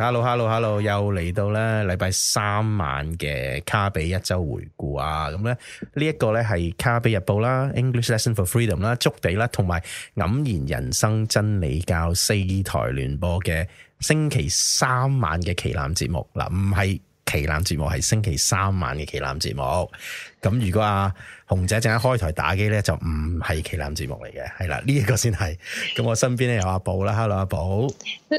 哈嘍哈嘍哈嘍，hello, hello, hello. 又嚟到咧禮拜三晚嘅卡比一周回顧啊，咁、嗯、咧呢一、這個咧係卡比日報啦，English Lesson for Freedom 啦，築地啦，同埋黯然人生真理教四台聯播嘅星期三晚嘅旗艦節目嗱，唔、呃、係。旗艦節目係星期三晚嘅旗艦節目，咁如果阿、啊、紅姐淨係開台打機咧，就唔係旗艦節目嚟嘅，係啦，呢、這、一個先係。咁我身邊咧有阿寶啦 ，Hello 阿寶，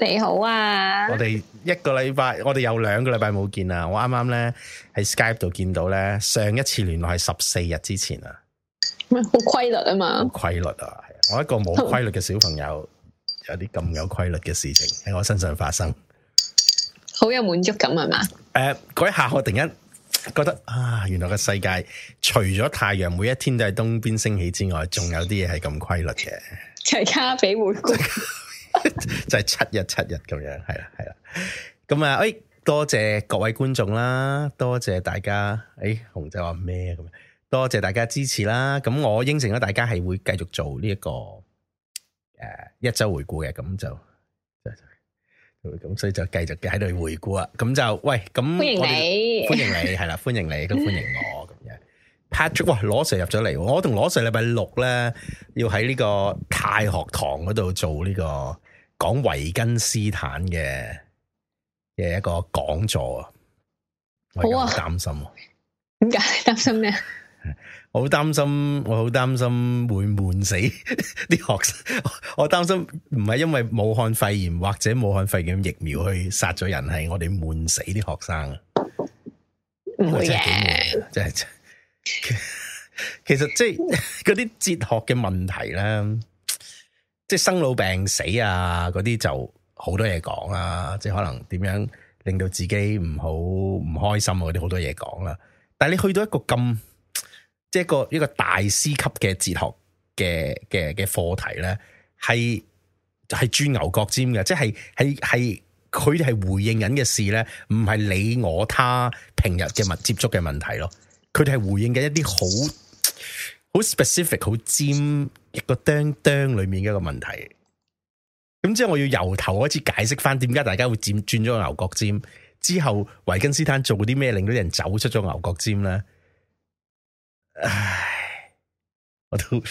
你好啊！我哋一個禮拜，我哋有兩個禮拜冇見啊。我啱啱咧喺 Skype 度見到咧，上一次聯絡係十四日之前、嗯、很啊，咩好規律啊嘛？好規律啊，我一個冇規律嘅小朋友，有啲咁有規律嘅事情喺我身上發生。好有滿足感係嘛？誒，嗰一下我突然間覺得啊，原來個世界除咗太陽每一天都係東邊升起之外，仲有啲嘢係咁規律嘅，就係卡比回顧，就係七日七日咁樣，係啦係啦。咁啊，誒，多謝各位觀眾啦，多謝大家。誒，紅仔話咩啊？咁多謝大家支持啦。咁我應承咗大家係會繼續做呢一個誒一周回顧嘅，咁就。咁所以就繼續喺度回顧啊，咁就喂，咁歡迎你，歡迎你係啦，歡迎你，同歡迎我咁樣。 Patrick，哇，羅 Sir 入咗嚟，我同羅 Sir 禮拜六咧要喺呢個太學堂嗰度做呢個講維根斯坦嘅嘅一個講座啊。我擔心好啊，擔心，點解擔心呢？好擔心，我好擔心會悶死啲學生。 我擔心唔係因為武漢肺炎或者武漢肺炎疫苗去殺咗人，係我哋悶死啲學生啊害。其實即係嗰啲哲學嘅問題呢，即、係、生老病死啊，嗰啲就好多嘢講啦。即、係、可能點樣令到自己唔好唔開心啊，嗰啲好多嘢講啦。但你去到一個咁。即係一個一個大師級嘅哲學嘅嘅嘅課題咧，係係轉牛角尖嘅，即係係係佢哋係回應緊嘅事咧，唔係你我他平日嘅密接觸嘅問題咯，佢哋係回應緊一啲好好 specific 好尖一個釘釘裏面嘅一個問題。咁即係我要由頭開始解釋翻，點解大家會轉轉咗牛角尖？之後維根斯坦做啲咩，令到啲人走出咗牛角尖咧？唉，我都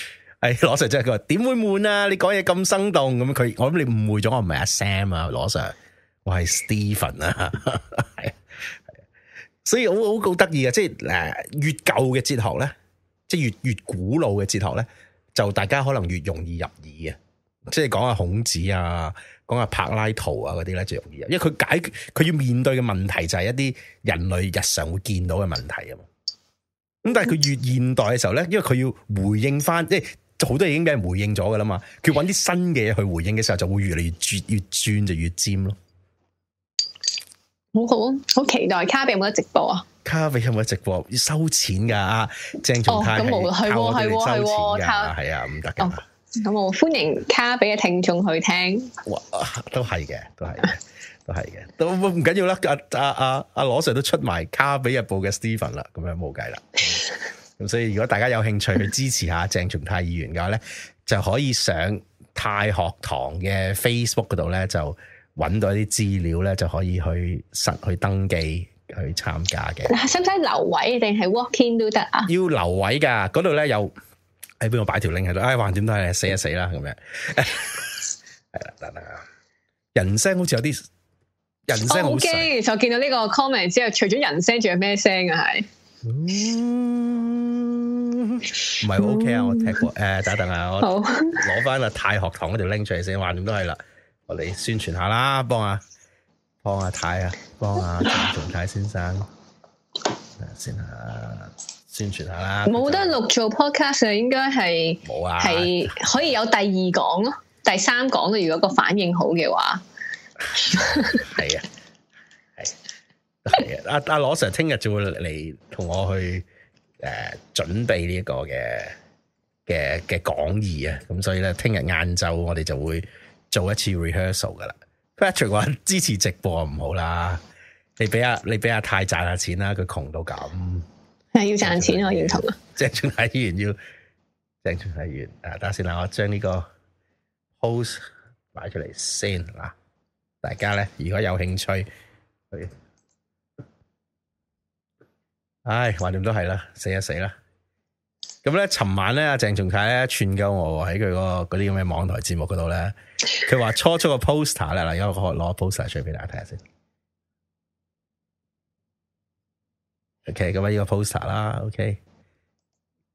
唉，羅 Sir 真係，佢話，點會悶啊？你講嘢咁生動咁。佢，我諗你誤會咗，我唔係阿 Sam 啊，羅 Sir，我係 Steven 啊，係啊，係啊，所以好好好得意啊，即係誒，越舊嘅哲學咧，即係越越古老嘅哲學咧，就大家可能越容易入耳啊，即係講下孔子啊，講下柏拉圖啊嗰啲咧，最容易啊，因為佢解決佢要面對嘅問題就係一啲人類日常會見到嘅問題啊嘛。咁但係佢越現代嘅時候咧，因為佢要回應翻，即係好多嘢已經俾人回應咗噶啦嘛，佢揾啲新嘅嘢去回應嘅時候，就會越嚟越轉，越轉就越尖咯。好好，好期待卡比有冇得直播啊？卡比有冇得直，直播？要收錢噶正鄭總，哦咁冇係，係，係，係，係啊，唔得噶。咁我歡迎卡比嘅聽眾去聽。都係嘅，都係。都是的 係嘅，都唔緊要啦。阿阿阿阿羅 Sir 都出埋《卡比日報》嘅 Stephen 啦，咁樣冇計啦。咁所以如果大家有興趣去支持一下鄭從泰議員嘅話咧，就可以上泰學堂嘅 Facebook 度咧，就搵到一啲資料咧，就可以去實去登記去參加嘅。使唔使留位定係 walk in 都得啊？要留位噶，嗰度咧有喺邊個擺條 link 喺度，唉，橫掂都係死一死啦，咁樣係啦，得啦。人聲好似有啲。好其 k 我見到呢個 comment 之後，除咗人聲，仲有咩聲啊？係唔係 OK 啊？我聽過誒，等下等下，我攞翻阿太學堂嗰條拎出嚟先，話點都係啦。我哋宣傳下啦，幫下幫下太啊，幫下仲先生， 先下宣傳下啦。冇得錄做 podcast 應該啊，應該係冇啊，係可以有第二講咯，第三講如果個反應好嘅話。係 啊，係，係啊，阿阿羅 Sir 聽日就會嚟同我去誒、呃、準備呢個嘅嘅嘅講義啊，咁所以咧聽日晏晝我哋就會做一次 rehearsal 噶啦。Patrick 話支持直播唔好啦，你俾阿你俾阿泰賺下錢啦，佢窮到咁，係要賺錢、啊、我認同啊，即係全體議員要鄭全體議員啊，等下先啦，我將呢個 post 擺出嚟先啦。大家咧，如果有興趣，哎，橫掂都係啦，死一死啦。咁咧，尋晚咧，阿鄭仲楷咧，串鳩我喺佢個嗰啲咁嘅網台節目嗰度咧，佢話初，初 post, 個出個 poster 啦，嗱，而家我攞個 poster 出嚟俾大家睇下先。OK，咁啊，呢、okay 呢個 poster 啦，OK，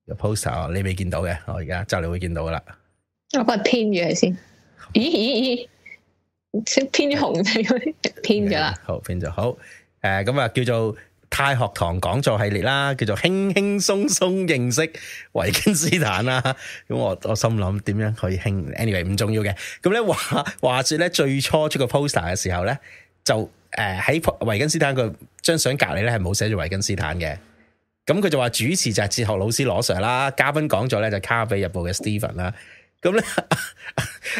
個 poster 你未見到嘅，我而家就你會見到噶啦。我幫佢編咗佢先，咦咦咦！偏咗紅仔啲偏咗啦，好偏咗。好。誒，咁啊、uh, 叫做太學堂講座系列啦，叫做輕輕松鬆認識維根斯坦啦。咁 我、嗯、 我心諗點樣可以輕？anyway 唔重要嘅。咁、嗯、咧話話說咧最初出個 poster 嘅時候咧，就誒喺維根斯坦個張相隔籬咧係冇寫住維根斯坦嘅。咁、嗯、佢 就話主持就係哲學老師羅 Sir 啦，嘉賓講座咧就《卡比日報》嘅 Steven 啦。咁咧，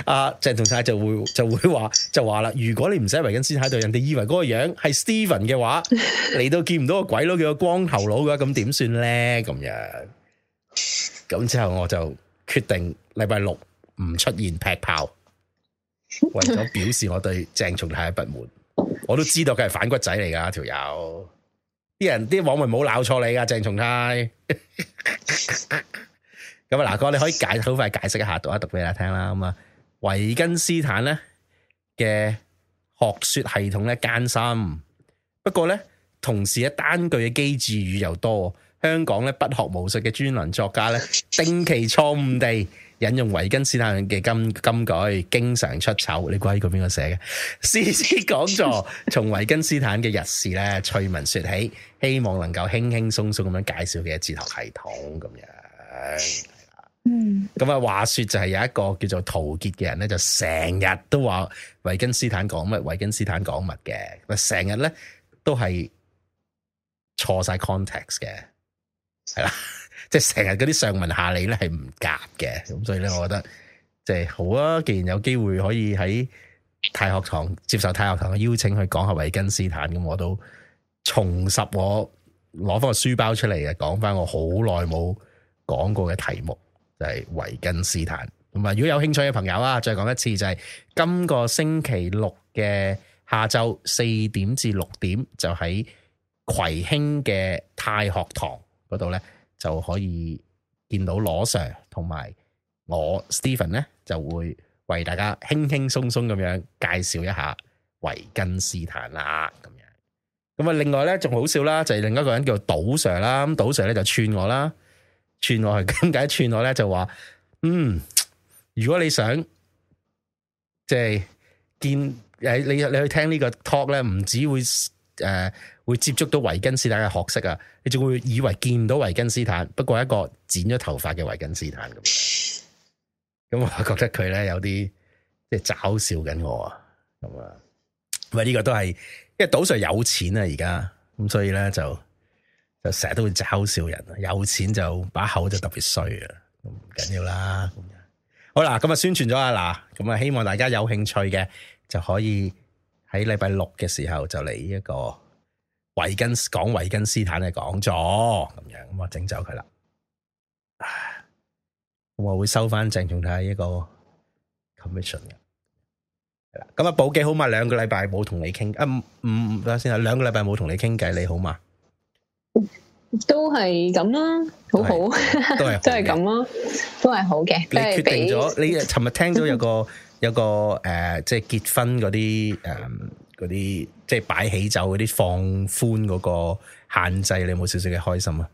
阿鄭、 啊、松泰就會就會話就話啦，如果你唔使圍巾先喺度，人哋以為嗰個樣係 Steven 嘅話，你都 見唔到個鬼佬叫個光頭佬噶，咁點算咧？咁樣，咁之後我就決定禮拜六唔出現劈炮，為咗表示我對鄭松泰嘅不滿。我都知道佢係反骨仔嚟噶，條、這、友、個，啲人啲網民唔好鬧錯你噶，鄭松泰。 咁啊，嗱，我哋可以解好快解釋一下，讀一讀俾大家聽啦。維根斯坦咧嘅學說系統呢艱深，不過呢同時咧單句嘅機智語又多。香港呢不學無術嘅專欄作家呢定期錯誤地引用維根斯坦嘅金金句，經常出醜。 你估唔佢邊個寫嘅？是次講座從維根斯坦嘅日事呢趣聞說起，希望能夠輕輕鬆鬆咁樣介紹嘅哲學系統咁樣。嗯，咁啊，話說就係有一個叫做陶傑嘅人咧，就成日都話維根斯坦講乜維根斯坦講乜嘅，成日咧都係錯晒 context 嘅，係啦，即係成日嗰啲上文下理咧係唔夾嘅，咁所以咧，我覺得即係好啊，既然有機會可以喺太學堂接受太學堂嘅邀請去講下維根斯坦，咁我都重拾我攞翻個書包出嚟嘅，講翻我好耐冇講過嘅題目。係維根斯坦，同埋如果有興趣嘅朋友啊，再講一次就係、是、今個星期六嘅下晝四點至六點，就喺葵興嘅太學堂嗰度咧，就可以見到羅 Sir 同埋我 Steven 咧，就會為大家輕輕鬆鬆咁樣介紹一下維根斯坦啦。咁樣，咁啊，另外咧仲好笑啦，就係、是、另一個人叫島 Sir 啦，咁島 Sir 咧就串我啦。串落去，點解串我咧？就話，嗯，如果你想即係、就是、見誒，你你去聽呢個 talk 咧，唔止會誒會接觸到維根斯坦嘅學識啊，你仲會以為見唔到維根斯坦，不過係一個剪咗頭髮嘅維根斯坦咁，咁我覺得佢咧有啲即係嘲笑緊我啊，咁啊， 喂呢個都係因為島上有錢啊，而家咁所以咧就。就成日都會嘲笑人，有錢就把口就特別衰啊，唔緊要啦。好啦，咁啊宣傳咗啊，嗱，咁啊希望大家有興趣嘅就可以喺禮拜六嘅時候就嚟一個維根講維根斯坦嘅講座，咁樣咁我整走佢啦。咁我會收翻正仲睇一個 commission 嘅。咁啊補記好嘛？兩個禮拜冇同你傾，啊唔唔等下先啊，兩個禮拜冇同你傾偈，你好嘛？都係咁啦，好好，都係都係咁咯，都係好嘅。你決定咗，比你啊，尋日聽到有個 有個誒、呃，即係結婚嗰啲誒，嗰、嗯、啲即係擺喜酒嗰啲放寬嗰個限制，你有冇少少嘅開心啊？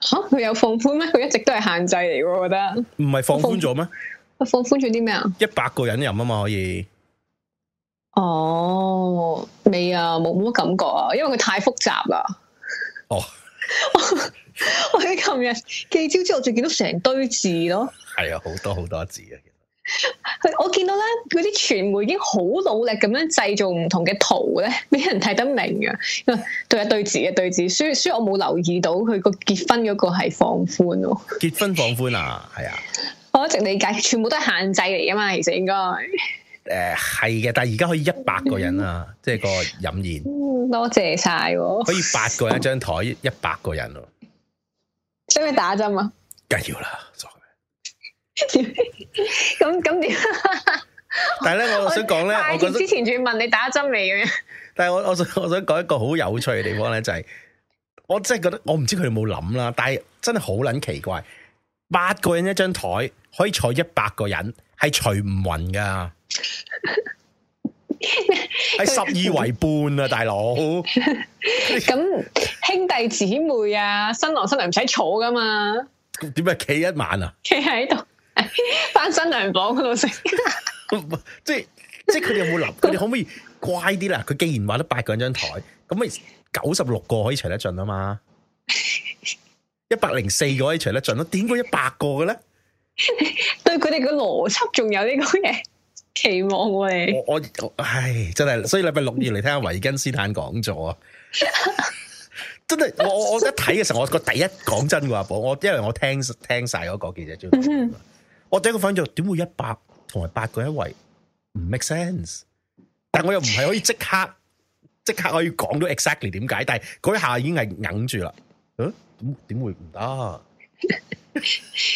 吓、啊，佢有放寬咩？佢一直都係限制嚟嘅，我覺得。唔係放寬咗咩？放寬咗啲咩啊？一百個人飲啊嘛，可以。哦，未啊，冇冇乜感覺啊，因為佢太複雜啦。哦、 我記天我喺琴日記招之後，我就見到成堆字咯。係啊，好多好多字啊！其實 我見到咧，嗰啲傳媒已經好努力咁樣製造唔同嘅圖咧，俾人睇得明嘅，都係對字嘅對字，所以所以我冇留意到佢個結婚嗰個係放寬咯， 結婚放寬啊，係啊，我一直理解，全部都係限制嚟噶嘛，其實應該。誒，係嘅、呃，但係而家可以一百個人啊，即係、嗯、個飲宴。多謝晒，可以八個人一張台，一百個人咯。使唔使打針啊？梗要啦，咁咁點？但係咧，我想講咧，我之前仲要問你打針未咁樣。但係我我想我想講一個好有趣嘅地方咧，就係我真係覺得我唔知佢有冇諗啦，但係真係好捻奇怪，八個人一張台可以坐一百個人。係除唔勻噶，係 十二圍半啊，大佬。咁 兄弟姊妹啊，新郎新娘唔使坐噶嘛？點解企一晚啊？企喺度，返新娘房嗰度食。即係即係，佢哋有冇諗？佢哋可唔可以乖啲啦？佢既然話得八個人張台，咁咪九十六個可以除得盡啊嘛？一百零四個可以除得盡咯，點解一百個嘅咧？ 對佢哋嘅邏輯仲有呢個嘢期望喎、欸，我我唉真係，所以禮拜六要嚟聽下維根斯坦講座啊！ 真係，我我一睇嘅時候，我個第一講真嘅阿寶，我因為我聽聽晒嗰個記者，嗯、哼我第一個反應就點會一百同埋八個一圍唔 make sense，但我又唔係可以即刻即刻可以講到 exactly 點解，但係嗰一下已經係硬住啦，嗯、啊，點點會唔得？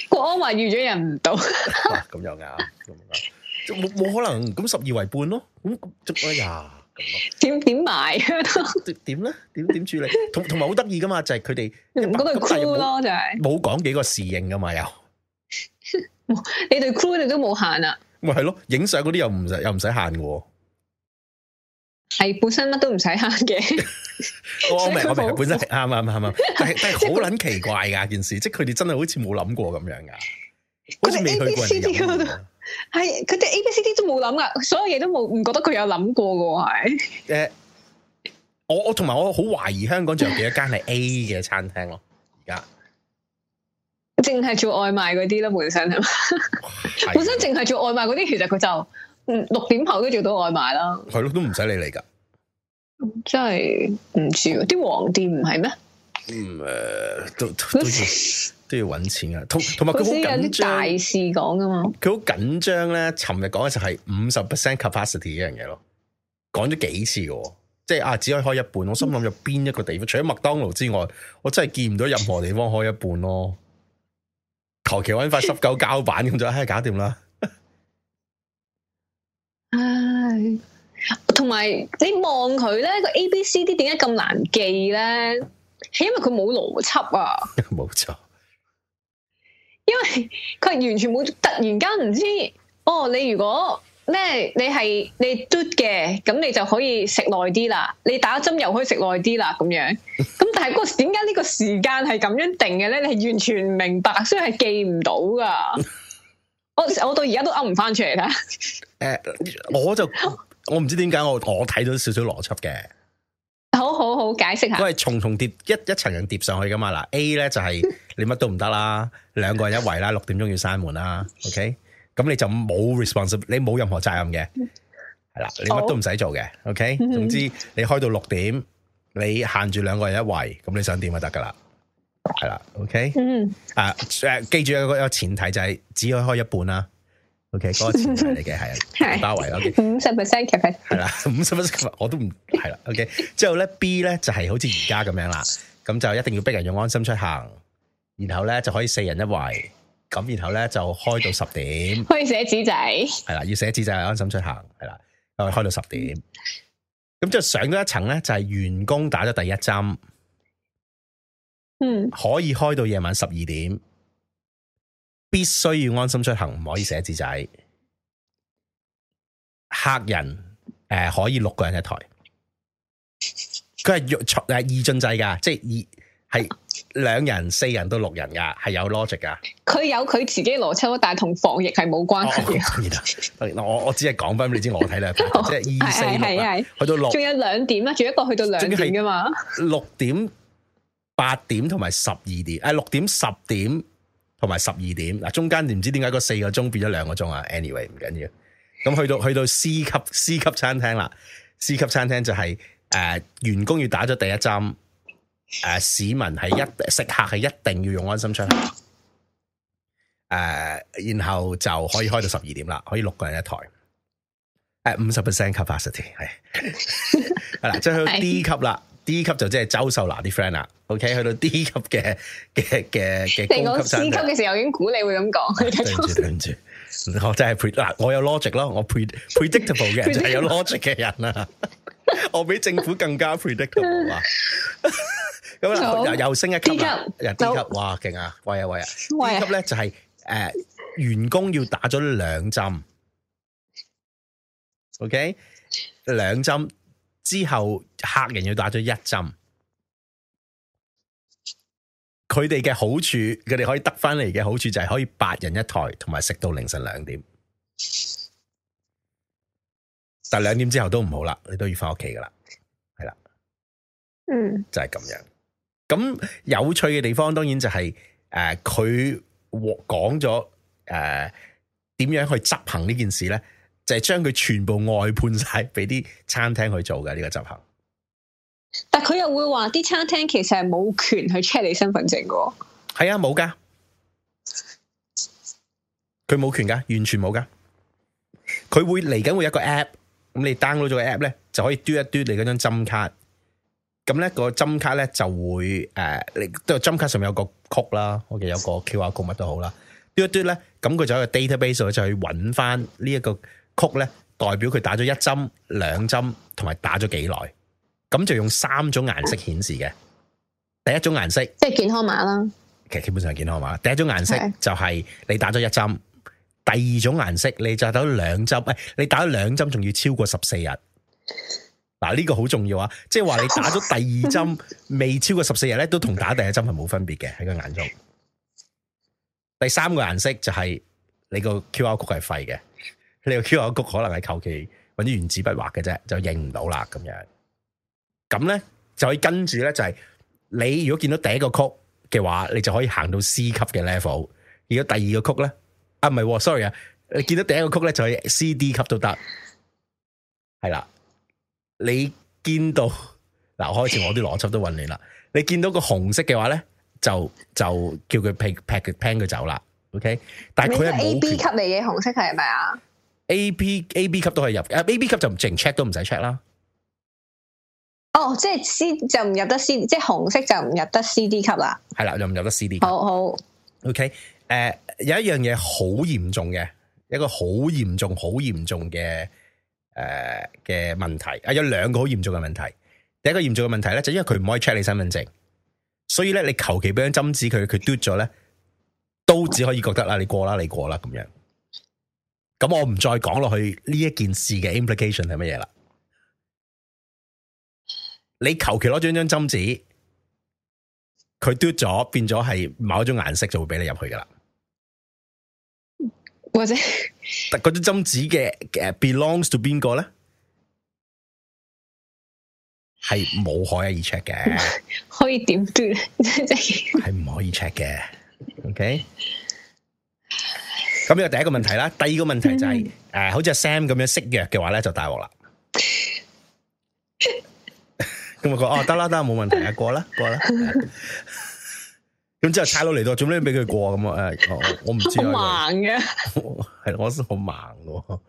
國安話預咗人唔到 哇，咁又啱，咁又啱，冇冇可能，咁十二為半咯，咁做乜呀？咁咯，點點埋？啊？點咧？點點，點處理？ 同同埋好得意噶嘛，就係佢哋嗰個 crew 咯，就係冇講幾個侍應噶嘛又，你對 crew 你都冇限啊？咪係咯，影相嗰啲又唔使又唔使限噶。係本身乜都唔使慳嘅， 我明白我明，本身係啱啱啱啱，但係好捻奇怪噶 件事，即係佢哋真係好似冇諗過咁樣噶。佢哋 A B C D 嗰度係，佢哋 A B C D 都冇諗噶，所有嘢都冇，唔覺得佢有諗過噶喎，係誒、呃，我我同埋我好懷疑香港仲有幾多間係 A 嘅餐廳咯，而家淨係做外賣嗰啲咯，本身啊， 的本身淨係做外賣嗰啲，其實佢就。六點後都做到外賣啦。係咯，都唔使理你噶。真係唔少，啲黃店唔係咩？誒、嗯呃，都都要 都要揾錢噶。同同埋佢 好緊張。大事講啊嘛。佢好緊張咧。尋日講嘅就係五十 percent capacity 呢樣嘢咯。講咗幾次嘅，即係啊，只可以開一半。我心諗有邊一個地方， 除咗麥當勞之外，我真係見唔到任何地方開一半咯。求其搵塊濕狗膠板咁就唉搞掂啦。唉，同埋你望佢咧個 A、B、C、D 點解咁難記咧？係因為佢冇邏輯啊，冇錯錯。因為佢完全冇突然間唔知哦。你如果咩，你係你嘟嘅，咁你就可以食耐啲啦。你打針又可以食耐啲啦，咁樣。咁但係嗰點解呢個時間係咁樣定嘅咧？你係完全唔明白，所以係記唔到噶。我我到而家都噏唔翻出嚟啦。看看誒、uh, oh.，我就我唔知點，點 oh, oh, oh, 解我我睇到少少邏輯嘅，好好好解釋下。因為重重疊一一層人疊上去噶嘛？嗱，A 咧就係、是、你乜都唔得啦，兩 個人一圍啦，六點鐘要閂門啦。OK，咁你就冇 responsive，你冇任何責任嘅，係啦，你乜都唔使做嘅。OK，、oh. 總之你開到六點，你限住兩個人一圍，咁你想點就得噶啦，係啦。OK，啊誒，記住一個一個前提就係只可以開一半啦。OK，嗰個前提嚟嘅係，包圍嗰邊五十 percent capacity 係啦，五十 percent 我都唔係啦。OK，之後咧 B 咧就係、是、好似而家咁樣啦，咁就一定要逼人用安心出行，然後咧就可以四人一圍，咁然後咧就開到十點， 可以寫紙仔係啦，要寫紙仔安心出行係啦，開開到十點，咁之後上咗一層咧就係、是、員工打咗第一針，嗯，可以開到夜晚十二點。必須要安心出行，唔可以寫字仔。客人誒、呃，可以六個人一台。佢係約誒二進制噶，即係二係兩人、四人到六人噶，係有邏輯噶。佢有佢自己邏輯，但係同防疫係冇關係、哦。我 我，我只係講翻俾你知我，我睇兩份，即係二四去到六。仲有兩點啊，仲有一個去到兩點噶嘛。六點、八點同埋十二點，誒、呃，六點、十點。同埋十二點嗱，中間唔知點解個四個鐘變咗兩個鐘啊。Anyway，唔緊要，咁去到去到 C 級 C 級餐廳啦，C 級餐廳就係、是、誒、呃，員工要打咗第一針，誒、呃，市民係一食客，係一定要用安心出行，誒、呃，然後就可以開到十二點啦，可以六個人一台，誒，五十 percent capacity 係，係啦，即係去到 D 級啦。D 級就即係周秀娜啲 friend 啦，OK，去到 D 級嘅嘅嘅嘅高級生。C 級嘅時候已經估你會咁講。對唔住， 對唔住，我真係 pred，嗱我有 logic 咯，我 pre, predictable 嘅人就係有 logic 嘅人啦。 我比政府更加 predictable 啊。咁啦，又又升一級，又 D 級，D 級就哇勁啊，喂啊喂啊！D 級咧就係、是、誒、呃，員工要打咗兩針，OK，兩針。之後客人要打咗一針，佢哋嘅好處，佢哋可以得翻嚟嘅好處就係可以八人一台，同埋食到凌晨兩點。但兩點之後都唔好啦，你都要翻屋企噶啦，係啦，嗯，就係咁樣。咁有趣嘅地方，當然就係、是、誒，佢講咗誒點樣去執行呢件事咧。就係將佢全部外判晒俾啲餐廳去做嘅呢個執行，但佢又會話啲餐廳其實係冇權去 check 你身份證嘅，係啊冇噶，佢冇權噶，完全冇噶，佢會嚟緊會有一個 app，咁你 download 咗個 app 咧就可以嘟一嘟你嗰張針卡，咁咧個針卡咧就會，誒，你都針卡上面有個 code 啦，我哋有個 QR code 乜都好啦，嘟一嘟咧，咁佢就有一個 database 咧就去揾翻呢一個。曲咧代表佢打咗一針、兩針同埋打咗幾耐，咁就用三種顏色顯示嘅。第一種顏色即係健康碼啦，其實基本上係健康碼。第一種顏色就係你打咗一針，的第二種顏色就你就打咗兩針，喂，你打咗兩針仲要超過十四日，嗱呢 個好重要啊！即係話你打咗第二針未超過十四日咧，都同打第一針係冇分別嘅喺個眼中。第三個顏色就係你個 QR 曲係廢嘅。你個 Q 號曲可能係求其揾啲原子筆畫嘅啫，就認唔到啦咁樣。咁咧就可以跟住咧就係你如果見到第一個曲嘅話，你就可以行到 C 級嘅 level。如果第二個曲咧，啊唔係，sorry 啊，你見到第一個曲咧就係 C、D 級都得。係啦，你見到嗱，開始我啲邏輯都混亂啦。你見到個紅色嘅話咧，就就叫佢劈劈佢、plan 佢走啦。OK，但係佢係 A、B 級嚟嘅紅色係咪啊？A B A B 級都可以入，誒 A B 級就直程 check 都唔使 check 啦。哦，oh, 即係 C，就唔入得 C，即係紅色就唔入得 C D 級啦。係啦，就唔入得 C D。好好。O K，誒，有一樣嘢好嚴重嘅，一個好嚴重、好嚴重嘅誒嘅問題，啊、uh, 有兩個好嚴重嘅問題。第一個嚴重嘅問題咧，就是、因為佢唔可以 check 你身份證，所以咧你求其俾張針紙佢，佢嘟咗咧，都只可以覺得啦，你過啦，你過啦咁樣。咁我唔再講落去呢一件事嘅 implication 係乜嘢啦？你求其攞咗張針紙，佢嘟咗，變咗係某一種顏色就會俾你入去噶啦，或者嗰張針紙嘅 belongs to 邊個咧？係冇可以 check 嘅， 可以點嘟？係係唔可以 check 嘅，OK。咁呢個第一個問題啦，第二個問題就係、是、誒，好似阿 Sam 咁樣識藥嘅話咧，就大鑊啦。咁我講哦，得啦得啦，冇問題啊，過啦過啦。咁 之後差佬嚟到，做咩俾佢過咁、呃、啊！ 我我唔知啊。盲嘅，係我先好盲嘅。我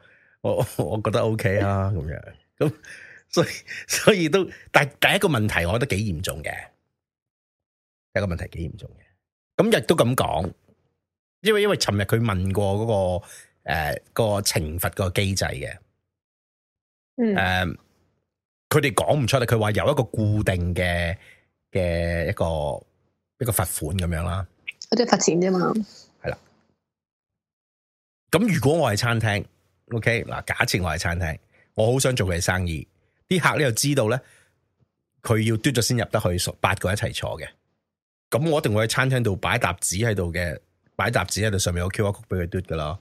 我，我覺得 OK 啊，咁樣咁、嗯，所以所以都，但第一個問題，我覺得幾嚴重嘅，第一個問題幾嚴重嘅。咁亦都咁講。因為因為尋日佢問過嗰、嗰個誒、呃嗰個懲罰個機制嘅，誒佢哋講唔出嚟。佢話有一個固定嘅嘅一個一個罰款咁樣啦，我哋罰錢啫嘛。係啦，咁如果我係餐廳，OK 嗱，假設我係餐廳，我好想做佢嘅生意，啲客咧又知道咧，佢要嘟咗先入得去，八個一齊坐嘅，咁我一定會喺餐廳度擺沓紙喺度嘅。擺沓紙喺度，上面有 Q R code 俾佢嘟 o 噶啦。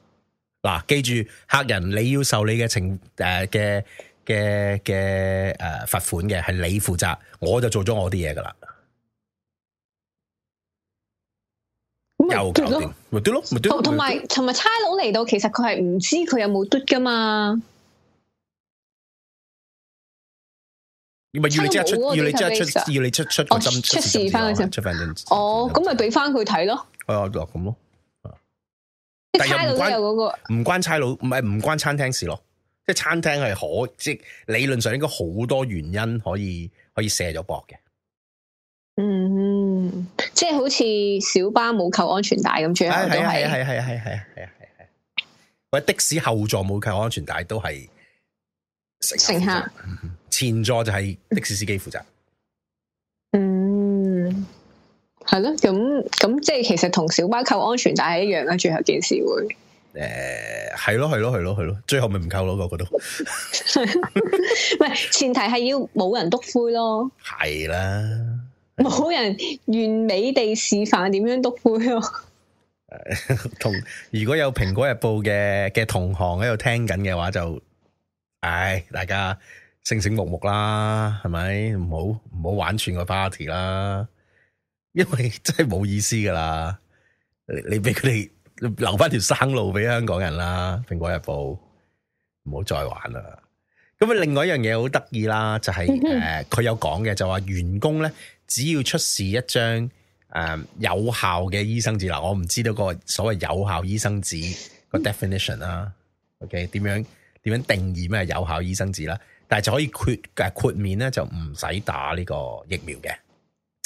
嗱、啊，記住客人你要受你嘅情誒嘅嘅嘅誒罰款嘅係你負責，我就做咗我啲嘢噶啦。又搞掂，咪嘟咯，咪嘟。同埋同埋差佬嚟到，其實佢係唔知佢有冇嘟 o 噶嘛。咪要你即刻出，要你即刻出，要你出、啊、要你出個針、啊、出示翻佢先。哦在，咁咪俾翻佢睇咯。哦、啊，咁咯。差佬關嗰、嗰個，唔關差佬，唔係唔關餐廳事咯。即係餐廳係可，即係理論上應該好多原因可以可以卸咗膊嘅。嗯，即係好似小巴冇扣安全帶咁，最後都係係係係係係係或者的士後座冇扣安全帶都係乘客,乘客前座就係的士司機負責。係咯，咁咁即係其實同小巴扣安全帶係一樣啦。最後件事會誒係咯係咯係咯係咯，最後咪唔扣咯，我覺得。唔係 前提係要冇人督灰咯。係啦是的，冇 人完美地示範點樣督灰咯！同 如果有蘋果日報嘅嘅同行喺度聽緊嘅話就，就唉，大家醒醒目目啦，係咪？唔好唔好玩串個 party 啦。因為真係冇意思噶啦，你俾佢哋留翻條生路俾香港人啦，《蘋果日報》唔好再玩啦。咁啊，另外一樣嘢好得意啦，就係、是、誒，佢、嗯哼呃、有講嘅，就話員工咧，只要出示一張誒、呃、有效嘅醫生紙嗱，我唔知道個所謂有效醫生紙個 definition 啦、嗯、，OK，點樣點樣定義咩有效醫生紙啦？但係就可以豁誒豁免咧，就唔使打呢個疫苗嘅。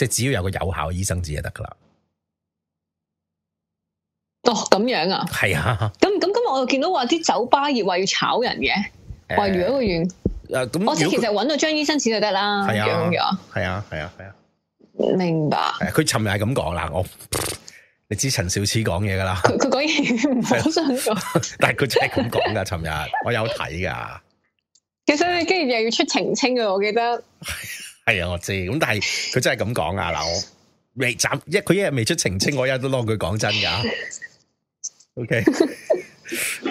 即係只要有個有效醫生紙就得噶啦。哦，咁樣啊？係啊。咁咁今日我又見到話啲酒吧業話要炒人嘅，話如果佢願，誒咁，我知其實搵到張醫生紙就得啦。係啊，係啊，係啊，明白。佢尋日係咁講啦，我你知陳肇始講嘢噶啦。佢講嘢唔好想講噶，但係佢真係咁講噶。尋日我有睇噶。其實你跟住又要出澄清啊？我記得。係啊，我知咁，但係佢真係咁講啊嗱，我未暫一佢一日未出澄清，我一日都當佢講真噶。 o Okay ? K，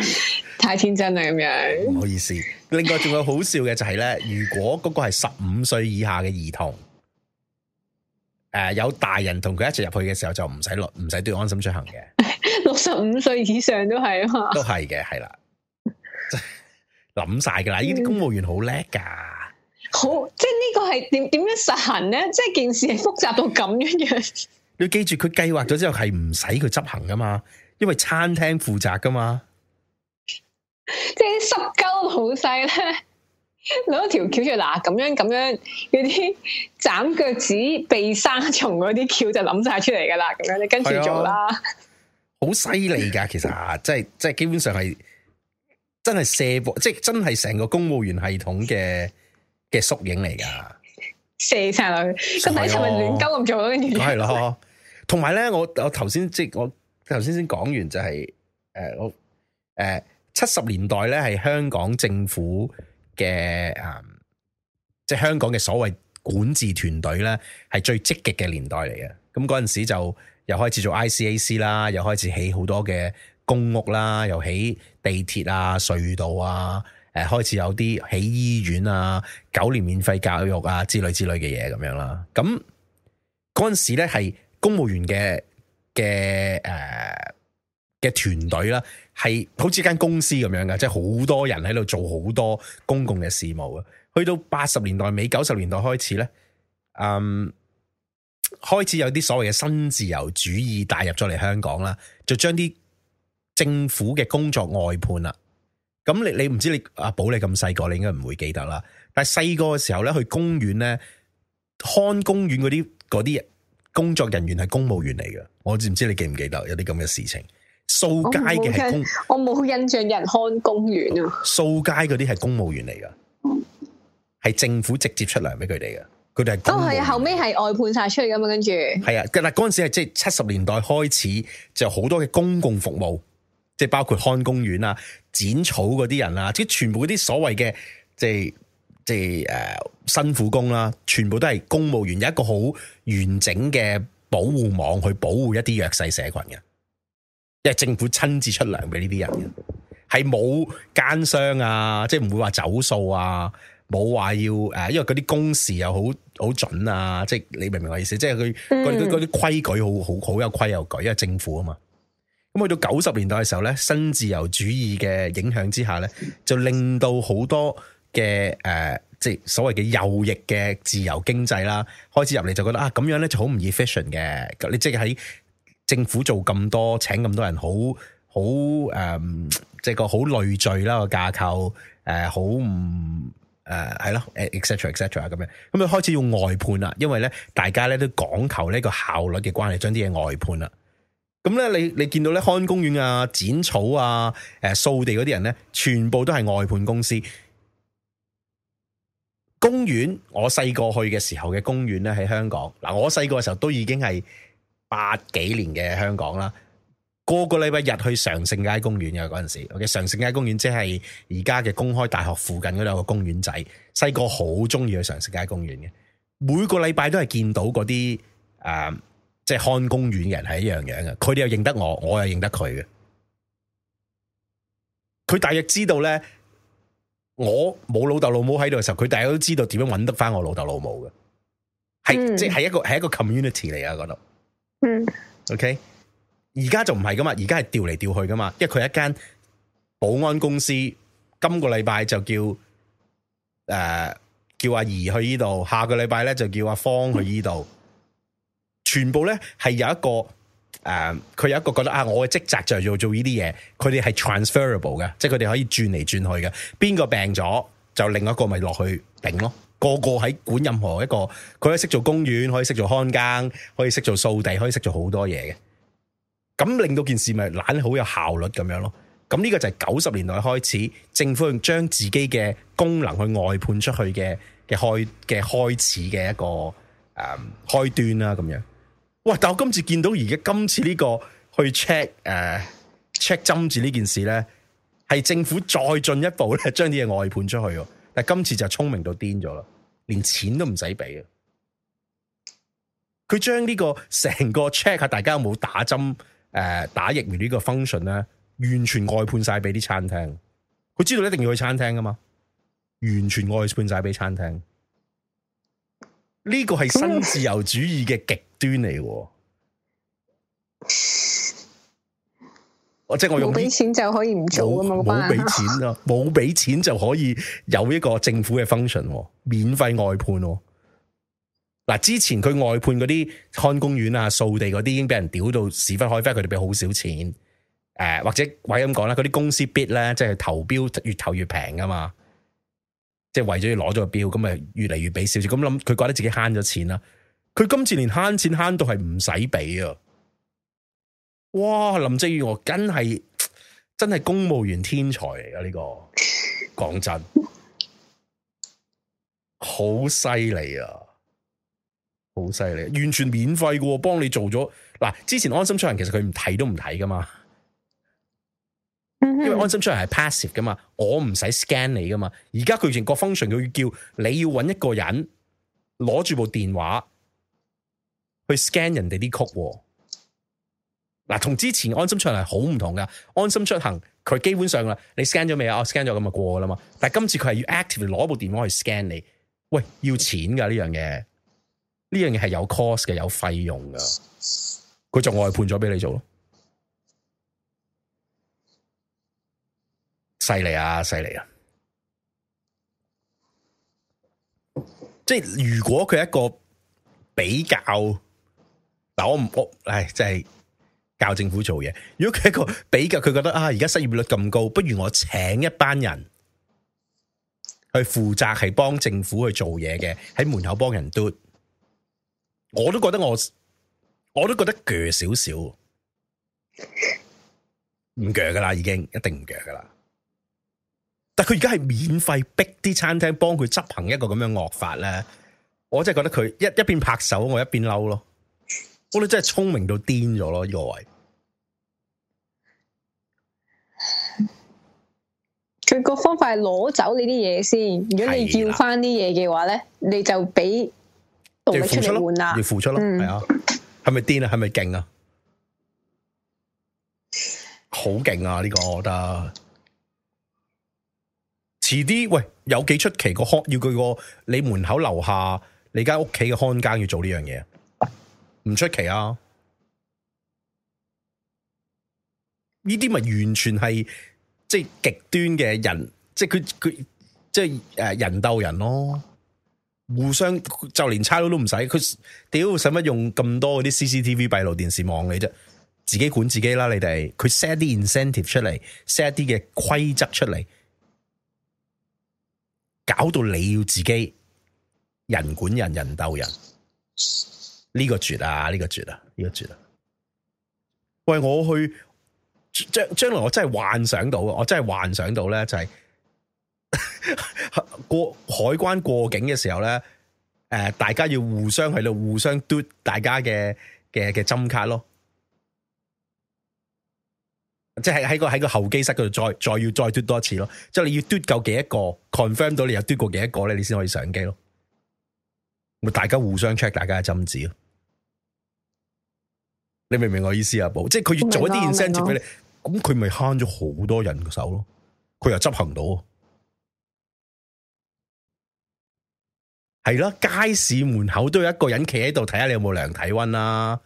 太天真啦咁樣。唔好意思，另外仲有好笑嘅就係、是、咧，如果嗰個係十五歲以下嘅兒童，誒，有大人同佢一齊入去嘅時候就唔使，就唔使落，唔使對安心出行嘅。六十五歲以上都係啊，嘛，都係嘅，係 啦，諗晒噶啦，呢啲公務員好叻噶。好，即係呢個係點點樣實行咧？即係件事係複雜到咁樣樣。你記住，佢計劃咗之後係唔使佢執行噶嘛？因為餐廳負責噶嘛，即係啲濕鳩老細咧攞，條橋出嚟嗱，咁樣咁樣嗰啲斬腳趾，避沙蟲嗰啲橋就諗晒，出嚟噶啦，咁樣你跟住做啦。好犀利噶其實即係即係基本上係真係卸膊，即係真係成個公務員系統嘅嘅縮影嚟噶，射曬落去個底層咪亂鳩咁做咯，跟住咯。同埋咧，我我頭先即我頭先先講完就係誒我誒七十年代咧，係香港政府嘅誒，即、嗯、係、就是、香港嘅所謂管治團隊咧，係最積極嘅年代嚟嘅。咁嗰陣時就又開始做 I C A C 啦，又開始起好多嘅公屋啦，又起地鐵啊、隧道啊。誒，開始有啲起醫院啊、九年免費教育啊之類之類嘅嘢咁樣啦。咁嗰陣時咧，係公務員嘅嘅誒嘅團隊啦，係、呃、好似間公司咁樣嘅，即係好多人喺度做好多公共嘅事務啊。去到八十年代尾、九十年代開始咧，嗯，開始有啲所謂嘅新自由主義帶入咗嚟香港啦，就將啲政府嘅工作外判啦。咁你你唔知你阿寶你咁細個，你應該唔會記得啦。但係細個嘅時候咧，去公園咧，看公園嗰啲嗰啲工作人員係公務員嚟㗎。我知唔知你記唔記得有啲咁嘅事情？掃街嘅係公，我冇印象有人看公園啊。掃街嗰啲係公務員嚟㗎。係政府直接出糧俾佢哋㗎。佢哋係都係啊後尾係外判晒出嚟噶嘛。跟住係啊，嗱嗰陣時係即係七十年代開始就好多嘅公共服務。即係包括看公園啊、剪草嗰啲人啊，即係全部嗰啲所謂嘅，即係即係誒、呃，辛苦工啦、啊，全部都係公務員，有一個好完整嘅保護網去保護一啲弱勢社群嘅，因為政府親自出糧俾呢啲人、啊，係冇奸商啊，即係唔會話走數啊，冇話要誒、呃，因為嗰啲工時又好好準啊，即係你明唔明我意思？即係佢啲規矩好好好有規有矩，因為政府啊嘛。咁去到九十年代嘅時候咧，新自由主義嘅影響之下咧，就令到好多嘅誒、呃，即係所謂嘅右翼嘅自由經濟啦，開始入嚟就覺得啊，咁樣咧就好唔 efficient 嘅。你即係喺政府做咁多，請咁多人，好好誒，即係個好累贅啦個架構，誒、呃，好唔誒係咯，誒 etcetera etcetera 咁樣，咁、嗯、就開始用外判啦。因為咧，大家咧都講求呢個效率嘅關係，將啲嘢外判啦。咁咧，你你見到咧，看公園啊、剪草啊、誒掃地嗰啲人咧，全部都係外判公司公園。公園我細個去嘅時候嘅公園咧，喺香港嗱，我細個嘅時候都已經係八幾年嘅香港啦。個個禮拜日去常盛街公園嘅嗰陣時，ok，常盛街公園即係而家嘅公開大學附近嗰兩個公園仔，細個好中意去常盛街公園嘅，每個禮拜都係見到嗰啲誒。呃即係看公園嘅人係一樣樣嘅，佢哋又認得我，我又認得佢嘅。佢大約知道咧，我冇老豆老母喺度嘅時候，佢大家都知道點樣搵得翻我老豆老母嘅。係、嗯、即係一個係一個 community 嚟啊，嗰度。嗯。O、okay? K。而家就唔係噶嘛，而家係調嚟調去噶嘛，因為佢係一間保安公司，今個禮拜就叫誒、呃、叫阿姨去呢度，下個禮拜咧就叫阿方去呢度。嗯全部咧係有一個誒，佢、呃、有一個覺得啊，我嘅職責就係要做呢啲嘢。佢哋係 transferable 嘅，即係佢哋可以轉嚟轉去嘅。邊個病咗，就另一個咪落去頂咯。個個喺管任何一個，佢可以識做公園，可以識做看更，可以識做掃地，可以識做好多嘢嘅。咁令到件事咪懶好有效率咁樣咯。咁呢個就係九十年代開始政府將自己嘅功能去外判出去嘅嘅開嘅開始嘅一個誒、呃、開端啦、啊，咁樣。哇！但我今次見到而家今次呢個去 check 誒 check 針子呢件事咧，係政府再進一步咧，將啲嘢外判出去。但係今次就聰明到癲咗啦，連錢都唔使俾。佢將呢個成個 check 下大家有冇打針誒、呃、打疫苗個呢個 function 咧，完全外判晒俾啲餐廳。佢知道你一定要去餐廳噶嘛，完全外判晒俾餐廳。呢個係新自由主義嘅極端嚟，我即係我用。冇俾錢就可以唔做啊嘛！冇俾錢啊，冇俾 錢就可以有一個政府嘅 function，免費外判、啊。嗱、啊，之前佢外判嗰啲看公園啊、掃地嗰啲，已經俾人屌到屎忽開花，佢哋俾好少錢。誒、呃，或者話咁講啦，嗰啲公司 bid 咧，即係投標越投越平噶嘛。即係為咗要攞咗個表，咁咪越嚟越俾少少，咁諗，佢覺得自己慳咗錢啦。佢今次連慳錢慳到係唔使俾啊！哇，林鄭月娥真係真係公務員天才嚟噶呢個，講真，好犀利啊！好犀利，完全免費嘅，幫你做咗。嗱，之前安心出行，其實佢唔睇都唔睇噶嘛。因為安心出行係 passive 噶嘛，我唔使 scan 你噶嘛。而家佢全個 function 佢叫你要揾一個人攞住部電話去 scan 人哋啲 code，嗱，同之前安心出行係好唔同噶。安心出行佢基本上啦，你 scan 咗未啊？我 scan 咗咁就過啦嘛。但係今次佢係要 actively 攞部電話去 scan 你，喂，要錢噶，呢樣嘢，呢樣嘢係有 cost 嘅，有費用噶。佢就外判咗俾你做咯。犀利啊，犀利啊！即係如果佢一個比較，嗱我唔我，唉，即係教政府做嘢。如果佢一個比較，佢覺得啊，而家失業率咁高，不如我請一班人去負責，係幫政府去做嘢嘅，喺門口幫人嘟。我都覺得我，我都覺得鋸少少，唔鋸噶啦，已經一定唔鋸噶啦。佢而家係免費逼啲餐廳幫佢執行一個咁樣惡法咧，我真係覺得佢一一邊拍手，我一邊嬲咯。我哋真係聰明到癲咗咯，呢個位。佢個方法係攞走你啲嘢先，如果你要翻啲嘢嘅話咧，你就俾要付出咯，要付出咯，係 啊，係咪癲啊？係咪勁啊？好勁啊！呢個我覺得。遲啲喂，有幾出奇個看要佢個你門口樓下你間屋企嘅看更要做呢樣嘢，唔、啊、唔出奇啊！呢啲咪完全係即係極端嘅人，即係佢佢即係誒人鬥人咯，互相就連差佬都唔使佢屌使乜用咁多嗰啲 CCTV 閉路電視望你啫，自己管自己啦，你哋佢 set 啲 incentive 出嚟，set 啲嘅規則出嚟。搞到你要自己人管人人鬥人，呢、這個絕啊！呢、這個絕啊！呢、這個絕啊！喂，我去將將來我真係幻想到啊，我真係幻想到咧、就是，就 係過海關過境嘅時候咧，誒、呃，大家要互相喺度互相嘟大家嘅嘅嘅針卡咯。即係喺個喺個候機室嗰度，再再要再嘟多一次咯。即係你要嘟夠幾多個 confirm 到個，你又嘟過幾多個咧，你先可以上機咯。咪大家互相 check 大家嘅針子咯。你明唔明我意思啊？噃，即係佢要做一啲 incentive 俾你，咁佢咪慳咗好多人手咯。佢又執行到，係啦。街市門口都有一個人企喺度睇下你有冇量體溫啊？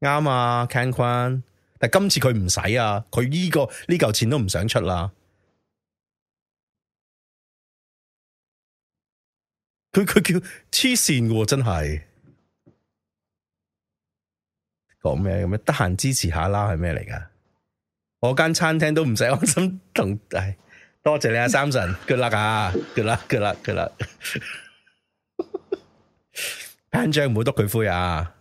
啱啊，Ken Kwan。但今次佢唔使啊，佢呢、這個呢嚿、這個、錢都唔想出啦。佢佢叫痴線嘅真係，講咩咁咩？得閒支持下啦，係咩嚟噶？我間餐廳都唔使安心同，唉、哎，多謝你阿、啊、 三神，Good luck、啊，Good luck，Good luck，Good luck，班長唔好督佢灰啊。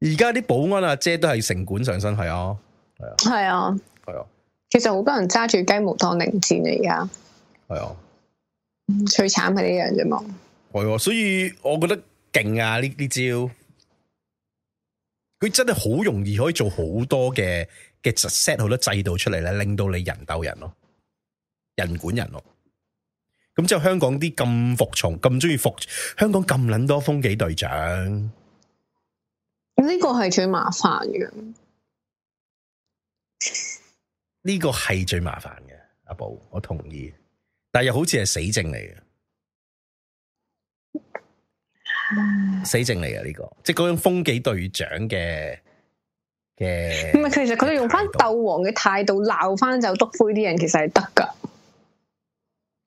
而家啲保安阿姐都係城管上身係啊，係啊，係啊，係啊，其實好多人揸住雞毛當令箭嚟。而家係啊，最慘係呢樣啫嘛，係、啊，所以我覺得勁啊呢呢招，佢真係好容易可以做好多嘅嘅 set 好多制度出嚟咧，令到你人鬥人咯，人管人咯，咁之後香港啲咁服從咁中意服，香港咁捻多風紀隊長。呢個係最麻煩嘅，呢個係最麻煩嘅，阿寶，我同意，但係又好似係死症嚟嘅，死症嚟嘅呢個，即係嗰種風紀隊長嘅嘅，唔係，其實佢哋用翻鬥王嘅態度鬧翻就篤灰啲人，其實係得。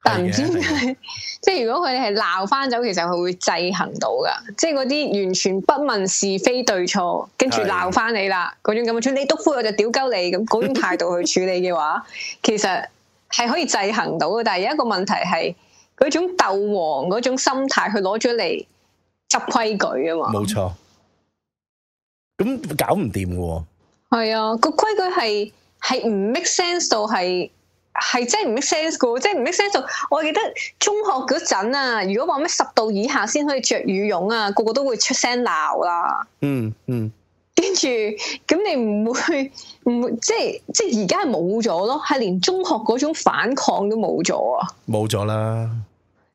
但唔知點解，即係 如果佢哋係鬧翻走，其實佢會制衡到噶。即係嗰啲完全不問是非對錯，跟住鬧翻你啦嗰種咁嘅處理，督灰我就屌鳩你咁嗰種態度去處理嘅話， 其實係可以制衡到嘅。但係有一個問題係嗰種鬥王嗰種心態，去攞咗嚟執規矩啊嘛。冇錯，咁搞唔掂嘅。係啊，個規矩係係唔 make sense 到係。係真係唔 make sense 噶，即係唔 make sense。我記得中學嗰陣啊，如果話咩十度以下先可以着羽絨啊，個個都會出聲鬧啦。嗯嗯。跟住，咁你唔會唔會即係即係而家係冇咗咯，係連中學嗰種反抗都冇咗啊！冇咗啦。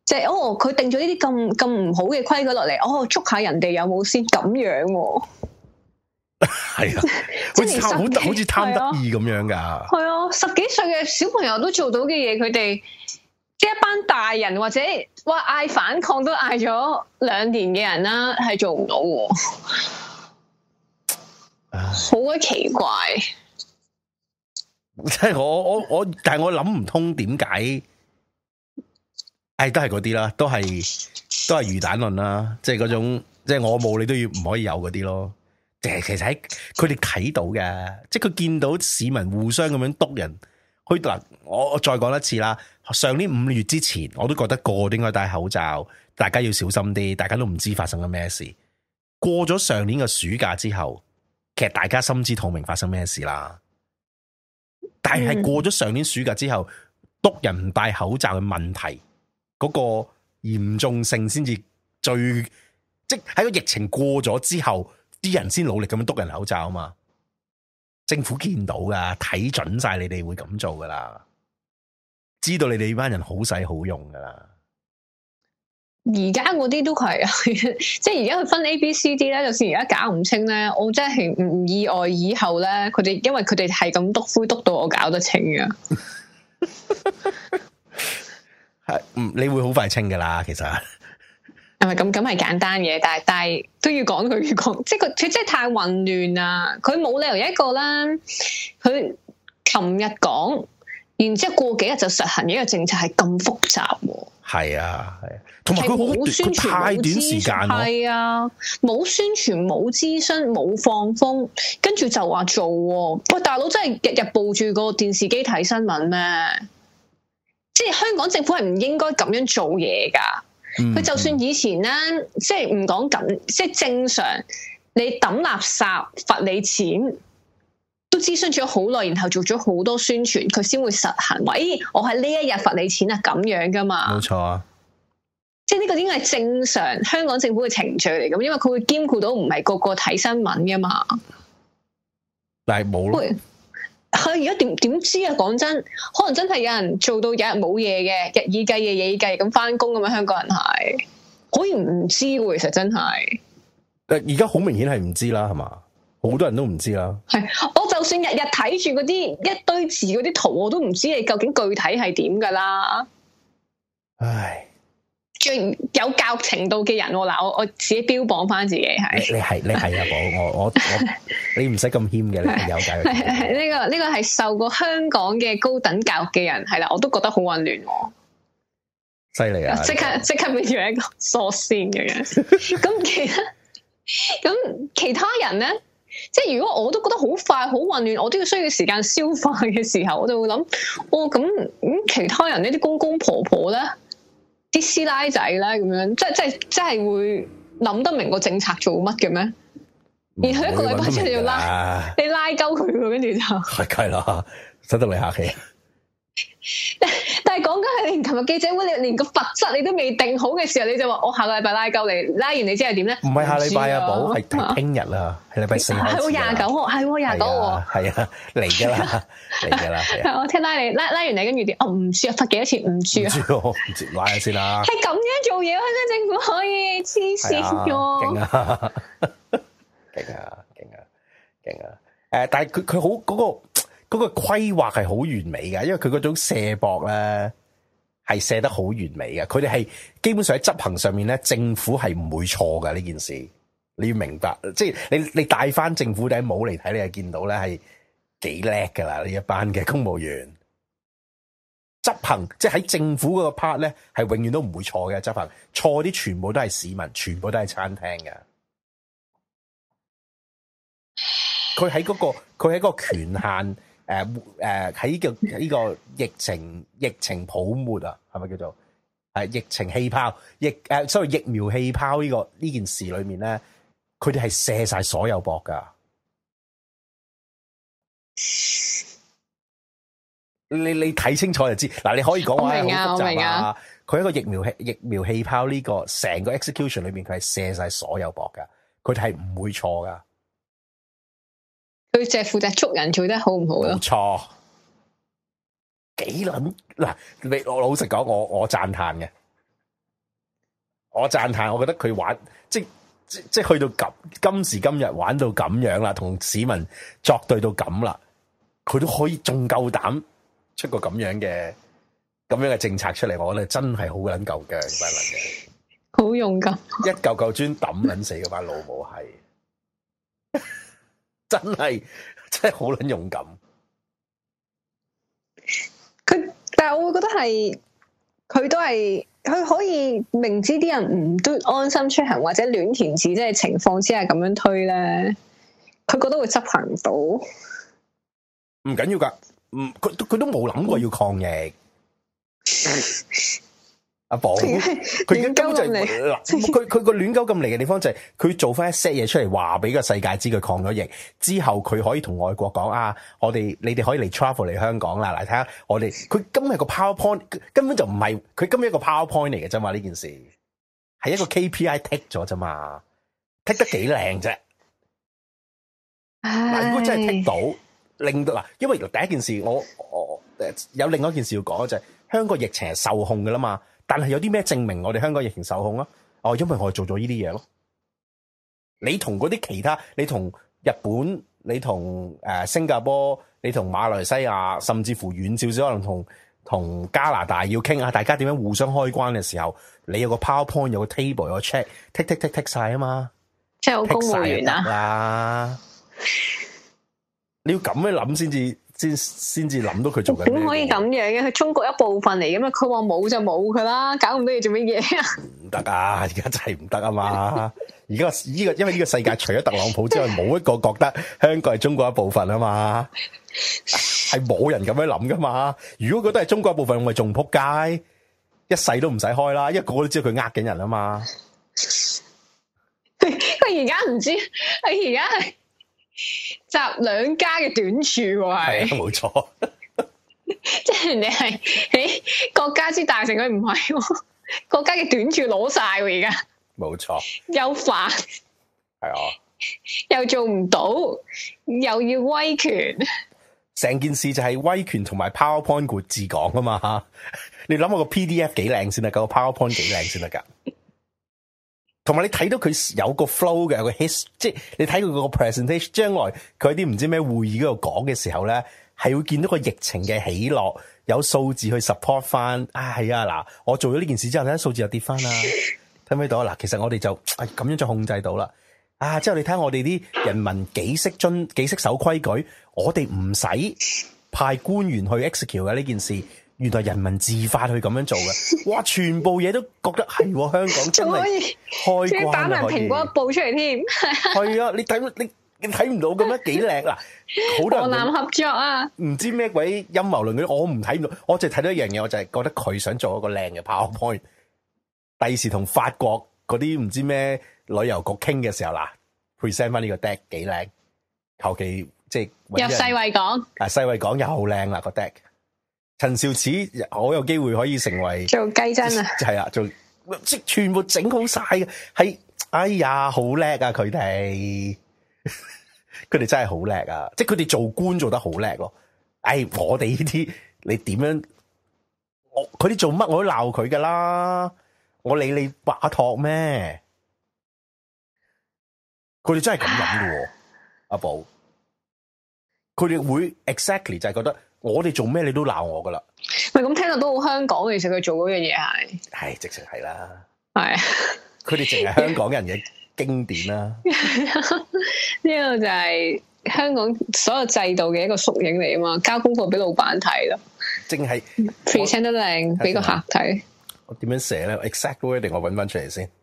即係哦，佢定咗呢啲咁咁唔好嘅規矩落嚟，哦，捉下、哦、人哋有冇先咁樣、哦。係 啊，好似貪好似貪得意咁樣噶。係啊，啊，十幾歲嘅小朋友都做到嘅嘢，佢哋即係一班大人或者哇嗌反抗都嗌咗兩年嘅人啦，係做唔到的，好鬼唉奇怪。即係我我我，但係我諗唔通點解？誒、哎，都係嗰啲啦，都係都係魚蛋論啦，即係嗰種，即係我冇，你都要唔可以有嗰啲咯。其實其實喺佢哋睇到嘅，即係佢見到市民互相咁樣督人去，嗱，我我再講一次啦。上年五月之前，我都覺得個應該戴口罩，大家要小心啲，大家都唔知發生咗咩事。過咗上年嘅暑假之後，其實大家心知肚明發生咩事啦。但係過咗上年暑假之後，督人唔戴口罩嘅問題，嗰個嚴重性先至最，即係喺個疫情過咗之後。啲人先努力咁樣督人口罩啊嘛，政府見到噶睇準晒你哋會咁做噶啦，知道你哋呢班人好使好用噶啦。而家嗰啲都係，即係而家佢分 A、B、C、D 咧，就算而家搞唔清咧，我真係唔意外。以後咧，佢哋因為佢哋係咁督灰督到，我搞得清噶。係，嗯，你會好快清噶啦，其實。係咪咁咁係簡單嘢，但係但係都要講佢講，即係佢佢真係太混亂啦！佢冇理由一個啦，佢琴日講，然之後過幾日就實行呢個政策，係咁複雜喎。係啊係啊，同埋佢好佢太短時間，係啊冇宣傳冇諮詢冇放風，跟住就話做，啊、喂，大佬真係日日抱住個電視機睇新聞咩？即係香港政府係唔應該咁樣做嘢噶。佢就算以前咧，嗯嗯，即係唔講緊，即係正常，你抌垃圾罰你錢，都諮詢咗好耐，然後做咗好多宣傳，佢先會實行話，喂，我喺呢一日罰你錢啊咁樣噶嘛冇錯啊，即係呢個應該係正常香港政府嘅程序嚟咁，因為佢會兼顧到唔係個個睇新聞噶嘛但係冇咯。佢而家點點知啊？講真，可能真係有人做到有人冇嘢嘅，日以計夜夜以計咁翻工，咁啊！香港人係可以唔知，其實真係。誒，而家好明顯係唔知啦，係嘛？好多人都唔知啦。係，我就算日日睇住嗰啲一堆字嗰啲圖，我都唔知你究竟具體係點噶啦。唉。最有教育程度嘅人嗱，我我自己標榜翻自己係，你係你係啊，我我 我你唔使咁謙嘅，你有教育呢、 這個呢、這個係受過香港嘅高等教育嘅人，係啦，我都覺得好混亂，犀利啊！即刻即、這個、刻變咗一個傻線嘅樣。咁 其他咁其他人咧，即係如果我都覺得好快好混亂，我都要需要時間消化嘅時候，我就會諗，哦咁咁、嗯、其他人呢啲公公婆婆咧。啲師奶仔咧咁樣，即係即係即係會諗得明個政策做乜嘅咩？然後一個禮拜出嚟要拉你拉鳩佢，佢跟住就太雞啦，使得你客氣。 但但係講緊，係連琴日記者會你連個罰則你都未定好嘅時候，你就話我下個禮拜拉夠你，拉完你之後點咧？唔係下禮拜啊，補，係聽日啊，係禮拜四。係我廿九號，係我廿九號，係啊嚟噶啦，嚟噶 啦、啊 啊。我聽拉你拉，拉完你跟住點？哦唔 sure 啊，罰幾多錢唔 sure 啊？唔 sure，拉先啦。係咁樣做嘢、啊，香港政府可以黐線噶。勁啊！勁啊！勁啊！勁 啊！誒、啊啊呃，但係佢佢好嗰、那個。嗰個規劃係好完美嘅，因為佢嗰種卸膊咧係卸得好完美嘅。佢哋係基本上喺執行上面咧，政府係唔會錯嘅呢件事。你要明白，即係你你戴翻政府頂帽嚟睇，你就見到咧係幾叻㗎喇呢一班嘅公務員執行，即係喺政府嗰個 part 咧，係永遠都唔會錯嘅執行。錯啲全部都係市民，全部都係餐廳嘅。佢喺嗰個，佢喺個權限。誒沒誒喺個呢個疫情疫情泡沫啊，係咪叫做係、啊、疫情氣泡疫誒、呃？所謂疫苗氣泡呢、這個呢件事裏面咧，佢哋係卸晒所有膊噶。你你睇清楚就知嗱，你可以講話係好複雜、oh、my God, 啊！佢一個疫苗氣疫苗氣泡呢、這個成個 execution 裏面，佢係卸晒所有膊噶，佢哋係唔會錯噶。佢淨係負責捉人，做得好唔好咯？冇錯，幾卵嗱！你我老實講，我我讚嘆嘅，我讚嘆，我，我覺得佢玩即即即去到今今時今日玩到咁樣啦，同市民作對到咁啦，佢都可以仲夠膽出個咁樣嘅咁樣嘅政策出嚟，我咧真係好卵夠嘅班人嘅，好勇敢，一嚿嚿磚抌撚死嗰班老母係。真係真係好撚勇敢，佢但係我會覺得係佢都係佢可以明知啲人唔都安心出行或者亂填字即係情況之下咁樣推咧，佢覺得會執行唔到，唔緊要噶，唔佢佢都冇諗過要抗疫。 阿寶，佢已經根本就嗱、是，佢佢個亂鳩咁嚟嘅地方就係、是、佢做翻一 set 嘢出嚟話俾個世界知，佢抗咗疫之後，佢可以同外國講啊，我哋你哋可以嚟 travel 嚟香港啦，嚟睇下我哋。佢今日個 powerpoint 根本就唔係佢今日一個 powerpoint 嚟嘅啫嘛，呢件事係一個 KPI 剔咗啫嘛，剔得幾靚啫，嗱 如果真係剔到令到嗱，因為第一件事我我有另外一件事要講就係、是、香港疫情係受控噶啦嘛。但係有啲咩證明我哋香港疫情受控啊？哦，因為我哋做咗呢啲嘢咯。你同嗰啲其他，你同日本，你同誒、呃、新加坡，你同馬來西亞，甚至乎遠少少，可能同同加拿大要傾下，大家點樣互相開關嘅時候，你有個 powerpoint，有個 table，有個 check，tick tick tick tick 晒啊嘛。即係公務員完完啦。你要咁樣諗先至。先先至諗到佢做緊。點可以咁樣嘅？佢中國一部分嚟噶嘛？佢話冇就冇佢啦，搞咁多嘢做咩嘢啊？唔得噶，而家真係唔得啊嘛！而家呢個因為呢個世界除咗特朗普之外，冇 一個覺得香港係中國一部分啊嘛，係冇人咁樣諗噶嘛。如果覺得係中國一部分，我咪仲扑街，一世都唔使開啦。因為個個都知道佢呃緊人啊嘛。佢而家唔知，佢而家係。集兩家嘅短處、啊，係冇、啊、錯 係，即係人哋係喺國家之大成唔係、啊，成佢唔係國家嘅短處攞晒而家，冇錯，又煩，係啊，又做唔到，又要威權，成件事就係威權同埋 PowerPoint 自講啊嘛吓，你諗我個 PDF 幾靚先得，個 PowerPoint 幾靚先得噶。 同埋你睇到佢有個 flow 嘅，有個 hist，ory, 即係你睇佢個個 presentation，將來佢啲唔知咩會議嗰度講嘅時候咧，係會見到個疫情嘅起落，有數字去 support 翻。啊，係啊，嗱，我做咗呢件事之後咧，數字又跌翻啦。睇唔睇到？嗱，其實我哋就咁樣就控制到啦。啊，之後你睇下我哋啲人民幾識遵幾識守規矩，我哋唔使派官員去 e x e c u t e 嘅呢件事。原來人民自發去咁樣做嘅，哇！全部嘢都覺得係香港真係開掛啦，可以。仲可以打爛蘋果報出嚟添。係啊，你睇你睇唔到咁樣幾靚啊，好多人合作啊，唔知咩鬼陰謀論嗰啲，我唔睇唔到，我淨係睇到一樣嘢，我就係覺得佢想做一個靚嘅 PowerPoint。第時同法國嗰啲唔知咩旅遊局傾嘅時候啦，present 翻呢個 deck 幾靚，求其即係入世衛講，啊世衛講又好靚啦個 deck。陳肇始，我有機會可以成為做雞針啊？係啊，做即係全部整好晒嘅。係哎呀，好叻啊！佢哋，佢 哋真係好叻啊！即係佢哋做官做得好叻咯。哎，我哋呢啲你點樣？我佢哋做乜我都鬧佢噶啦。我理你把托咩？佢哋真係咁諗喎！阿寶、啊。佢哋、啊、會 exactly 就係覺得。我哋做咩你都鬧我噶啦？係咁聽落都好香港，其實佢做嗰樣嘢係係直情係啦，係佢哋淨係香港人嘅、哎啊、經典啦、啊。呢 個就係香港所有制度嘅一個縮影嚟啊嘛，交功課俾老闆睇咯，淨係 present 得靚俾個客睇。我點樣寫咧？exact wording 我搵翻出嚟先。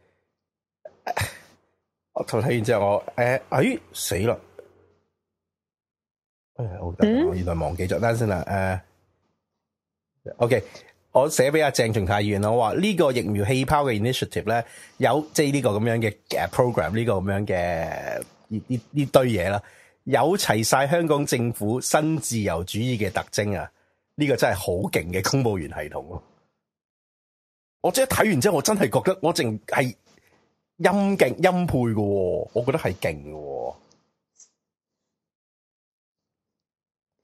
我睇完之後我誒、欸，哎死啦！誒，好、嗯、我原來忘記咗單先啦。誒、呃、OK，我寫俾阿鄭仲泰議員，我話呢個疫苗氣泡嘅 initiative 咧、就是，有即係呢個咁樣嘅 program，呢個咁樣嘅呢呢堆嘢啦，有齊晒香港政府新自由主義嘅特徵啊！呢、這個真係好勁嘅公務員系統咯。我即係睇完之後，我真係覺得我淨係欽敬欽佩嘅，我覺得係勁嘅。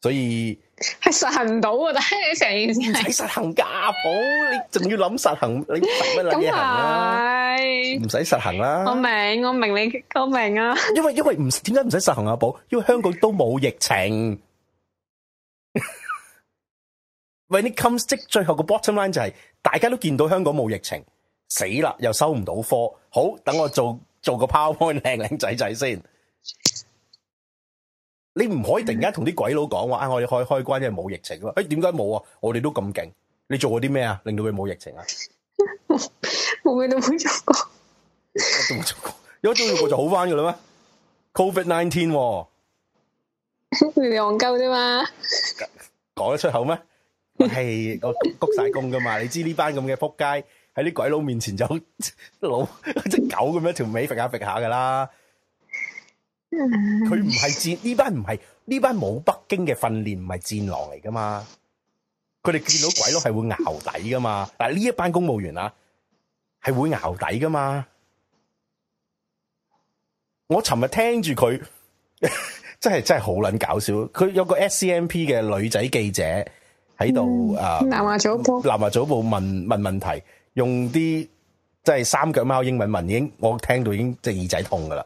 所以係實行唔到啊。但係你成件事唔使實行假保，你仲要諗實行？你唔使實是行啦。唔使實行啦。我明，我明，你我明啊。因為因為唔點解唔使實行啊？保、啊、因，因，因為香港都冇疫情。喂，When it comes 即最後個 bottom line 就係、是、大家都見到香港冇疫情，死啦，又收唔到貨，好等我做做個 PowerPoint 靚靚仔仔先。你唔可以突然間同啲鬼佬講話，欸，我哋開開關，因為冇疫情啊！誒，點解冇啊？我哋都咁勁，你做過啲咩啊？令到佢冇疫情啊？我咩都冇做，做過，有做過就好翻噶啦咩？COVID-19，你戇鳩啫嘛？講得出口咩？我係我谷晒功噶嘛？你知呢班咁嘅扑街喺啲鬼佬面前就好老隻狗咁樣，條尾揈下揈下噶啦。佢唔係戰，呢班唔係，呢班冇北京嘅訓練，唔係戰狼嚟噶嘛？佢哋見到鬼佬係會淆底噶嘛？嗱，呢一班公務員啊係會淆底噶嘛？我尋日聽住佢 真係真係好捻搞笑。佢有個 SCMP 嘅女仔記者喺度啊，南華早報，南華早報問問問題，用啲即係三腳貓英文問，已經我聽到已經即係耳仔痛噶啦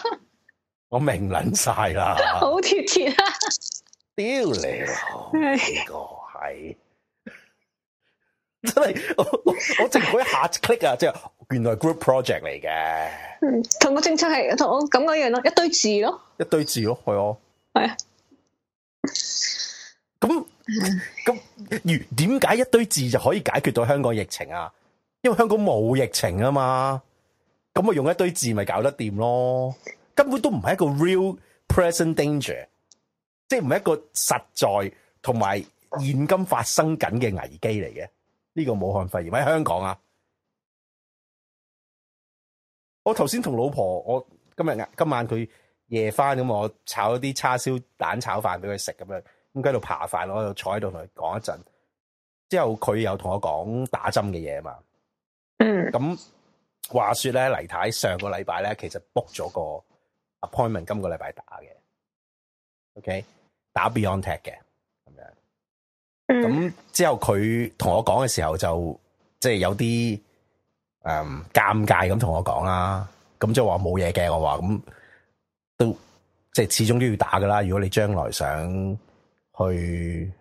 我命捻晒啦，好貼切啊！屌你，呢個係真係我我直頭一下 click 啊，即係原來是 group project 嚟嘅，嗯，同個政策係同我咁樣一樣咯，一堆字咯，一堆字咯，係咯，係啊，咁咁如點解一堆字就可以解決到香港疫情啊？因為香港冇疫情啊嘛，咁咪用一堆字咪搞得掂咯？根本都唔係一個 real present danger，即係唔係一個實在同埋現今發生緊嘅危機嚟嘅。呢個武漢肺炎喺香港啊！我頭先同老婆，我今日今晚佢夜返咁，我炒咗啲叉燒蛋炒飯俾佢食咁樣，咁喺度扒飯，我就坐喺度同佢講一陣。之後佢又同我講打針嘅嘢啊嘛。嗯，咁話説咧，黎太上個禮拜咧，其實 book 咗個。appointment 今個禮拜打嘅，OK，打 Beyond Tech 嘅咁樣，咁、嗯、之後佢同我講嘅時候就即係、就是、有啲誒尷尬咁同我講啦、啊，咁即係話冇嘢嘅，我話咁都即係始終都要打噶啦，如果你將來想去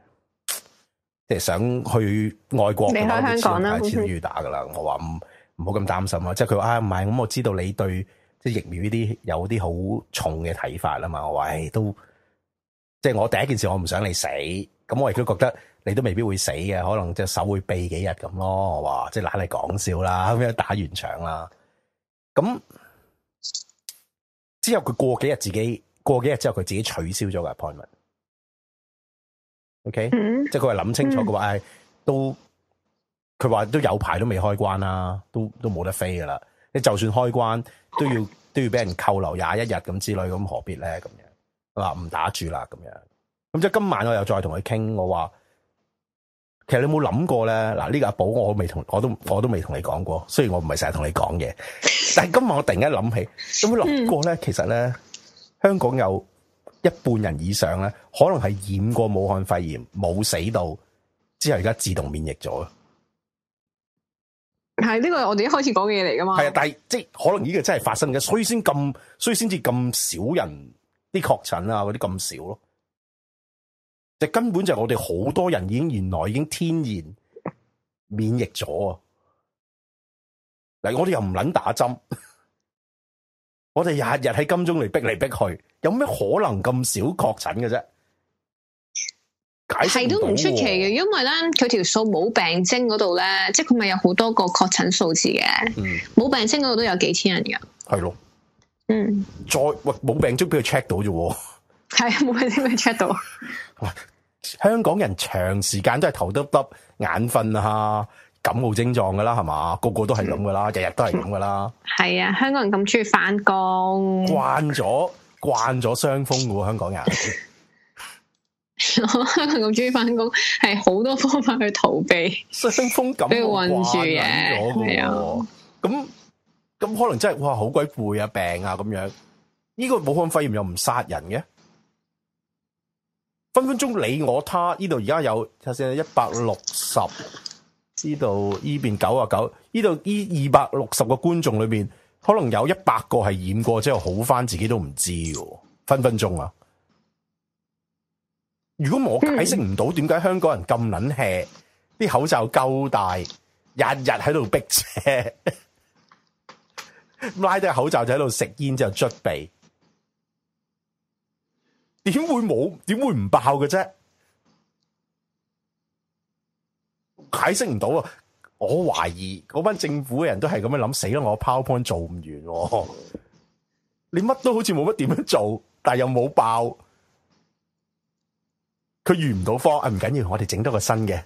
即係想去外國離開香港啦，始終都要打噶啦，我話唔唔好咁擔心啊，即係佢話啊唔係，咁、哎、我知道你對。即係疫苗呢啲有啲好重嘅睇法啦嘛，我話、哎、都，即係我第一件事我唔想你死，咁我亦都覺得你都未必會死嘅，可能隻手會避幾日咁咯，哇！即係懶係講笑啦，咁樣打完場啦，咁之後佢過幾日自己過幾日之後佢自己取消咗個 appointment、okay? 嗯。O K，即係佢話諗清楚，佢話、嗯哎、都，佢話都有排都未開關啦，都都冇得飛噶啦。你就算開關都要都要俾人扣留廿一日咁之類，咁何必咧？咁樣嗱，唔打住啦，咁樣。咁即係今晚我又再同佢傾，我話其實你有冇諗過咧，嗱、這、呢個阿寶我未同我都我都未同你講過，雖然我唔係成日同你講嘢，但係今晚我突然間諗起，有冇諗過咧？其實咧，香港有一半人以上咧，可能係染過武漢肺炎冇死到，之後而家自動免疫咗。係呢個係我哋一開始講嘅嘢嚟噶嘛？係啊，但係即係可能呢個真係發生嘅，所以先咁，所以先至咁少人啲確診啊，嗰啲咁少咯。就根本就係我哋好多人已經原來已經天然免疫咗啊！嗱，我哋又唔捻打針，我哋日日喺金鐘嚟逼嚟逼去，有咩可能咁少確診嘅啫？係都唔出奇嘅，因為咧佢條數冇病徵嗰度咧，即係佢咪有好多個確診數字嘅，冇、嗯、病徵嗰度都有幾千人嘅。係咯，嗯，再喂冇病徵俾佢 check 到啫，係冇、啊、病徵俾佢 check 到。喂， 香港人長時間都係頭耷耷、眼瞓啊，感冒症狀噶啦，係嘛，個個都係咁噶啦，日日、嗯、都係咁噶啦。係啊，香港人咁中意返工，慣咗慣咗傷風嘅喎，香港人。 我香港咁中意翻工，係好多方法去逃避，傷風感，俾困住咗，係啊。咁咁的可能真係哇，好鬼攰啊，病啊咁樣。呢、這個武漢肺炎又唔殺人嘅，分分鐘你我他。呢度而家有睇下先，一百六十。呢度呢邊九啊九，呢度呢二百六十個觀眾裏邊，可能有一百個係染過，之後好翻自己都唔知，分分鐘啊。如果我解釋唔到點解香港人咁撚氣，啲口罩夠大，日日喺度逼車，拉低口罩就喺度食煙之後捽鼻，點會冇？點會唔爆嘅啫？解釋唔到啊！我懷疑嗰班政府嘅人都係咁樣諗，死啦！我 PowerPoint 做唔完，你乜都好似冇乜點樣做，但係又冇爆。佢遇唔到科啊，唔緊要，我哋整多個新嘅，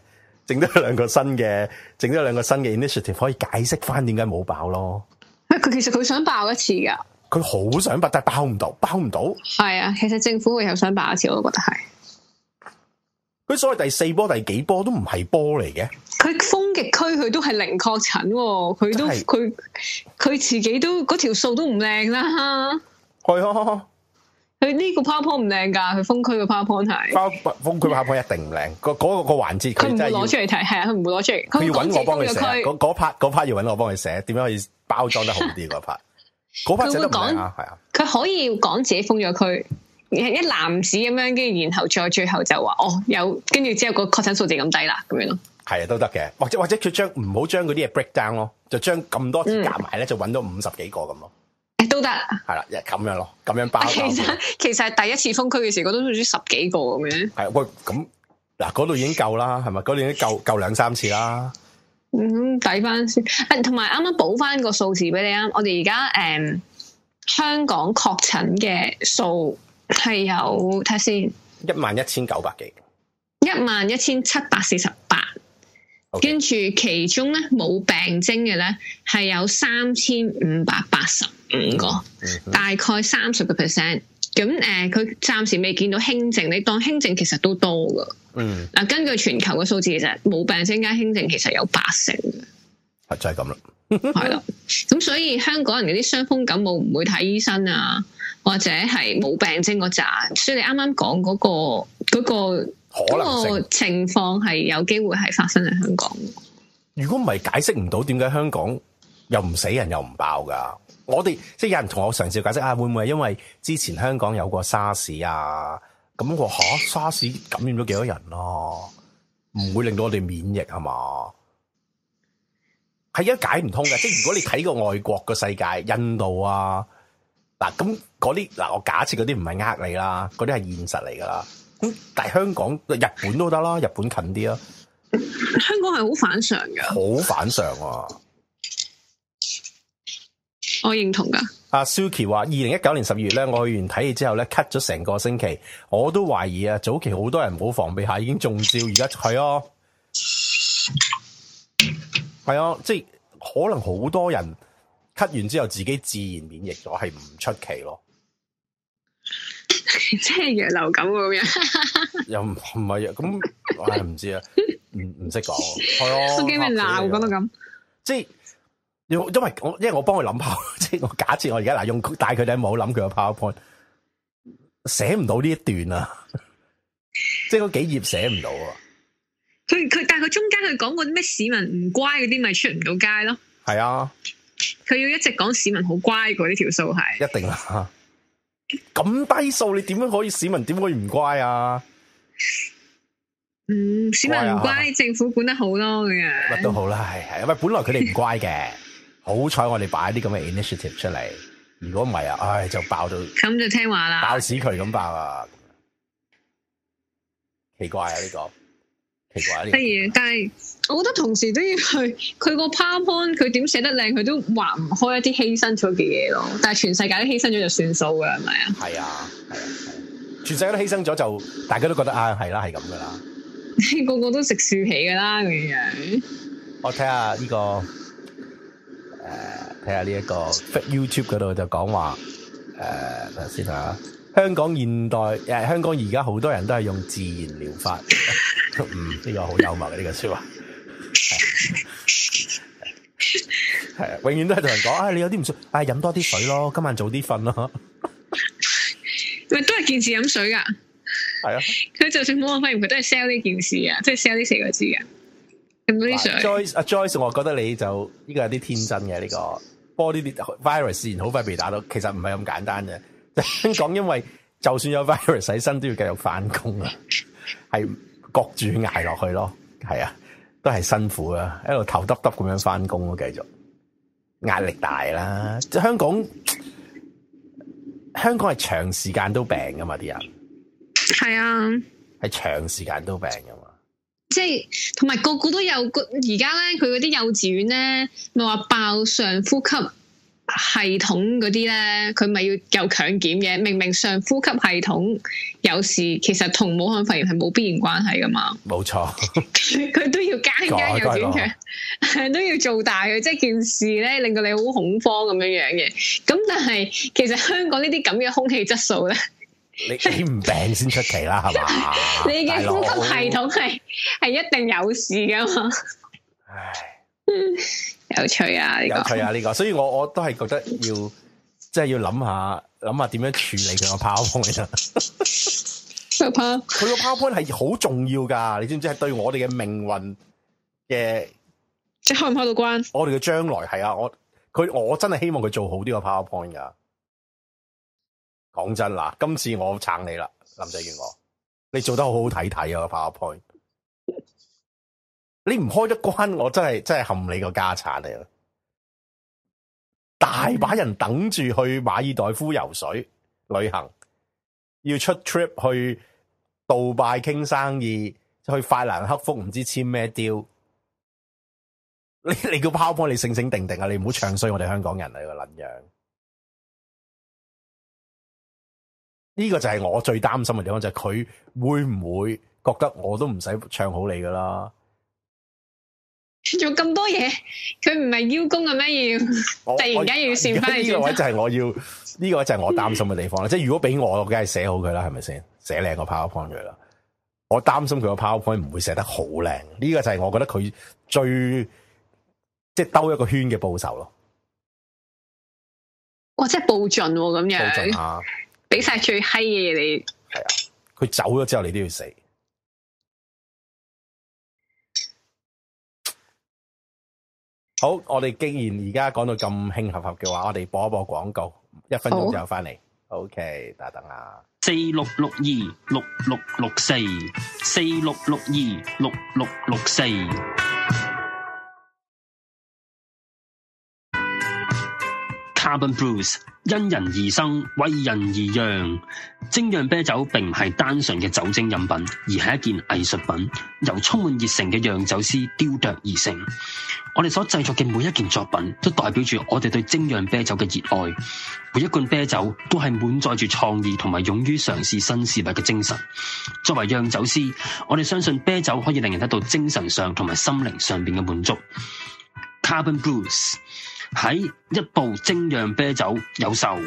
整多兩個新嘅，整多兩個新嘅 initiative 可以解釋翻點解冇爆咯。佢其實佢想爆一次噶佢好想爆，但係爆唔到，爆唔到。係啊，其實政府會又想爆一次，我覺得係。佢所謂第四波、第幾波都唔係波嚟嘅。佢風極區佢都係零確診，佢都佢佢自己都嗰條數都唔靚啦。係啊。佢呢個 PowerPoint 唔靚噶，佢封區嘅 PowerPoint 係封封區 PowerPoint 一定唔靚，個嗰個個環節佢唔會攞出嚟睇，係啊，佢唔會攞出嚟。佢要揾我幫佢寫嗰 part，要揾我幫佢寫，點樣可以包裝得好啲嗰 part？嗰 part 寫得明啊，係啊，佢可以講自己封咗區，一男子咁樣，跟住然後再最後就話哦，有跟住之後個確診數字咁低啦，咁樣咯，係啊，都得嘅，或者或者佢將唔好將嗰啲嘢 break down 咯，就將咁多次夾埋咧，就揾到五十幾個咁咯。都得，係啦，日咁樣咯，咁樣包。其實其實第一次封區嘅時候，我都知十幾個咁樣。係喂，咁嗱，嗰度已經夠啦，係咪？嗰度已經夠夠兩三次啦，嗯。嗯，抵翻先。誒，同埋啱啱補翻個數字俾你啊！我哋而家誒，香港確診嘅數係有睇下先，一萬一千九百幾，一萬一千七百四十八。11, 跟住 Okay. 其中咧冇病徵嘅咧，係有三千五百八十五個，mm hmm. 大概三十個 percent。咁誒，佢、呃、暫時未見到輕症，你當輕症其實都多噶。嗯、mm，嗱、hmm.，根據全球嘅數字、就是，其實冇病徵加輕症其實有八成嘅，係就係咁啦。係 啦，咁所以香港人嗰啲傷風感冒唔會睇醫生啊，或者係冇病徵嗰扎。所以你啱啱講嗰個嗰個。那個可能個情況係有機會係發生喺香港。如果唔係解釋唔到，點解香港又唔死人又唔爆噶？我哋即係有人同我嘗試解釋啊，會唔會因為之前香港有過沙士啊？咁我 s、啊、沙士感染咗幾多人咯、啊？唔會令到我哋免疫係嘛？係一解唔通嘅。即係如果你睇個外國嘅世界，印度啊嗱，咁嗰啲嗱，我假設嗰啲唔係呃你啦，嗰啲係現實嚟噶啦。但係香港、日本都得啦，日本近啲啊。香港係好反常噶，好反常啊！我認同噶。阿 Suki 話：二零一九年十二月咧，我去完睇戲之後咧，咳咗成個星期，我都懷疑啊。早期好多人唔好防備下，已經中招，而家係咯，係咯、啊啊啊，即係可能好多人咳完之後，自己自然免疫咗，係唔出奇咯。即係若流感咁 樣，又唔唔係啊？咁我係唔知啊，唔唔識講，係啊，都驚被鬧講到咁。即係，因因為我因為我幫佢諗下，即係我假設我而家嗱用帶佢哋冇諗佢個 power point 寫唔到呢一段啊，即係嗰幾頁寫唔到啊。佢佢但係佢中間佢講過啲咩市民唔乖嗰啲咪出唔到街咯。係啊，佢要一直講市民好乖嗰啲條數係一定啦、啊咁低數，你點樣可以市民點可以唔乖啊？嗯，市民唔乖，乖啊、吧政府管得好多㗎。乜都好啦，係係，因為，本來佢哋唔乖嘅， 好彩我哋擺啲咁嘅 initiative 出嚟。如果唔係啊，唉，就爆到咁就聽話啦，爆屎渠咁爆啊，奇怪啊呢、這個。 得意，但係我覺得同時都要去。佢個 PowerPoint 佢點寫得靚，佢都畫唔開一啲犧牲咗嘅嘢咯。但係全世界都犧牲咗就算數嘅，係咪啊？係啊，係啊，全世界都犧牲咗就大家都覺得啊，係啦，係咁噶啦。 個個都食樹皮噶啦，咁樣。我睇下呢個誒，睇下呢一個 YouTube 嗰度就講話誒，例如啊。香港現代誒，香港而家好多人都係用自然療法。 嗯，呢、這個好幽默嘅，呢個說話，係啊，永遠都係同人講，哎，你有啲唔舒服，飲、哎、多啲水咯，今晚早啲瞓咯。咪 都係的 見字飲水噶，係啊。佢就算冇武漢肺炎，佢都係 sell 呢件事啊，即係 sell 呢四個字啊。飲 Joyce 我覺得你就呢、這個有啲天真嘅呢、這個，波呢啲 virus 自然好快被打到，其實唔係咁簡單嘅。香港因為就算有 virus 喺身都要繼續翻工啊，係焗住捱落去咯，係啊，都係辛苦啊，一路頭耷耷咁樣翻工咯，繼續壓力大啦。香港香港係長時間都病噶嘛，啲人係啊，係長時間都病噶嘛，即係同埋個個都有而家咧，佢嗰啲幼稚園咧，咪話爆上呼吸系統嗰啲咧，佢咪要又強檢嘅？明明上呼吸系統有事，其實同武漢肺炎係冇必然關係噶嘛？冇錯錯，佢 都要間間又點強，都要做大嘅，即係件事咧令到你好恐慌咁樣樣嘅。咁但係其實香港這些呢啲咁嘅空氣質素咧，你唔病先出奇啦，係嘛 吧？你嘅呼吸系統係係一定有事噶嘛？ 唉。有趣啊呢個，有趣啊呢個，所以我我都係覺得要，即係要諗下諗下點樣處理佢個 powerpoint。佢個 powerpoint 係好 重要噶，你知唔知係對我哋嘅命運嘅？即係開唔開到關？我哋嘅將來係啊，我佢我真係希望佢做好呢個 powerpoint 噶。講真啦，今次我撐你啦，林仔月娥，你做得好好睇睇啊，powerpoint。Power 你唔開一關，我真係真係冚你個家產嚟啦！大把人等住去馬爾代夫游水旅行，要出 trip 去杜拜傾生意，去法蘭克福唔知簽咩 deal。你你叫拋波，你醒醒定定啊！你唔好唱衰我哋香港人嚟、啊這個捻樣？呢個就係我最擔心嘅地方，就係、是、佢會唔會覺得我都唔使唱好你噶啦？做咁多嘢，佢唔係邀功嘅咩？要突然間要扇翻嚟。呢個就係我要，呢個就係我擔心嘅地方啦。即係如果俾我，我梗係寫好佢啦，係咪先？寫靚個 PowerPoint 佢啦。我擔心佢個 PowerPoint 唔會寫得好靚。呢、這個就係我覺得佢最即係兜一個圈嘅報仇咯。哇、哦！即係報盡咁樣，俾晒、啊、最嗨嘅嘢你。係啊，佢走咗之後，你都要死。好，我哋既然而家講到咁興合合嘅話，我哋播一播廣告，一分鐘之後翻嚟。好 OK，大等啊，四六六二六六六四，四六六二六六六四。Carbon Brews 因人而生，為人而釀。精釀啤酒並唔係單純嘅酒精飲品，而係一件藝術品，由充滿熱誠嘅釀酒師雕琢而成。我哋所製作嘅每一件作品，都代表住我哋對精釀啤酒嘅熱愛。每一罐啤酒都係滿載住創意同埋勇於嘗試新事物嘅精神。作為釀酒師，我哋相信啤酒可以令人得到精神上同埋心靈上邊嘅滿足。Carbon Brews。喺一部精釀啤酒有售，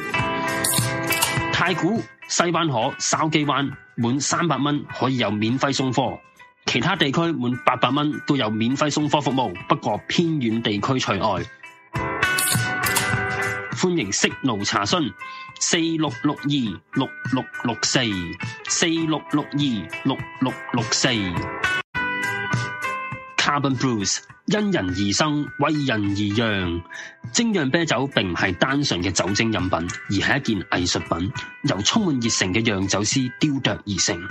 太古、西灣河、筲箕灣滿三百蚊，可以有免費送貨，其他地區滿八百蚊都有免費送貨服務，不過偏遠地區除外。歡迎 Signal 查詢：四六六二六六六四，四六六二六六六四。Carbon Brews 因人而生，為人而釀。精釀啤酒並唔係單純嘅酒精飲品，而係一件藝術品，由充滿熱誠嘅釀酒師雕琢而成。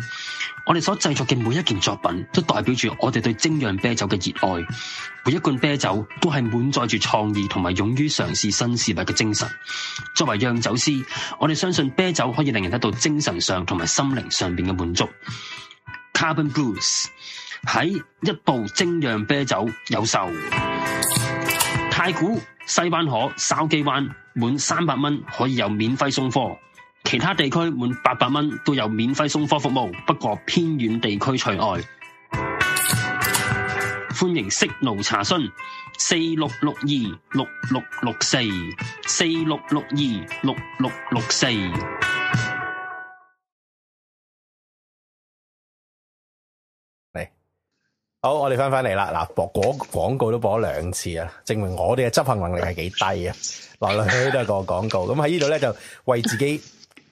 我哋所製作嘅每一件作品，都代表住我哋對精釀啤酒嘅熱愛。每一罐啤酒都係滿載住創意同埋勇於嘗試新事物嘅精神。作為釀酒師，我哋相信啤酒可以令人得到精神上同埋心靈上面嘅滿足。Carbon Brews。喺一度精釀啤酒有售，太古西班、西灣河、筲箕灣滿三百蚊可以有免費送貨，其他地區滿八百蚊都有免費送貨服務，不過偏遠地區除外。歡迎 Signal 查詢：四六六二六六六四，四六六二六六六四。好，我哋翻翻嚟啦。嗱，播廣廣告都播咗兩次啊，證明我哋嘅執行能力係幾低啊，來來去去都係個廣告。咁喺呢度咧就為自己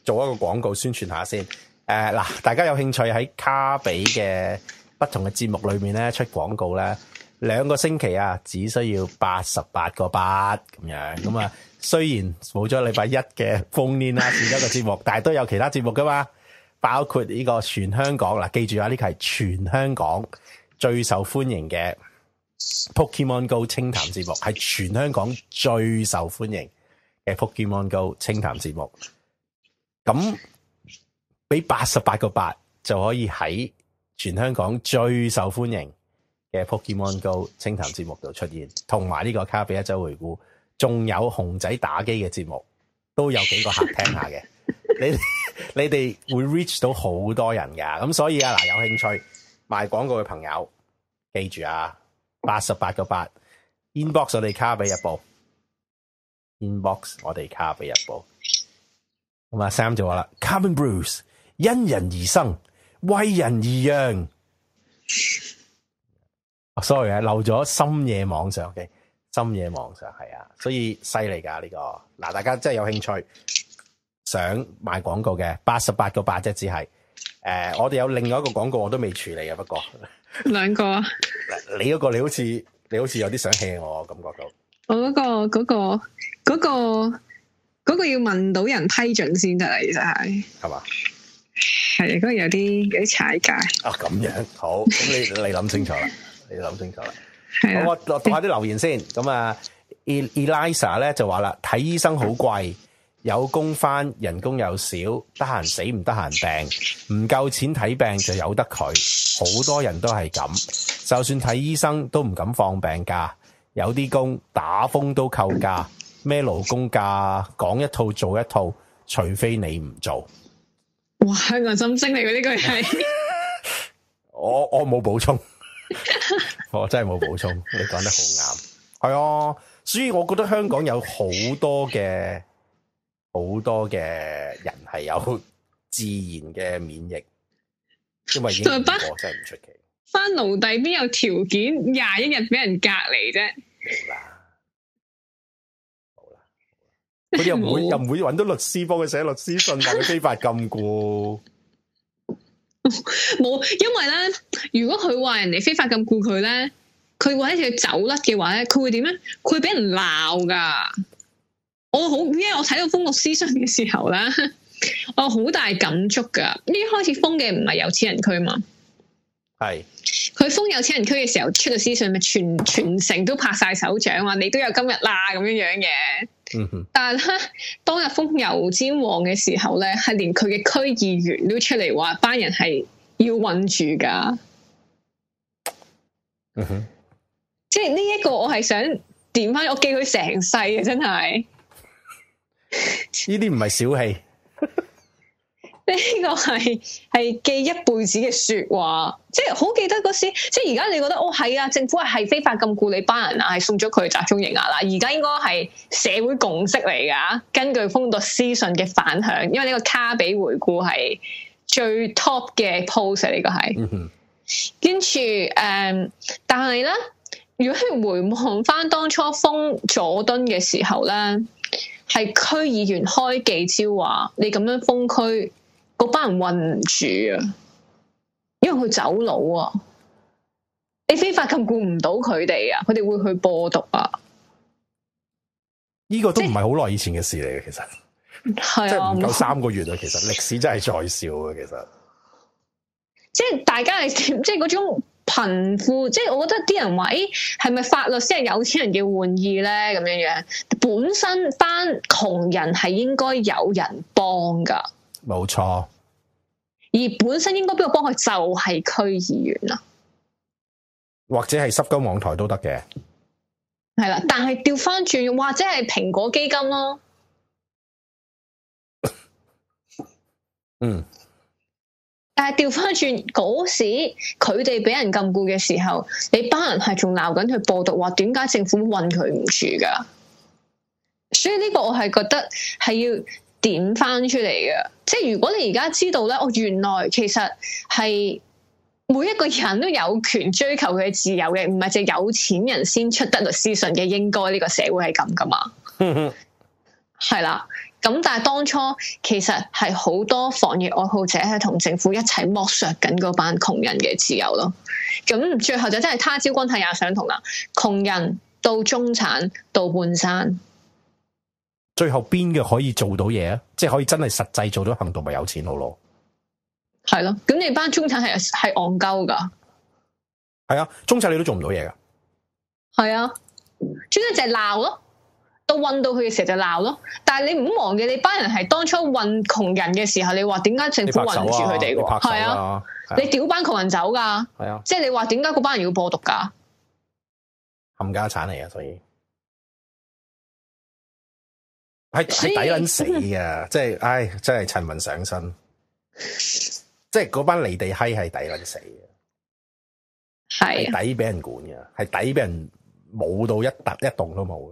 做一個廣告宣傳下先。誒，嗱，大家有興趣喺卡比嘅不同嘅節目裏面咧出廣告咧，兩個星期啊，只需要八十八個八咁樣。咁啊，雖然冇咗禮拜一嘅奉念啊，其中一個節目，但係都有其他節目噶嘛，包括呢個全香港嗱，啊，記住啊，呢、呢個係全香港最受歡迎嘅 Pokemon Go 清談節目，係全香港最受歡迎嘅 Pokemon Go 清談節目。咁俾八十八個八就可以喺全香港最受歡迎嘅 Pokemon Go 清談節目度出現，同埋呢個卡比一週回顧，仲有熊仔打機嘅節目，都有幾個客聽下嘅。 你你哋會 reach 到好多人噶，咁所以啊嗱，有興趣賣廣告嘅朋友。記住啊，八十八個八 inbox 我哋卡比日報 inbox 我哋卡比日報，咁啊 Sam 就話啦 Coming Bruce 因人而生，為人而讓。Oh, sorry 啊，漏咗深夜網上，ok 深夜網上係啊，所以犀利噶呢個嗱，大家真係有興趣想賣廣告嘅，八十八個八隻字係誒，我哋有另外一個廣告我都未處理嘅，不過。兩個你嗰個你好似你好似有啲想 hea 我，我感覺到，我嗰個嗰個嗰個嗰個要問到人批准先得啊！其實係係嘛？係啊吧，嗰個有啲有啲踩界啊！咁樣好， 你你諗清楚啦，你諗清楚啦的。我我讀下啲留言先。咁啊 ，Elisa 咧就話啦，睇醫生好貴。有工返，人工又少，得閒死唔得閒病，唔夠錢睇病就由得佢。好多人都係咁，就算睇醫生都唔敢放病假。有啲工打風都扣假，咩勞工假講一套做一套，除非你唔做。哇！香港心聲嚟嘅呢句係，我我冇補充， 我真係冇補充。你講得好啱，係啊。所以我覺得香港有好多嘅。好多嘅人係有自然嘅免疫，因為已經唔過，真係唔出奇。翻奴隸邊有條件廿一日俾人隔離啫。冇啦，佢又唔會有又唔會揾到律師幫佢寫律師信，但佢非法禁錮。冇，因為咧，如果佢話人哋非法禁錮佢咧，佢話一佢走甩嘅話咧，佢會點咧？佢會俾人鬧噶。我好，因為我睇到封六私信嘅時候咧，我好大感觸噶。呢開始封嘅唔係有錢人區嘛，係佢是封有錢人區嘅時候出個私信咪全全城都拍晒手掌話你都有今日啦咁樣樣嘅。嗯、哼但係當日封油尖旺嘅時候咧，係連佢嘅區議員都出嚟話班人係要穩住噶。嗯、哼即係呢一個我係想點翻，我記佢成世啊，真係。呢啲唔係小氣 ，呢個係係記一輩子嘅說話，即係好記得嗰時。即係而家你覺得哦係啊，政府係非法禁錮你班人啊，係送咗佢集中營啊啦。而家應該係社會共識嚟噶，根據封毒私信嘅反響，因為呢個卡比回顧係最 top 嘅 post 嚟，啊這個係。跟住誒，但係咧，如果係回望翻當初封佐敦嘅時候咧。係區議員開記招話，你咁樣封區，嗰班人困唔住啊！因為佢走佬啊，你非法禁錮唔到佢哋啊，佢哋會去播毒啊！呢個都唔係好耐以前嘅事嚟嘅，其實係啊，唔夠三個月啊，其實歷史真係在笑啊，其實 即係大家係點？即係嗰種。貧富即係，我覺得啲人話，誒、哎，係咪法律先係有錢人嘅玩意咧？咁樣樣，本身班窮人係應該有人幫噶，冇錯。而本身應該邊個幫佢，就係、是、區議員啦，或者係濕金網台都得嘅，係啦。但係調翻轉，或者係蘋果基金咯，嗯。但係調翻轉嗰時，佢哋俾人禁錮嘅時候，你班人係仲鬧緊佢暴動，話點解政府困佢唔住噶？所以呢個我係覺得係要點翻出嚟嘅，即係如果你而家知道咧，哦，原來其實係每一個人都有權追求佢自由嘅，唔係淨有錢人先出得律師信嘅，應該呢個社會係咁噶嘛？係啦。 咁但係當初其實係好多防疫愛好者係同政府一齊剝削緊嗰班窮人嘅自由咯。咁最後就真係他朝君體也相同啦，窮人到中產到半山，最後邊個可以做到嘢啊？即係可以真係實際做到行動咪有錢好咯？係咯，咁你班中產係係戇鳩噶？係啊，中產你都做唔到嘢噶？係啊，最多就係鬧咯。都到運到佢嘅時候就鬧咯，但係你唔好忘記你班人係當初運窮人嘅時候，你話點解政府運住佢哋？係啊，你屌班窮人走㗎，係啊，即係你話點解嗰班人要播毒㗎？冚家產嚟啊，所以係係抵捻死嘅，即係 唉，真係陳雲上身， 即係嗰班離地閪係抵捻死嘅，係抵俾人管嘅，係抵俾人冇到一笪一棟都冇。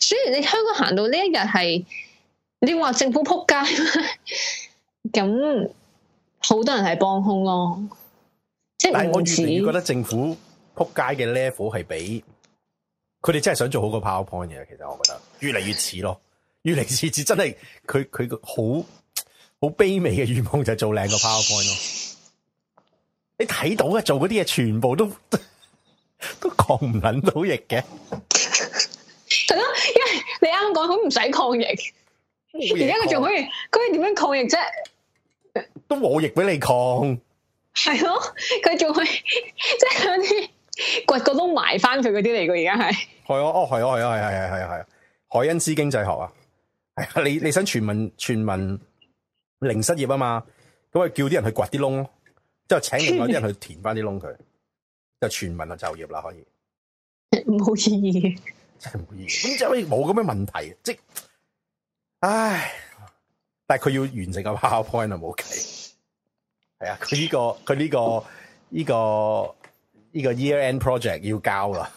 所以你香港行到呢一日係，你話政府扑街，咁 好多人係幫凶咯。即係我越嚟越覺得政府扑街嘅 level 係比佢哋真係想做好個 PowerPoint 嘅。其實我覺得越嚟越似咯，越嚟越似真係佢佢個好好卑微嘅願望就係做靚個 PowerPoint 咯。你睇到嘅做嗰啲嘢，全部都都講唔捻到嘢嘅。佢唔使抗疫，而家佢仲可以，佢可以點樣抗疫啫？都冇疫俾你抗，係咯？佢仲可以即係嗰啲掘個窿，埋翻佢嗰啲嚟嘅，而家係係啊，哦係啊，係啊，係係係係啊，凱恩斯經濟學啊，係啊，你你想全民全民零失業啊嘛？咁啊叫啲人去掘啲窿咯，之後請另外啲人去填翻啲窿佢，就 全民就就業啦，可以唔好意義。真係冇意咁，即係冇咁嘅問題。即係，唉，但係佢要完成個 powerpoint 啊，冇計，係啊，佢呢個佢呢個呢個呢個 year-end project 要交啦。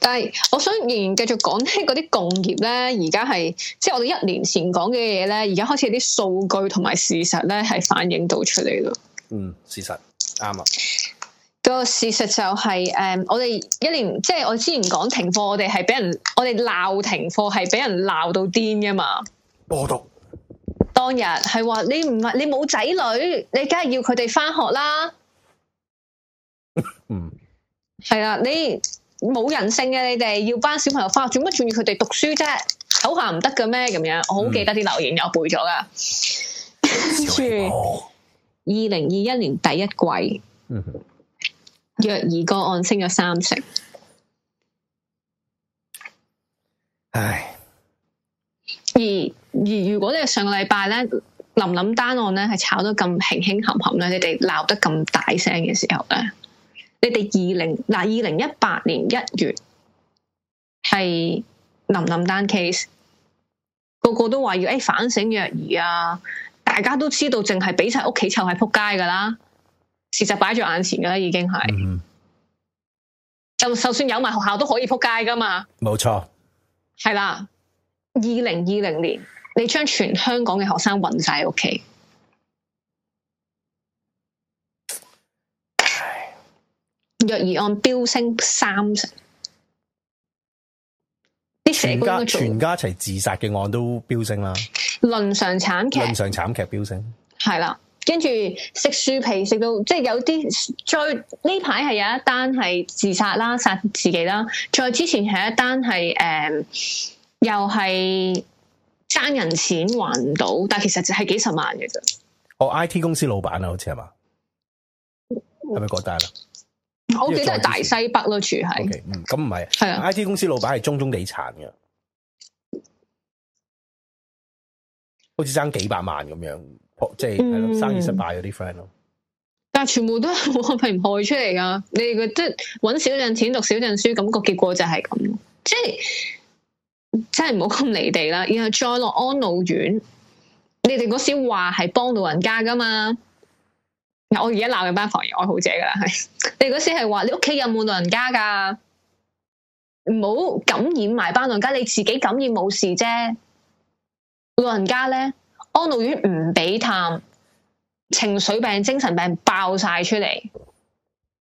但係，我想仍然繼續講咧，嗰啲共業咧，而家係即係我哋一年前講嘅嘢咧，而家開始有啲數據同埋事實咧，係反映到出嚟咯。嗯，事實啱啊。對個事實就係、是、誒、嗯，我哋一年即係我之前講停課，我哋係俾人，我哋鬧停課係俾人鬧到癲噶嘛？我讀毒當日係話你唔係你冇仔女，你梗係要佢哋翻學啦。嗯，係啊，你冇人性嘅你哋要班小朋友翻學做乜？仲要佢哋讀書啫？唞下唔得嘅咩？咁樣，我好記得啲留言有、嗯、背咗噶，跟住二零二一年第一季，嗯。若兒個案升咗三成，唉，而而如果你上個禮拜咧，林林單案咧係炒得咁輕輕冚冚咧，你哋鬧得咁大聲嘅時候咧，你哋二零嗱二零一八年一月係林林單 case，個個都話要誒反省若兒啊，大家都知道淨係俾晒屋企臭係扑街噶啦。事實擺在眼前噶啦，已經係，嗯、就就算有埋學校都可以扑街噶嘛。冇錯錯，係啦。二零二零年，你將全香港嘅學生運晒屋企。虐兒唉案飆升三成。啲社工，全家全家一齊自殺嘅案都飆升啦。倫常慘劇，倫常慘劇飆升，係啦。跟住食樹皮食到，即係有啲。再呢排係有一單係自殺啦，殺自己啦。再之前係一單係誒，又係爭人錢還唔到，但係其實就係幾十萬嘅啫。哦，I T 公司老闆啊，好似係嘛？係咪嗰單啊？我記得係大西北咯，啊，住喺。咁唔係，係啊！I T 公司老闆係中中地產嘅，好似爭幾百萬咁樣。哦、即係係咯，生意失敗嗰啲 friend 咯，嗯、但係全部都係我平害出嚟噶。你哋覺得揾少印錢讀少印書，咁、咁個結果就係咁，即係真係唔好咁離地啦。然後再落安老院，你哋嗰時話係幫老人家噶嘛？我而家鬧緊班防疫愛好者噶啦，係你嗰時係話你屋企有冇老人家噶？唔好感染埋班老人家，你自己感染冇事啫，老人家咧。安老院唔俾探，情緒病、精神病爆晒出嚟，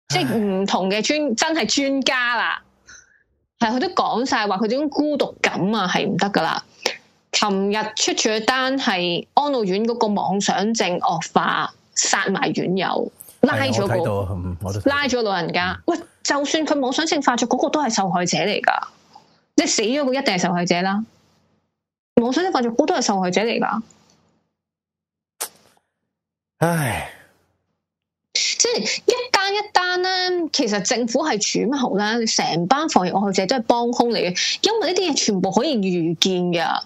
即係唔同嘅專唉 真係專家啦，係佢都講晒話，佢種孤獨感啊係唔得噶啦。琴日出咗單係安老院嗰個妄想症惡化，殺埋院友，拉咗個，我都拉咗個老人家。嗯、喂，就算佢妄想症發作，嗰、嗰個都係受害者嚟噶，即係死咗個一定係受害者啦。妄想症發作，嗰、嗰個，都係受害者嚟噶。唉，即係一單一單咧，其實政府係乜好啦，成班防疫外者都係幫兇嚟嘅，因為呢啲嘢全部可以預見嘅，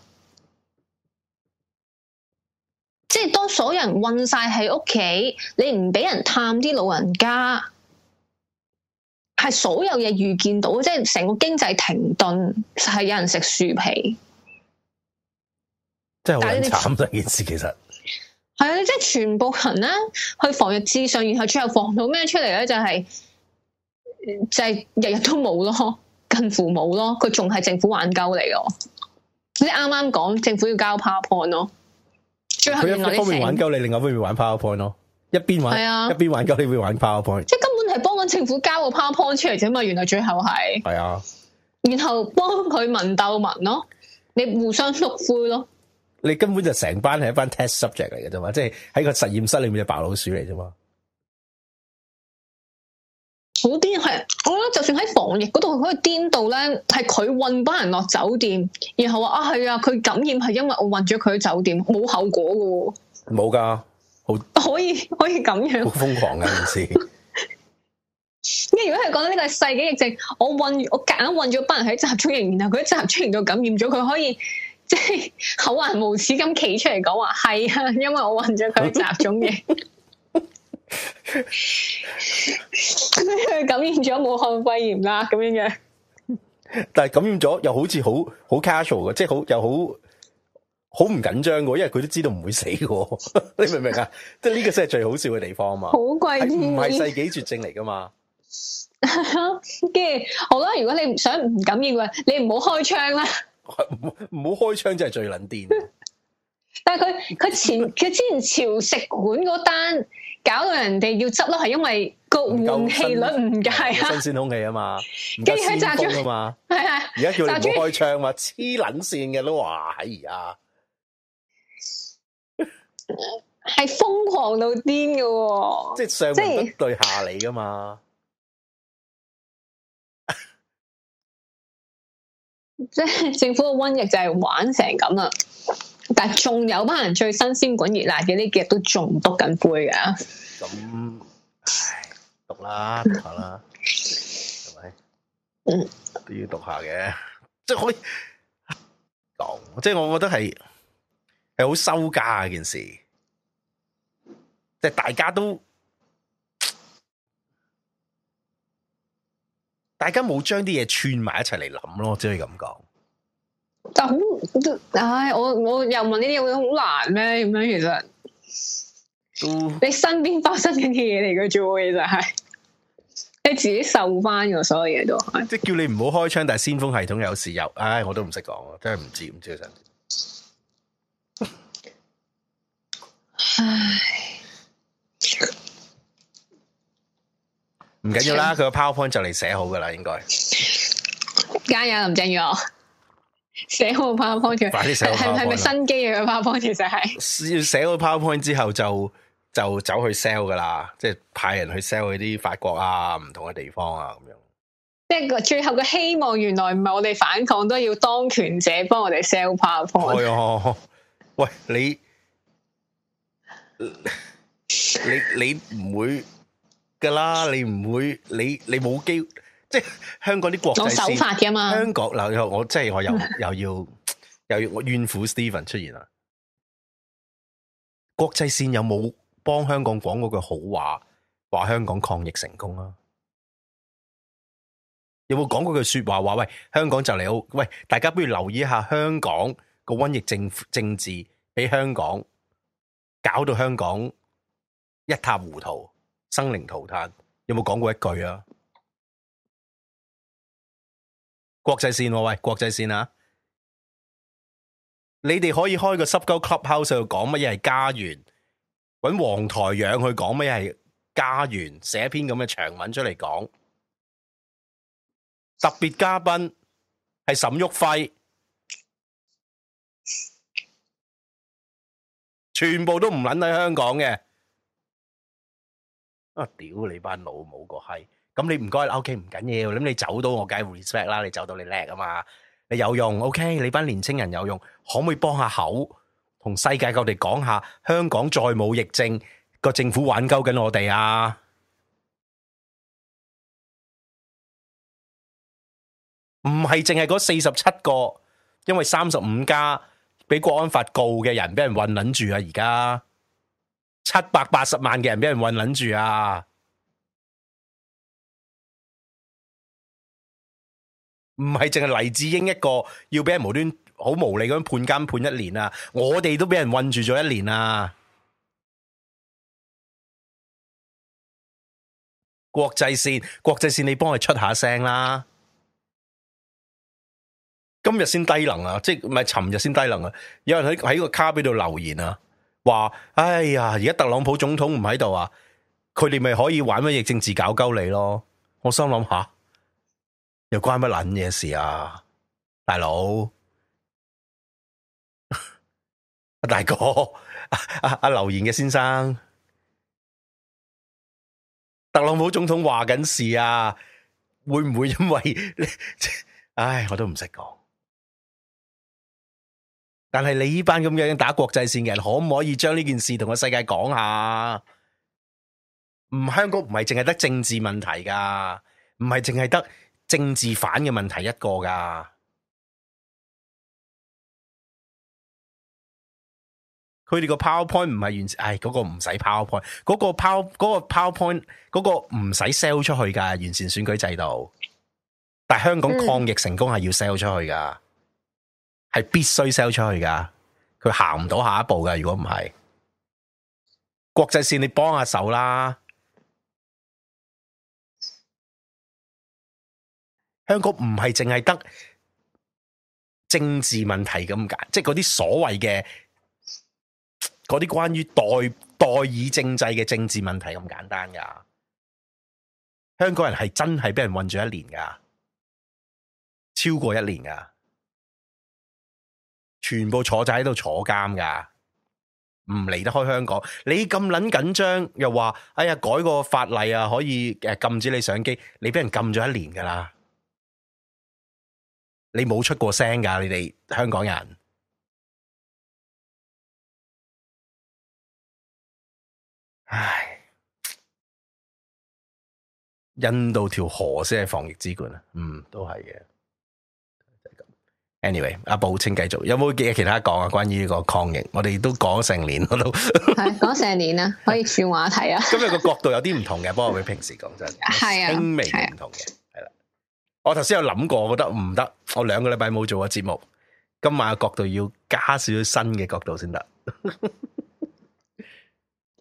即係當所有人困晒喺屋企，你唔俾人探啲老人家，係所有嘢預見到，即係成個經濟停頓就係有人食樹皮，即係好慘。呢件事其實。係啊，即係全部人啦，去防疫資訊，然後最後防到咩出嚟咧？就係、係、就係日日都冇咯，近乎冇咯。佢仲係政府挽救嚟嘅，即啱啱講政府要交 power point 咯。最後佢一方面挽救你，另外一方面玩 power point 咯，一邊玩係啊，的一邊挽救你會玩 power point，即係根本係幫緊政府交個 power point 出嚟啫嘛。原來最後係係啊，的然後幫佢文斗文咯，你互相縮灰咯。你根本就成班係一班 test subject 嚟嘅啫嘛，即係喺個實驗室裏面嘅白老鼠嚟啫嘛。好癲係，我覺得就算喺防疫嗰度可以癲到咧，係佢運班人落酒店，然後話啊係啊，佢感染係因為我運咗佢去酒店，冇後果嘅。冇噶，好可以可以咁樣，好瘋狂嘅件事。因為 如果佢講到呢個係世紀疫症，我運我夾硬運咗班人喺集中營，然後佢喺集中營度感染咗，佢可以。即係 厚顏無恥咁企出嚟講話係啊，因為我混咗佢雜種嘢， 佢感染咗武漢肺炎啦咁樣嘅。但係感染咗又好似好好 casual 嘅，即係好又好好唔緊張嘅，因為佢都知道唔會死嘅，你明唔明啊？即係呢個先係最好笑嘅地方嘛。 okay. 好貴，唔係世紀絕症嚟噶嘛。跟住好啦，如果你唔想唔感染嘅，你唔好開槍啦。唔好開窗真係最撚癲 ，但係佢佢前佢之前潮食館嗰單搞到人哋要執咯，係 因為個換氣率唔夠，新鮮空氣啊嘛，機箱炸咗啊嘛，係啊，而家叫你唔好開窗嘛，黐捻線嘅都話喺而家，係瘋狂到癲㗎，哦， 即係上面對下嚟噶嘛。即係政府嘅瘟疫就係玩成咁啦，但仲有班人最新鮮滾熱辣嘅呢幾日都仲篤緊杯嘅、啊。咁唉，篤啦，讀下啦，係咪 都要篤下嘅？即係可以講，即係我覺得係係好羞家啊件事，即、就、係、是、大家都。大家冇將啲嘢串埋一齊嚟諗咯，只可以咁講。但唉，我我又問呢啲嘢，好難咩？咁樣其實，你身邊發生緊啲嘢嚟嘅啫，其實係你，你自己受翻個所有嘢都。即係叫你唔好開槍，但係先鋒系統有事有，唉，我都唔識講，真係唔知，唔知想知。 唉。唔緊要啦，佢個像 PowerPoint 就嚟寫好噶啦，應該加油，林鄭月娥，寫好 PowerPoint，快啲寫係係咪新機嘅 PowerPoint？其實係，寫好 PowerPoint 之後就就走去 sell 噶啦，即係派人去 sell 嗰啲法國啊，唔同嘅地方啊，咁樣。即係個最後嘅希望，原來唔係我哋反抗，都要當權者幫我哋 sell PowerPoint，哎哎。喂，你你你唔會噶啦，你唔會，你你冇機會，即係香港啲國際手法噶嘛。香港嗱我即係我，我，我又 又要又要怨苦 Steven 出現啦。國際線有冇幫香港講嗰句好話，話香港抗疫成功啊？有冇講嗰句說話話喂？香港就嚟好，喂，大家不如留意一下香港個瘟疫政政治，俾香港搞到香港一塌糊塗。生靈塗炭，有冇講過一句際啊？國際線喂，國際線啊！你哋可以開個濕溝 clubhouse 度講乜嘢係家園？搵黃台養去講乜嘢係家園？寫一篇咁嘅長文出嚟講。特別嘉賓係沈旭輝，全部都唔撚喺香港嘅。啊！屌你班老母個閪，咁你唔該，O K 唔緊要，咁、OK，你走到我梗係 respect 啦，你走到你叻啊嘛，你有用，O、OK, K，你班年青人有用，可唔可以幫下口，同世界各地講下，香港再冇疫症，個政府挽救緊我哋啊！唔係淨係嗰四十七個，因為三十五家，俾國安法告嘅人，人、啊，俾人混諗住啊！而家。七百八十萬嘅人俾人困諗住啊，唔係淨係黎智英一個要俾人無端好無理咁判監判一年啊，我哋都俾人困住咗一年啊！國際線，國際線，你幫佢出下聲啦！今日先低能啊，即係唔係尋日先低能啊？有人喺喺個卡比度留言啊！話哎呀，而家特朗普總統唔喺度啊，佢哋咪可以玩乜嘢政治搞鳩你咯？我心諗下、啊，又關乜捻嘢事啊大佬，大哥，阿啊，啊，啊留言嘅先生，特朗普總統話緊事啊，會唔會因為你？唉、哎，我都唔識講。但係你呢班咁樣打國際線嘅人，可唔可以將呢件事同個世界講下？唔，香港唔係淨係得政治問題噶，唔係淨係得政治犯嘅問題一個噶。佢哋個 PowerPoint 唔係完全，唉，嗰、嗰個唔使 PowerPoint，嗰、嗰個 Power point, 嗰個 PowerPoint 嗰個唔使 sell 出去噶，完善選舉制度。但係香港抗疫成功係要 sell 出去噶。嗯係必須 sell 出去噶，佢行唔到下一步噶。如果唔係，國際線你幫下手啦。香港唔係淨係得政治問題咁簡，即係嗰啲所謂嘅嗰啲關於代代議政制嘅政治問題咁簡單噶。香港人係真係俾人困住一年噶，超過一年噶。全部坐晒喺度坐監噶，唔離得開香港。你咁撚緊張，又話哎呀改個法例啊，可以誒禁止你上機，你俾人禁咗一年噶啦。你冇出過聲噶，你哋香港人。唉，印度條河先係防疫之冠啊，嗯，都係嘅。Anyway，阿寶請繼續，有冇其他講啊？關於呢個抗疫，我哋都講成年，我都講成年啦，可以轉話題啊。今日個角度有啲唔同嘅，不過比平時講真係輕微唔同嘅，係啦。我頭先有諗過，我覺得唔得，我兩個禮拜冇做過節目，今晚嘅角度要加少少新嘅角度先得。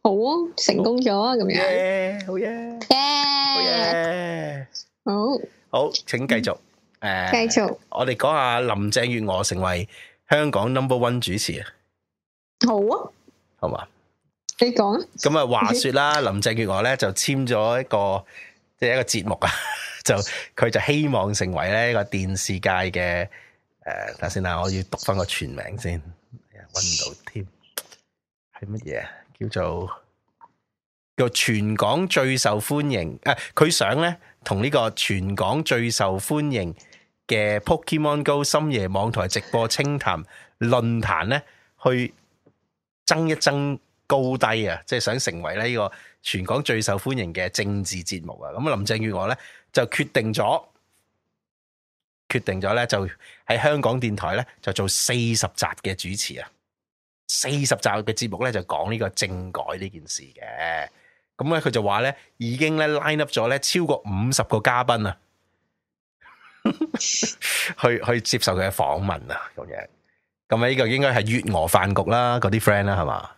好啊，成功咗啊，咁樣好嘢！好嘢！好好，請繼續。誒，uh, 繼續我哋講下林鄭月娥成為香港 number one 主持啊，好啊，好嘛嗎，你講，咁啊，話說啦，林鄭月娥咧就簽咗一個即係、就是、一個節目啊， 就佢就希望成為咧一個電視界嘅誒、呃，等先啦，我要讀翻個全名先，温度添，係乜嘢叫做叫做全港最受歡迎誒，佢、啊、想咧同呢個全港最受歡迎嘅 Pokémon Go 深夜網台直播清談論壇咧，去爭一爭高低啊！即係想成為咧呢個全港最受歡迎嘅政治節目啊！咁林鄭月娥咧就決定咗，決定咗咧就喺香港電台咧就做四十集嘅主持啊！四十集嘅節目咧就講呢個政改呢件事嘅。咁咧佢就話咧已經咧 line up 咗咧超過五十個嘉賓啊！ 去去接受佢嘅訪問啊，咁樣咁啊，呢個應該係月娥飯局啦，嗰啲 friend 啦，係嘛？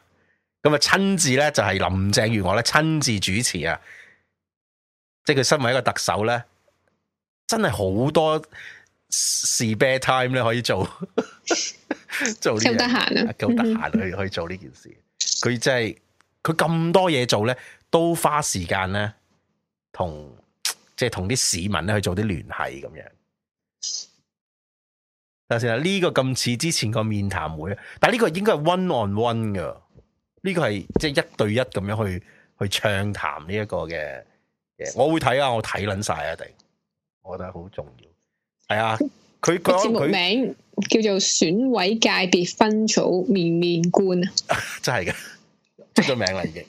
咁啊，親自咧就係、是、林鄭月娥咧親自主持啊，即係佢身為一個特首咧，真係好多時 spare time 咧可以做，做呢，夠得閒啊，夠得閒去去做呢件事。佢真係佢咁多嘢做咧，都花時間咧同。跟即係同啲市民咧去做啲聯繫咁樣，但係呢個咁似之前個面談會，但係呢個應該係 one on one 嘅，呢個係即係一對一咁樣去去暢談呢一個嘅，我會睇啊，我睇捻晒，啊，定我覺得好重要，係啊，佢個節目名叫做選委界別分組面面觀啊， 真係嘅，出咗名啦已經，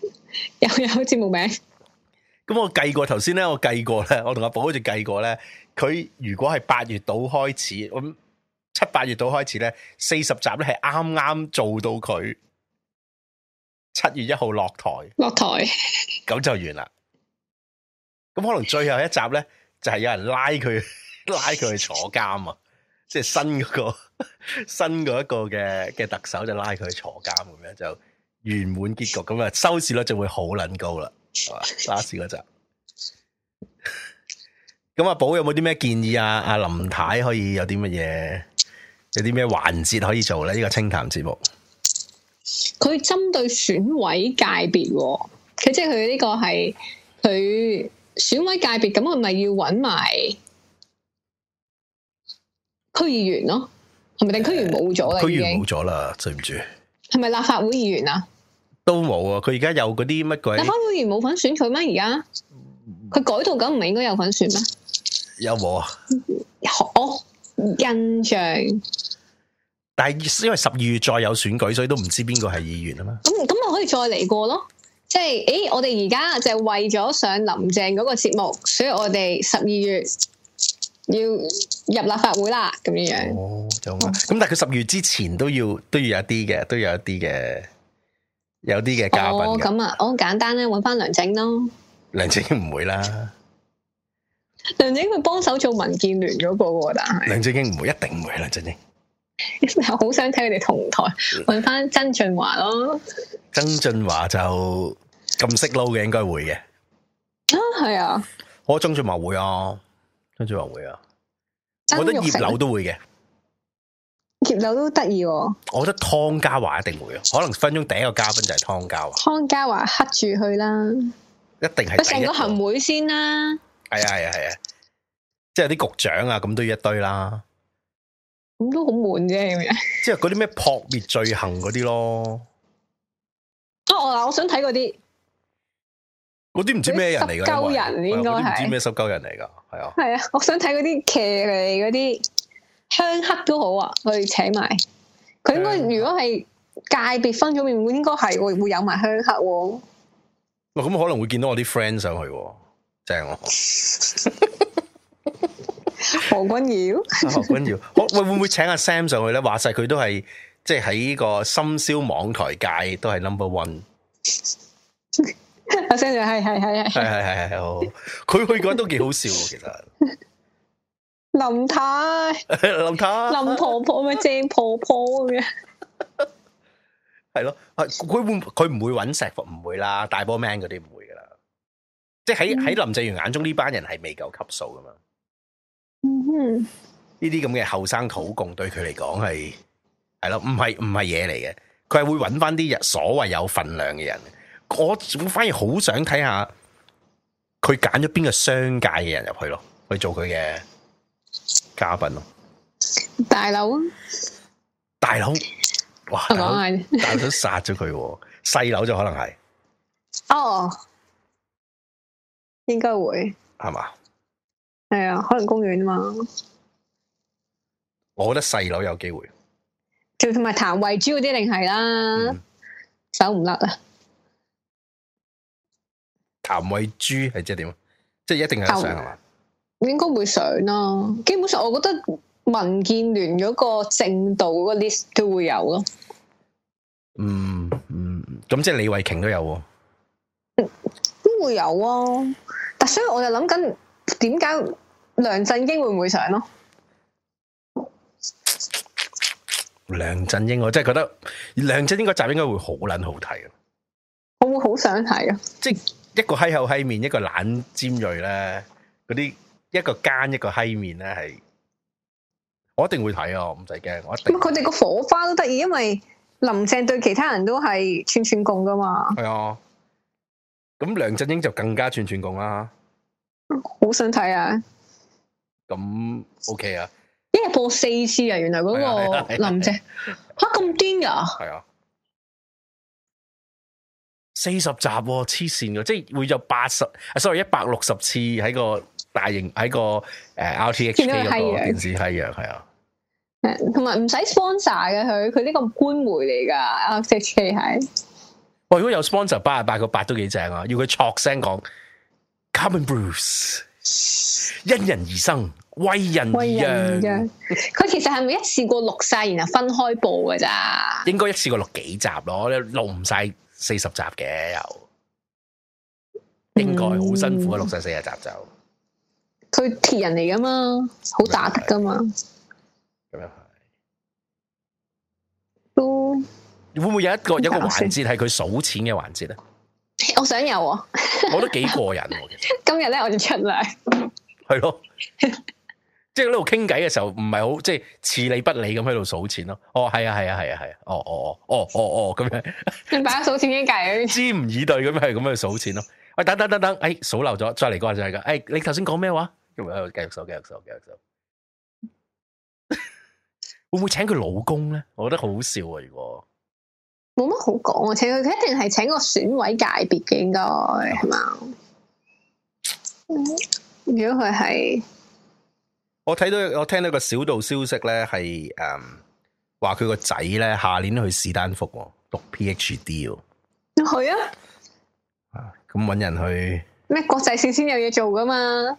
又 有，有節目名。咁我計過頭先咧，我計過咧，我同阿寶好似計過咧，佢如果係八月度開始，咁七八月度開始咧，四十集咧係啱啱做到佢七月一號落台，落台咁就完啦。咁可能最後一集咧，就係有人拉佢拉佢去坐監啊！即係 新嗰、嗰個新嗰一個嘅嘅特首就拉佢去坐監咁樣就圓滿結局，咁啊收視率就會好撚高啦。沙士嗰集，咁 阿寶有冇啲咩建議啊？阿林太可以有啲乜嘢？有啲咩環節可以做咧？呢、這個清談節目，佢針對選委界別、哦，佢即係佢呢個係佢選委界別，咁係咪要揾埋區議員咯？係咪？定區議員冇咗咧？區議員冇咗啦，對唔住。係咪立法會議員啊？都冇啊！佢而家有嗰啲乜鬼？立法會議員冇份選佢咩？而家佢改到咁唔係應該有份選咩？有冇啊？我印象，但係因為十二月再有選舉，所以都唔知邊個係議員啊嘛。咁咁咪可以再嚟過咯？即係誒，我哋而家就係為咗上林鄭嗰個節目，所以我哋十二月要入立法會啦咁樣。哦，就咁、是。哦、但係佢十月之前都要都要有一啲嘅，都要有一啲嘅。有啲嘅嘉賓、哦啊，哦咁啊，好簡單咧，揾翻梁振咯。梁振英唔會啦，梁振英佢幫手做民建聯嗰個，但係梁振英唔會，一定唔會梁振英。 我好想睇佢哋同台，揾翻曾俊華咯。曾俊華就咁識撈嘅，應該會嘅。啊，係啊，我覺得曾俊華會啊，曾俊華會啊，我覺得葉劉都會嘅。葉柳都得意，哦、我覺得湯家驊一定會啊！可能分鐘第一個嘉賓就係湯家驊。湯家驊黑住佢啦，一定係。佢上個行會先啦。係啊係啊係啊，啊，即係啲局長啊，咁都要一堆啦。咁都好悶啫，即係嗰啲咩撲滅罪行嗰啲咯。哦、 啊，嗱，我想睇嗰啲，嗰啲唔知咩人嚟噶，鳩人應該係唔知咩收鳩人嚟噶，係啊，係啊，我想睇嗰啲騎嚟嗰啲。鄉黑都好啊，我哋請埋佢。佢應該如果係界別分咗面，應該係會會有埋鄉黑、啊。咁、嗯哦、可能會見到我啲 friend 上去、啊，正。何君堯，何君堯，我會唔會請阿 Sam 上去咧？話晒佢都係即係喺個深宵網台界都係 number one。阿、 啊、Sam，係係係係係係係好，佢去個人都幾好笑其實。林太，林太，林婆婆咪正婆婆咁嘅，係咯， 佢會佢唔會揾食，唔會啦，大波 man 嗰啲唔會噶啦，即係喺喺林鄭月眼中呢班、嗯、人係未夠級數噶嘛，嗯哼，呢啲咁嘅後生土共對佢嚟講係係咯，唔係唔係嘢嚟嘅，佢係會揾翻啲所謂有份量嘅人，我反而好想睇下佢揀咗邊個商界嘅人入去咯，去做佢嘅。嘉賓咯，啊、大佬樓，大佬，哇，大佬殺咗佢，細佬不、 啊、就可能係，哦，應該會係吧、啊、嘛，係啊，海洋公園啊嘛，我覺得細佬有機會，就同埋譚慧珠嗰啲，定係啦，手唔甩啊，譚慧珠係即係點啊？即係一定有上係嘛。應該會上啦、啊，基本上我覺得民建聯嗰個正道嗰個 list 都會有咯、嗯。嗯嗯，咁即係李慧瓊都有、啊，嗯都會有啊。但所以我就諗緊，點解梁振英會唔會上咯、啊？梁振英，我真係覺得梁振英嗰集應該會好捻好睇啊！我會好想睇啊！即係一個嘿口嘿面，一個懶尖銳咧，嗰啲。一個奸一個欺面咧，係我一定會睇哦，唔使驚，我一定睇。佢哋個火花都得意，因為林鄭對其他人都係串串共噶嘛。係啊，咁梁振英就更加串串共啦。好想睇啊！咁 OK 啊！一日播四次啊！原來嗰個林鄭吓咁癲噶，係啊，四十集黐線噶，即係會有八十，啊，sorry 一百六十次喺個。大型喺個誒 RTHK 嗰個電視係樣係啊，同埋唔使 sponsor 嘅佢佢呢個官媒嚟噶 RTHK 係。喂、哦，如果有 sponsor 八啊八個八都幾正啊，要佢錯聲講。Carmen Bruce, 因人而生，為人而養。佢其實係咪一次過錄晒，然後分開播噶咋？應該一次過錄幾集咯，錄唔晒四十集嘅又、呃，應該好辛苦、嗯、啊！錄晒四十集就。佢鐵人嚟㗎嘛，好打得㗎嘛，咁樣係都會唔會有一，個有一個環節係佢數錢嘅環節咧？我想有啊， 我都幾過癮。今日咧，我就出糧係 咯，即係喺度傾偈嘅時候，唔係好即係似理不理咁喺度數錢咯。哦，係啊，係啊，係啊，係啊，哦，哦，哦，哦，哦，咁、哦、樣， 你擺喺數錢傾偈，支 吾以對咁係咁去數錢咯。喂、哎，等等等等，哎，數漏咗，再嚟過就係㗎。哎，你頭先講咩話？咁咪喺度繼續搜，繼續搜，繼續搜。會唔會請佢老公咧？我覺得好好笑啊！如果冇乜好講，我請佢，佢一定係請個選委界別嘅，應該係嘛？如果佢係我睇到，我聽到個小道消息咧，係誒，話佢個仔咧，下年去史丹福讀 PhD 哦。去啊！啊，咁搵人去咩？國際線先有嘢做㗎嘛？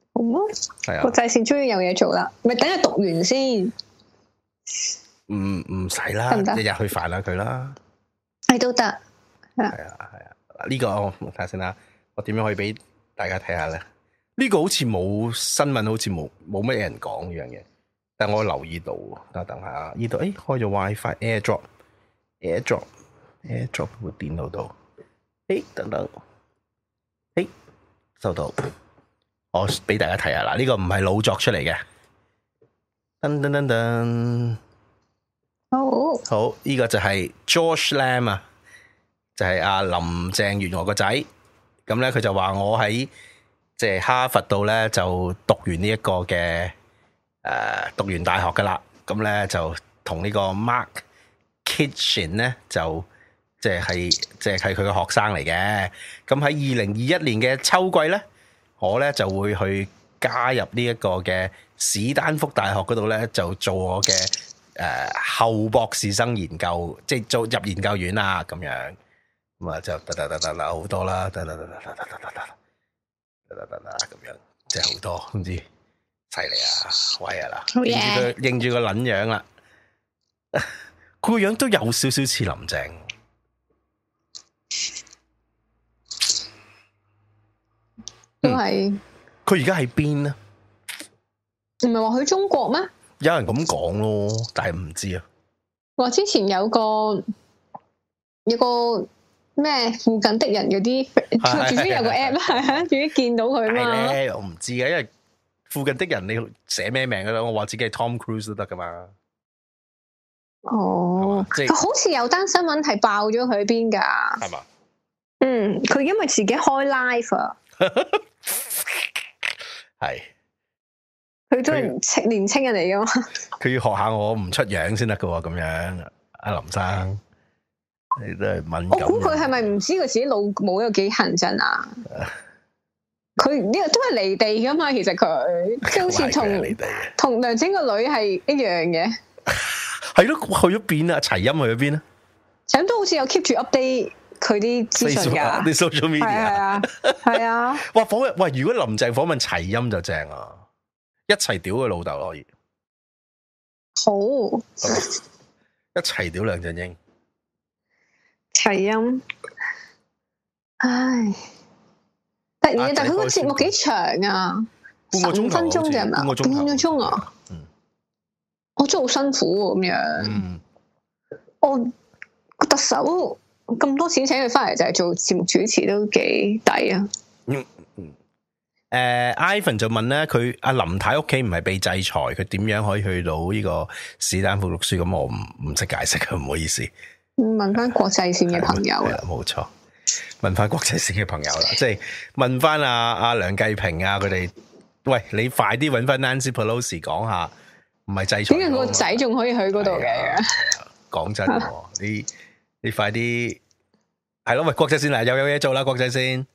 係、嗯、啊，國際線終於有嘢做啦，咪等下讀完先。唔唔使啦，日日去煩下佢啦。係都得，係啊係啊，呢、啊呢個我睇下先啦。我點樣可以俾大家睇下咧？呢、呢個好似冇新聞，好似冇冇乜嘢人講呢樣嘢。但係我留意到，等下等下啊，呢度誒開咗 WiFi AirDrop，AirDrop AirDrop 部電腦度，誒等等，誒、哎哎哎、收到。我俾大家睇下嗱，呢個唔係老作出嚟嘅，噔噔噔噔，好好，呢個就係 George Lam 啊，就係阿林鄭月娥個仔，咁咧佢就話我喺即係哈佛度咧就讀完呢一個嘅誒讀完大學噶啦，咁咧就同呢個 Mark Kitchen 咧就即係即係佢個學生嚟嘅，咁喺二零二一年嘅秋季咧。我咧就會去加入呢一個嘅史丹福大學嗰度咧，就做我嘅誒、呃、後博士生研究，即係做入研究院啦咁樣。咁啊就得得得得啦，好多啦，得得得得得得得得得得得得咁樣，即係好多。總之犀利啊，威啊啦，認住佢，認住好棒個撚樣啦，佢個樣都有少少似林鄭。都係佢而家喺邊呢？唔係話喺中國咩？有人咁講咯，但係唔知啊。話之前有個有個咩附近的人嗰啲，除非有個 app 係啊，除非見到佢啊嘛。我唔知嘅，因為附近的人你寫咩名噶啦？我話自己係 Tom Cruise 都得噶嘛。哦，即係吧好似有單新聞係爆咗佢邊噶，係嘛嗎？嗯，佢因為自己開 live。啊。 係，佢都係年青人嚟噶嘛？佢要學下我唔出樣先得噶，咁樣阿林生，你都係敏感。我估佢係咪唔知佢自己老母有幾狠真啊？佢呢個都係離地噶嘛？其實佢即好似同同梁振個女係一樣嘅。係咯， 去咗邊啊？齊昕去咗邊啊？齊昕都好似有 keep 住 update。佢啲資訊噶，啲 social media，係啊，係啊。啊 哇！訪問，喂，如果林鄭訪問齊音就正啊，一齊屌佢老豆咯，可以好，好一齊屌梁振英，齊音，唉，但係、啊、但係佢個節目幾長啊，半個鐘分鐘嘅係咪？半個鐘啊，半個嗯，我真係好辛苦喎咁樣，嗯我，我特首。咁多錢請佢翻嚟就係、是、做節目主持都幾抵啊！誒、uh,，Ivan 就問咧，佢阿林太屋企唔係被制裁，佢點樣可以去到呢個史丹福讀書？咁我唔唔識解釋，唔好意思。問翻國際線嘅朋友冇錯、uh, yeah,，問翻國際線嘅朋友啦， 即係問翻阿阿梁繼平啊，佢哋，喂，你快啲搵翻 Nancy Pelosi 講下，唔係制裁。點解個仔仲可以去嗰度嘅？講、啊啊、真、啊，你。 你快啲係咯，喂，國仔先嚟，又有嘢做啦，國仔先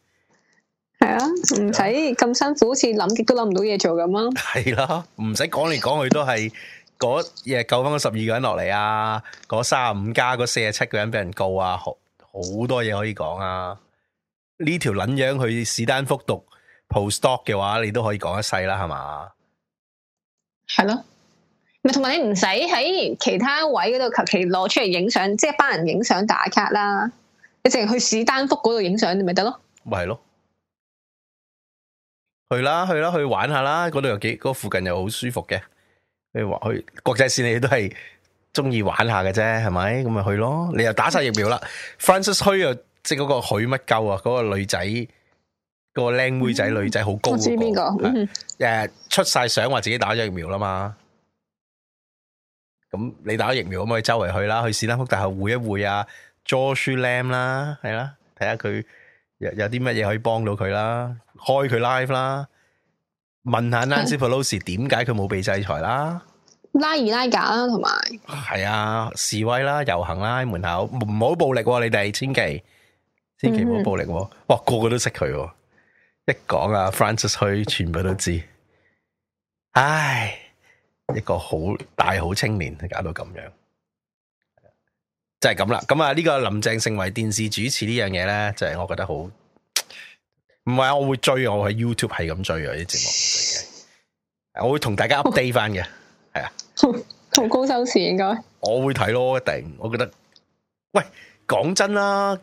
係啊，唔使咁辛苦，好似諗極都諗唔到嘢做咁啊！係咯，唔使講嚟講去都係嗰日救返嗰十二個人落嚟啊，嗰三啊五加嗰四啊七個人俾人告啊，好好多嘢可以講啊！呢、啊、條撚樣去史丹福讀 postdoc 嘅話，你都可以講一世啦，係嘛？係咯、啊。同埋你唔使喺其他位嗰度求其攞出嚟影相，即係一班人影相打卡啦。你淨係去史丹福嗰度影相，你咪得咯。咪係咯，去啦去啦去玩下啦！嗰度又幾，嗰個附近又好舒服嘅。你話去國際線你都係中意玩下嘅啫，係咪？咁咪去咯。你又打晒疫苗啦。Francis Hui 又即係嗰個許乜鳩啊？嗰個女仔個靚妹仔女仔好高，嗯，知邊個？誒，出晒相話自己打咗疫苗啦嘛。咁你打疫苗可唔可以周圍去啦，去士丹福大學會一會啊，Joshua Lam 啦、啊，係啦，睇下佢有有啲乜嘢可以幫到佢啦，開佢 live 啦，問下 Nancy Pelosi 點解佢冇被制裁啦， 拉二拉架啦，同埋係啊示威啦遊行啦喺門口唔好暴力、啊，你哋千祈千祈唔好暴力、啊， 哇個個都識佢、啊，一講啊 Francis Hui 全部都知，唉。一個好大好青年，大搞到咁樣，就係咁啦。咁啊，呢個林鄭成為電視主持呢樣嘢咧，就係、是、我覺得好唔係，我會追，我喺 YouTube 係咁追啊啲節目，我會同大家 update 翻嘅，係啊 的，好 高收視應該，我會睇咯，一定，我覺得喂，講真啦，啊，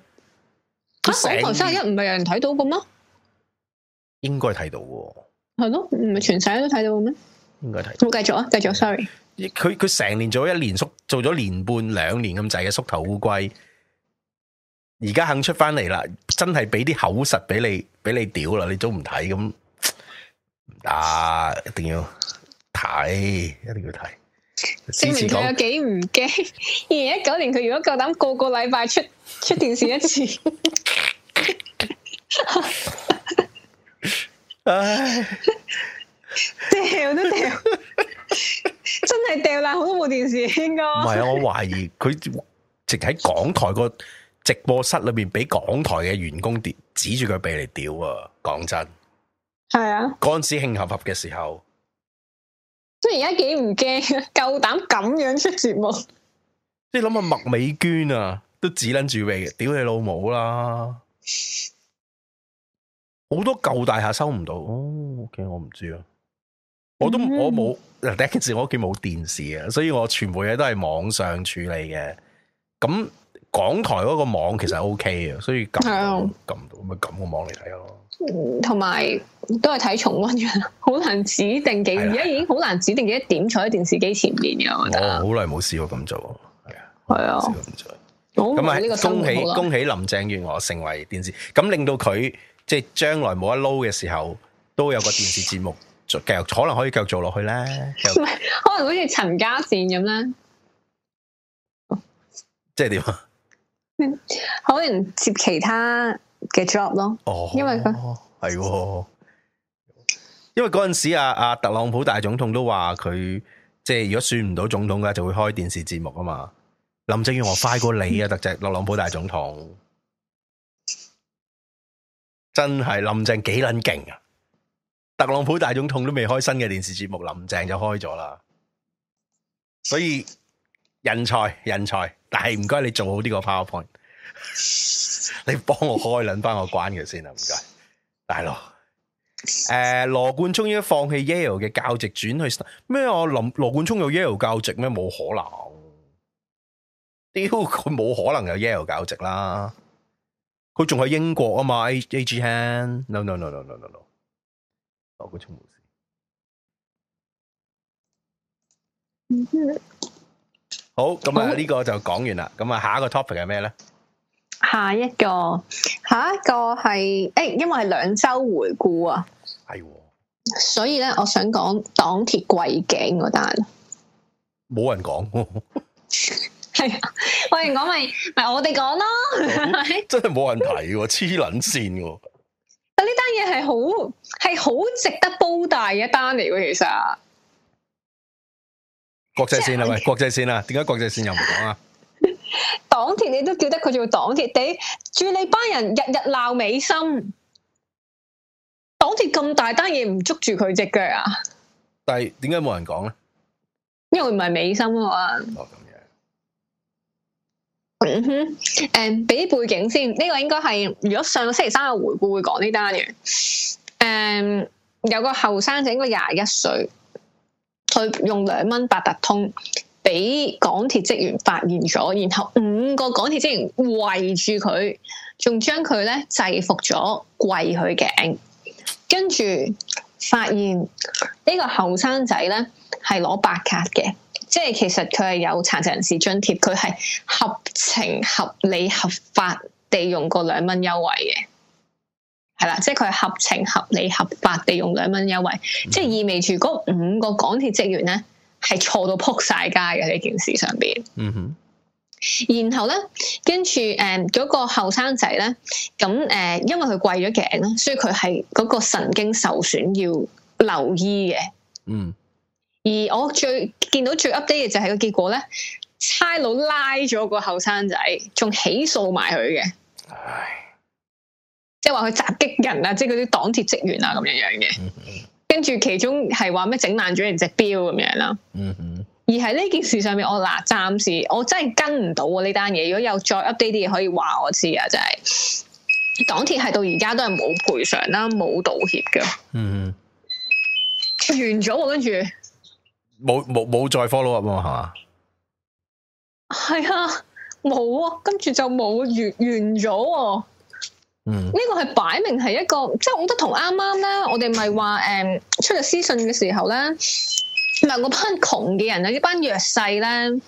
九三十一唔係有人睇到嘅嘛，應該睇到，係咯，唔係全世界都睇到嘅咩？應該睇，冇繼續啊，繼續，sorry。佢佢成年做咗一年縮，做咗年半兩年咁滯嘅縮頭烏龜，而家肯出翻嚟啦，真係俾啲口實俾你，俾你屌啦，你都唔睇咁，啊，一定要睇，一定要睇。證明佢有幾唔驚。二零一九年佢如果夠膽個個禮拜出出電視一次， 唉。掉都掉，丟丟 真係掉爛好多部電視。應該唔係啊！我懷疑佢直喺港台個直播室裏邊，俾港台嘅員工指住佢鼻嚟屌啊！講真，係啊！嗰陣時慶合合嘅時候，即係而家幾唔驚啊！夠膽咁樣出節目，即係諗下麥美娟啊，都指捻住鼻屌你老母啦！好 多舊大廈收唔到哦。OK，我唔知啊。我都我冇嗱，第一件事，我屋企冇電視啊，所以我全部嘢都係網上處理嘅。咁港台嗰個網其實 O K 嘅，所以咁係的啊，撳到咪撳個網嚟睇咯。同埋都係睇重温嘅，好難指定幾，而家的已經好難指定幾點坐喺電視機前面嘅。我好耐冇試過咁做，係啊，係啊的，咁啊，的麼恭喜個恭喜林鄭月娥成為電視，咁令到佢即係將來冇得撈嘅時候都有個電視節目。 繼續可能可以繼續做落去咧，可能好似陳家善咁咧，即係點啊？可能接其他嘅 job 咯，因為佢係，因為嗰陣時啊阿特朗普大總統都話佢即係如果選唔到總統嘅就會開電視節目啊嘛。林鄭月娥快過你啊，特仔 特朗普大總統，真係林鄭幾撚勁啊！特朗普大總統都未開新嘅電視節目，林鄭就開咗啦。所以人才人才，但係唔該你做好呢個 PowerPoint， 你幫我開捻翻個關佢先啊！唔該，大佬。誒、uh,，羅冠聰已經放棄 Yale 嘅教職，轉去咩？我諗羅冠聰有 Yale 教職咩？冇可能，屌佢冇可能有 Yale 教職啦！佢仲係英國啊嘛？A, a G hand no no no no no no, no.。好，咁啊呢個就講完啦。咁啊下一個 topic 係咩咧？下一個，下一個係誒、欸，因為係兩周回顧啊，係、就是。所以咧，我想講擋鐵跪頸嗰單，冇人講。係，冇人講咪咪我哋講咯，好 真係冇人睇，黐捻線。呢單嘢，係好係好值得煲大嘅一單嚟嘅。其實國際線啊係咪即？國際線啊，點解國際線又唔講啊？ 黨鐵你都叫得佢做黨鐵地，住你班人日日鬧美心，黨鐵咁大單嘢唔捉住佢隻腳啊？但係點解冇人講咧？因為唔係美心啊嘛。哦嗯哼，誒、呃，俾背景先，呢、這個應該係如果上個星期三嘅回顧會講呢單嘢。誒、呃，有個後生仔，應該廿一歲，佢用兩蚊八達通，俾港鐵職員發現咗，然後五個港鐵職員圍住佢，仲將佢咧制服咗，跪佢頸，跟住發現個呢個後生仔咧係攞白卡嘅。即係其實佢係有殘疾人士津貼，佢係合情合理合法地用個兩蚊優惠嘅，係啦，即係佢係合情合理合法地用兩蚊優惠，嗯、哼即係意味住嗰五個港鐵職員咧係錯到扑晒街嘅呢件事上邊。嗯哼，然後咧，跟住誒嗰個後生仔咧，咁、呃、誒因為佢貴咗頸咧，所以佢係嗰個神經受損要留醫嘅。嗯。而我最見到最 update 嘅就係個結果咧，差佬拉咗個後生仔，仲起訴埋佢嘅，即係話佢襲擊人啊，即係嗰啲港鐵職員啊咁樣樣嘅。嗯、哼 跟住其中係話咩整爛咗人隻表咁樣啦。嗯嗯 哼。而喺呢件事上面我暫時，我嗱，暫時我真係跟唔到啊呢單嘢。如果有再 update 啲嘢，可以話我知啊，就係、是。港鐵係到而家都係冇賠償啦，冇道歉嘅。嗯嗯哼。完咗，跟住。冇冇冇再 follow up 啊嘛係嘛？係啊，冇啊，跟住就冇完完咗哦、啊。嗯，呢個係擺明係一個，即係我覺得同啱啱咧，我哋咪話誒出咗私信嘅時候咧，嗱，嗰班窮嘅人咧，呢班弱勢咧，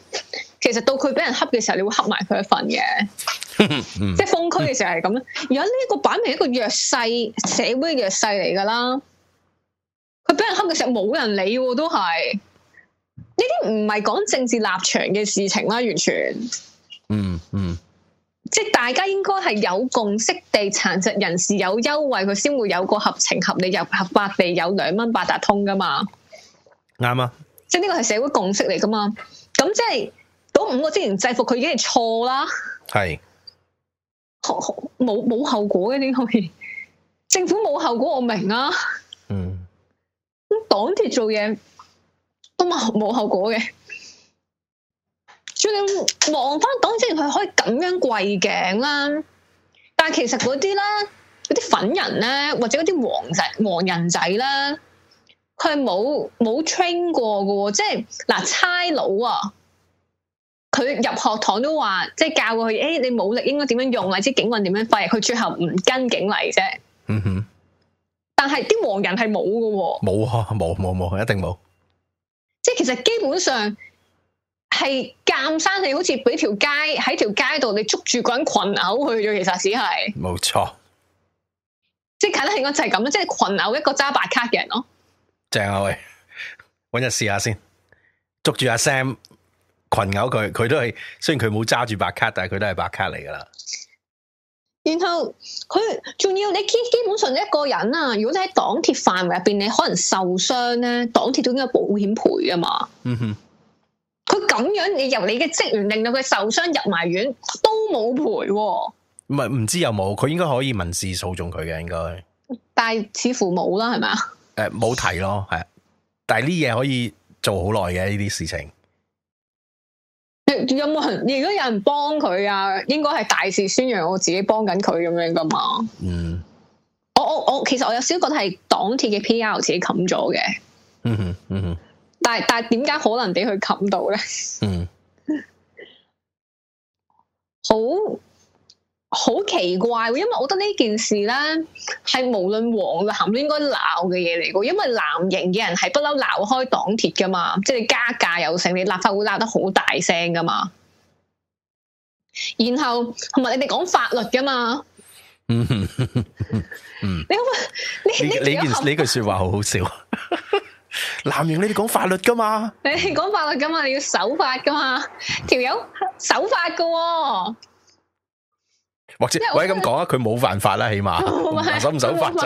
其實到佢俾人恰嘅時候，你會恰埋佢一份嘅， 嗯、即係封區嘅時候係咁。而家呢個擺明係一個弱勢社會嘅弱勢嚟噶啦，佢俾人恰嘅時候冇人理的，都係。呢啲唔係講政治立場嘅事情啦，完全。嗯嗯，嗯，即係大家應該係有共識地，殘疾人士有優惠，佢先會有個合情合理又合法地有兩蚊八達通噶嘛。啱啊，嗯，即係呢個係社會共識嚟噶嘛。咁即係嗰五個之前制服佢已經係錯啦。係是，冇冇後果嘅呢個，政府冇後果我明啊。嗯，咁港鐵做嘢。都冇冇後果嘅，所以你望翻黨之前佢可以咁樣跪頸啦。但係其實嗰啲咧，嗰啲粉人咧，或者嗰啲黃仔黃人仔咧，佢係冇冇 train 過嘅，即係嗱差佬啊，佢入學堂都話即係教佢，誒、哎、你武力應該點樣用或知警棍點樣發力？佢最後唔跟警嚟啫。的嗯哼，但係啲黃人係冇嘅，冇啊，冇冇冇，一定冇。即係其實基本上係監生，你好似俾條街喺條街度，你捉住個人群毆去咗，其實只係冇錯。即係簡單嚟講就係咁咯，即係群毆一個揸白卡嘅人咯。正啊，喂，搵日試一下先，捉住阿 Sam 群毆佢，佢都係雖然佢冇揸住白卡，但係佢都係白卡嚟噶啦。然後佢仲要你基基本上一個人啊，如果你喺港鐵範圍入邊，你可能受傷咧，港鐵都應該有保險賠啊嘛。嗯哼，佢咁樣你由你嘅職員令到佢受傷入埋院都冇賠，唔係唔知有冇，佢應該可以民事訴訟佢嘅應該，但係似乎冇啦，係咪啊？誒、呃，冇提咯，係，但係呢嘢，可以做好耐嘅呢啲事情。有冇人？如果有人幫佢啊，應該係大肆宣揚，我自己幫緊佢咁樣噶嘛。嗯、mm，hmm. 我我我，其實我有少覺得係黨鐵嘅 PR 自己冚咗嘅。嗯嗯、mm hmm. 但係但係，點解可能俾佢冚到咧？嗯、mm，hmm. 好。好奇怪，因為我覺得呢件事咧，係無論黃咸都應該鬧嘅嘢嚟嘅，因為藍營嘅人係不嬲鬧開港鐵噶嘛，即係你加價有成，你立法會鬧得好大聲噶嘛。然後同埋你哋講法律噶嘛、嗯？嗯嗯嗯你你，你你你呢句呢句說話好好笑。 藍營你哋講法律噶嘛？你哋講法律噶嘛？你要守法噶嘛？條友、嗯、守法噶、哦。或者咁講啊，佢冇犯法啦，起碼守唔守法就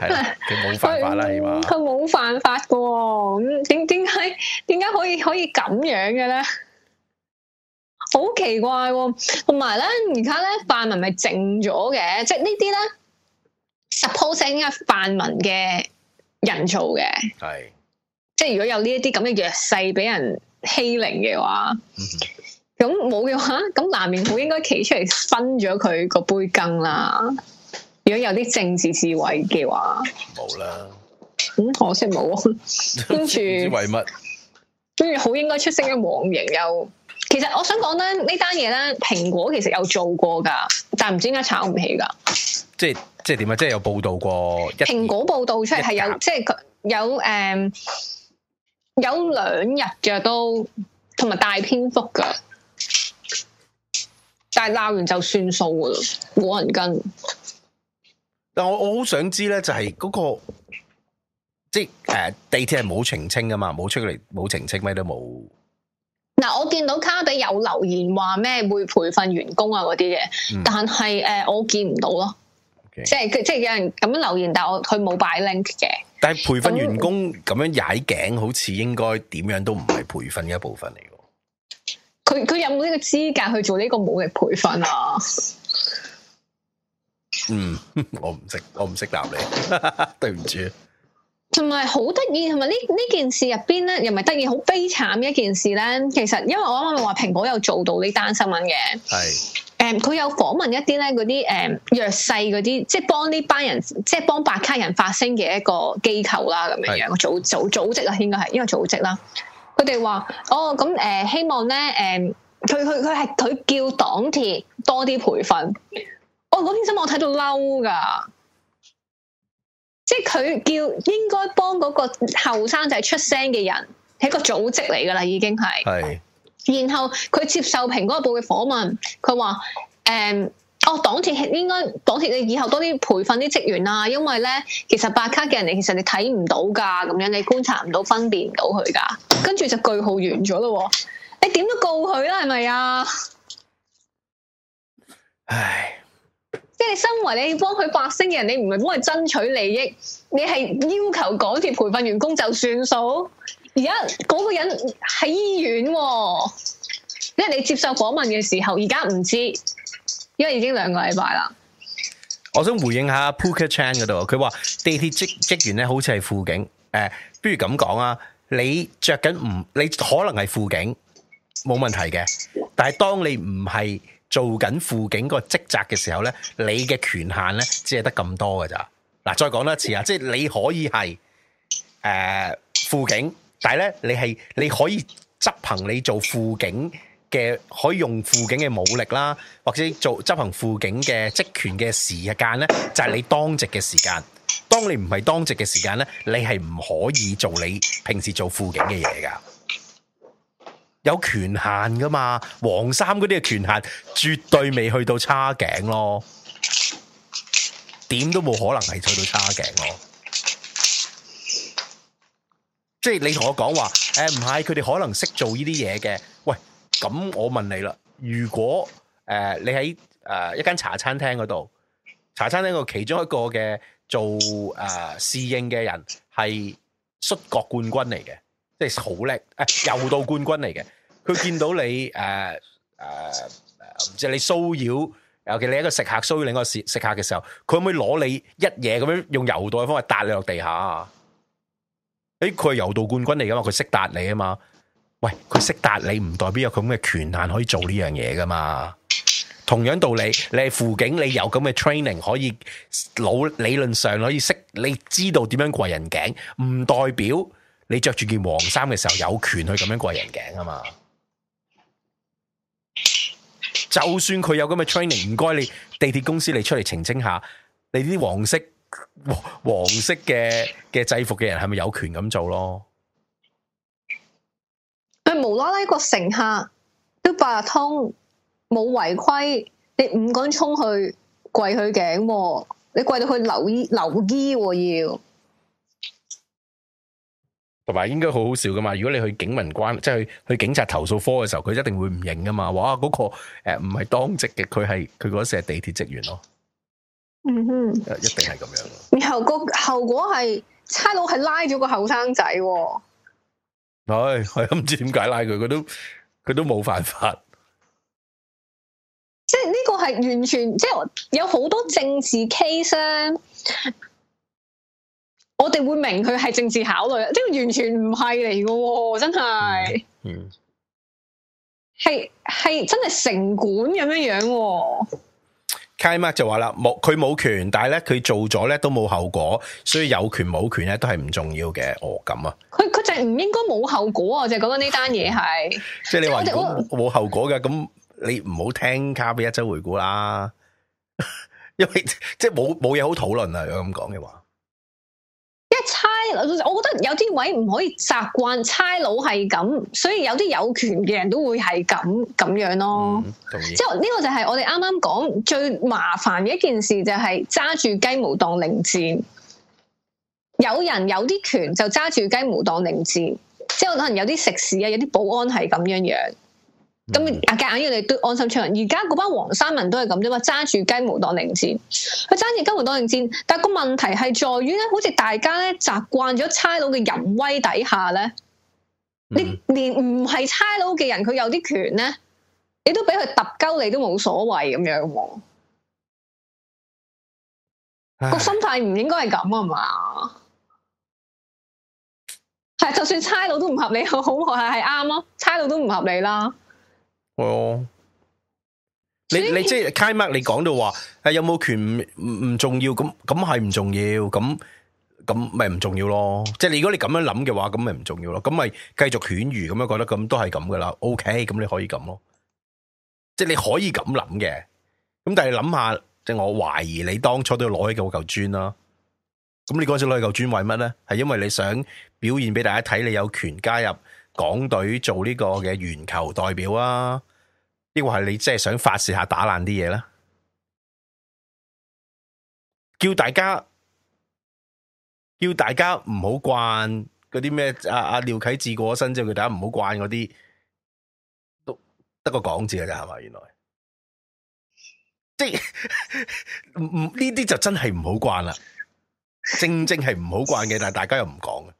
係佢冇犯法啦的，起碼佢冇犯法嘅，咁點點解點解可以可以咁樣嘅咧？好奇怪喎，同埋咧，而家咧泛民咪靜咗嘅，即係呢啲咧，suppose 應該泛民嘅人做嘅，係是即係如果有呢一啲咁嘅弱勢俾人欺凌嘅話。嗯咁冇嘅話，咁難免好應該企出嚟分咗佢個杯羹啦。如果有啲政治智慧嘅話，冇啦了。咁、嗯、可惜冇，跟住 後為乜？跟住好應該出聲嘅黃營又，其實我想講咧呢單嘢咧，蘋果其實有做過噶，但唔知點解炒唔起噶。即係即係點啊？即係有報道過，蘋果報道出嚟係有架即係佢有誒、嗯、有兩日嘅都，同埋大篇幅噶。但係鬧完就算數噶啦，冇人跟。但我我好想知咧，那個，就係嗰個即係誒，地鐵係冇澄清噶嘛，冇出嚟冇澄清咩都冇。嗱，我見到卡比有留言話咩會培訓員工啊嗰啲嘅，嗯、但係誒、uh, 我見唔到咯 Okay.。即係即係有人咁樣留言，但係我佢冇擺 link 嘅。但係培訓員工咁樣踩頸，好似應該點樣都唔係培訓一部分嚟。佢佢有冇呢個資格去做呢個武力培訓啊？嗯，我唔識，我唔識答你， 對唔住起。同埋好得意，同埋呢呢件事入邊咧，又唔係得意，好悲慘嘅一件事咧。其實因為我啱啱話，蘋果有做到呢單新聞嘅。係是。誒、嗯，佢有訪問一啲咧，嗰啲誒弱勢嗰啲，即係幫呢班人，即係幫白卡人發聲嘅一個機構啦，咁樣樣個組組組織應該係，因為組織啦。佢哋話：哦，咁、嗯、希望咧，佢佢佢佢叫港鐵多啲培訓。哦、那天我嗰篇新聞我睇到嬲㗎，即係佢叫應該幫嗰個後生仔出聲嘅人係一個組織嚟㗎啦，已經係。然後佢接受蘋果報嘅訪問，佢話：嗯哦，港鐵應該港鐵你以後多啲培訓啲職員啦，啊，因為咧，其實白卡嘅人哋其實你睇唔到噶，咁樣你觀察唔到，分辨唔到佢噶。跟住就句號完咗咯，啊。你點都告佢啦，係咪啊？唉，即係你身為你幫佢發聲嘅人，你唔係幫佢爭取利益，你係要求港鐵培訓員工就算數。而家嗰個人喺醫院，啊，即係你接受訪問嘅時候，而家唔知。因為已經兩個禮拜啦，我想回應下 Poker Chan 嗰度，佢話地鐵職職員咧，好似係輔警。誒、呃，不如咁講啊，你着緊唔，你可能係輔警，冇問題嘅。但係當你唔係做緊輔警個職責嘅時候咧，你嘅權限咧只係得咁多㗎咋。嗱，再講多一次啊，即係你可以係誒輔警，但係咧你係你可以執行你做輔警嘅可以用輔警嘅武力啦，或者做執行輔警嘅職權嘅時間呢，就係你當值嘅時間。當你唔係當值嘅時間呢，你係唔可以做你平時做輔警嘅嘢噶。有權限噶嘛？黃衫嗰啲嘅權限絕對未去到叉頸咯，點都冇可能係去到叉頸咯。即係你同我講話，誒，唔係佢哋可能識做呢啲嘢嘅，喂。咁我問你啦，如果誒、呃、你喺誒、呃、一間茶餐廳嗰度，茶餐廳個其中一個嘅做誒侍、呃、應嘅人係摔角冠軍嚟嘅，即係好叻誒柔道冠軍嚟嘅，佢見到你誒誒唔知你騷擾，尤其你一個食客騷擾另一個食食客嘅時候，佢可唔可以攞你一嘢咁樣用柔道嘅方法撻你落地下？誒、欸，佢係柔道冠軍嚟㗎嘛，佢識撻你啊嘛。喂，佢識答你唔代表有咁嘅權限可以做呢樣嘢噶嘛？同樣道理，你係輔警，你有咁嘅 training 可以老理論上可以識，你知道點樣過人頸，唔代表你着住件黃衫嘅時候有權去咁樣過人頸啊嘛？就算佢有咁嘅 training，唔該你地鐵公司你出嚟澄清下，你呢啲黃色黃，黃色嘅嘅制服嘅人係咪有權咁做咯？無啦啦一個乘客都八達通，冇違規，你唔敢衝去跪佢頸，啊，你跪到去留醫留醫、啊、要，同埋應該好好笑噶嘛？如果你去警民關，即係去去警察投訴科嘅時候，佢一定會唔認噶嘛？哇，嗰、那個誒唔係當值嘅，佢係佢嗰時係地鐵職員咯、啊。嗯哼，一定係咁樣、啊。然後個後果係差佬係拉咗個後生仔。佢、哎，我又唔知點解拉佢，佢都佢都冇犯法。即係呢個係完全，即係有好多政治 case 咧、啊，我哋會明佢係政治考慮，即係完全唔係嚟㗎，真係，係係、嗯嗯、真係城管咁樣樣、哦。卡麥就話啦，冇佢冇權，但係咧佢做咗咧都冇後果，所以有權冇權咧都係唔重要嘅。哦咁啊，佢佢就係唔應該冇後果啊！我就覺得呢單嘢係，即係 你話如果冇後果嘅，咁你唔好聽卡比一周回顧啦， 因為即係冇冇嘢好討論啊！有咁講嘅話。我覺得有啲位唔可以習慣差佬係咁，所以有啲有權嘅人都會係咁咁樣咯。即係呢個就係我哋啱啱講最麻煩嘅一件事，就係揸住雞毛當令箭。有人有啲權就揸住雞毛當令箭，即係可能有啲食肆啊，有啲保安係咁樣樣。咁啊，夾硬要你都安心出行。而家嗰班黃衫民都係咁啫嘛，揸住雞毛當令箭，佢揸住雞毛當令箭。但係個問題係在於咧，好似大家咧習慣咗差佬嘅淫威底下咧，你連唔係差佬嘅人，佢有啲權咧，你都俾佢揼鳩你都冇所謂咁樣喎。個心態唔應該係咁啊嘛，係唉就算差佬都唔合理，好唔好？係係啱咯，差佬都唔合理啦。哦、哎，你你即係開麥，你講到話誒，有冇權唔唔重要咁，咁係唔重要咁，咁咪唔重要咯。即係你如果你咁樣諗嘅話，咁咪唔重要咯。咁咪繼續犬儒咁樣覺得，咁都係咁噶啦。OK，咁你可以咁咯，即係你可以咁諗嘅。咁但係諗下，即係我懷疑你當初都要攞起嚿嚿磚啦。咁你嗰陣時攞起嚿磚為乜咧？係因為你想表現俾大家睇，你有權加入港隊做呢個嘅圓球代表啊？亦或係你真係想發泄下打爛啲嘢啦，叫大家叫大家唔好慣嗰啲咩阿阿廖啟智過咗身之後，叫大家唔好慣嗰啲都得個講字嘅咋？係嘛，原來,原來即唔唔呢啲就真係唔好慣啦，正正係唔好慣嘅，但係大家又唔講。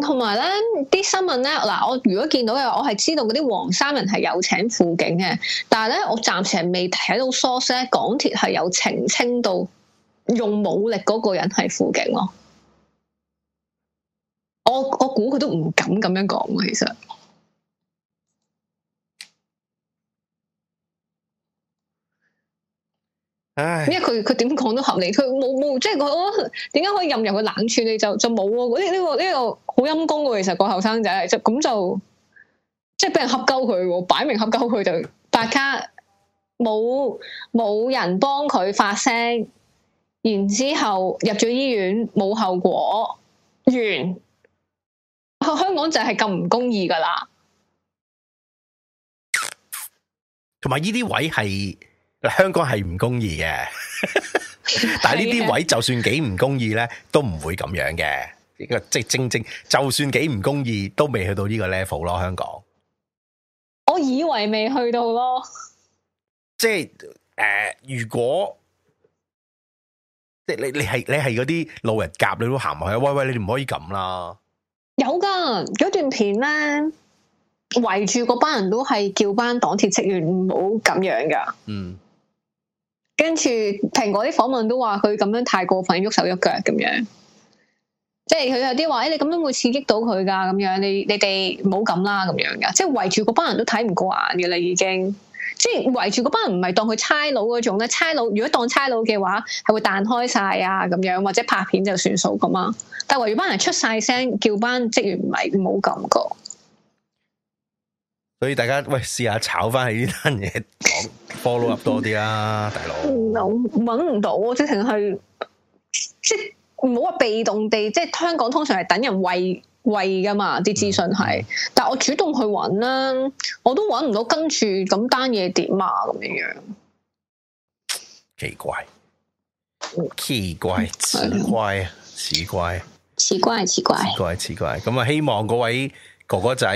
同埋咧，啲新聞咧，嗱，我如果見到嘅，我係知道嗰啲黃衫人係有請輔警嘅，但係咧，我暫時係未睇到 source，港鐵係有澄清到用武力嗰個人係輔警咯。我我估佢都唔敢咁樣講嘅，其實。唉 因為佢佢點講都合理，佢冇冇即係我我點解可以任由佢冷處理就就冇啊？呢、呢、呢個呢、呢個好陰功嘅，其實個後生仔就咁就即係俾人恰鳩佢，擺明恰鳩佢就大家冇冇人幫佢發聲，然之後入咗醫院冇後果完，香港就係咁唔公義噶啦，同埋呢啲位係。香港係唔公義嘅， 但係呢啲位的就算幾唔公義咧，都唔會咁樣嘅。呢個即係正正，就算幾唔公義，都未去到呢個 level 咯。香港，我以為未去到咯，即係誒、呃，如果即係你你係你係嗰啲路人甲，你都行埋去。喂喂，你哋唔可以咁啦。有噶，有段片咧，圍住嗰班人都係叫班港鐵職員唔好咁樣噶。嗯。跟住蘋果啲訪問都話佢咁樣太過分，喐手喐腳咁樣，即係佢有啲話，誒、欸，你咁樣會刺激到佢噶，咁樣你你哋唔好咁啦，咁樣噶，即係圍住嗰班人都睇唔過眼嘅啦，已經，即係圍住嗰班人唔係當佢差佬嗰種咧，差佬如果當差佬嘅話，係會彈開晒啊，咁樣或者拍片就算數噶嘛，但係圍住班人出晒聲叫班職員唔係冇感覺。所以大家喂試下炒翻喺呢單嘢講 follow up 多啲啦，啊，大佬搵唔到，直情係即係唔好話被動地，即係香港通常係等人喂喂噶嘛，啲資訊係，mm hmm. 但係我主動去搵啦，我都搵唔到，跟住咁單嘢點啊咁樣樣，奇怪，奇怪，奇怪啊，奇怪，奇怪，奇怪，奇怪，咁啊，希望嗰位哥哥仔。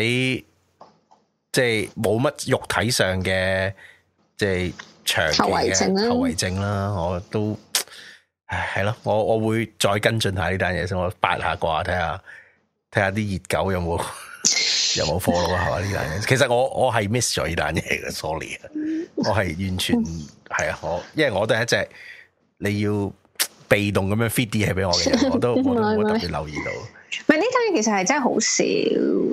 即係冇乜肉體上嘅，即係長期嘅後遺症啦，我都唉係咯，我我會再跟進下呢單嘢先，我八下啩，睇下睇下啲熱狗有冇有冇貨咯，係嘛呢單嘢？其實我我係 miss 咗呢單嘢嘅，sorry，我係完全係我，因為我都係一隻你要被動咁樣 feed 啲嘢俾我嘅，我都我都唔會特別留意到 是。唔係呢單嘢，其實係真係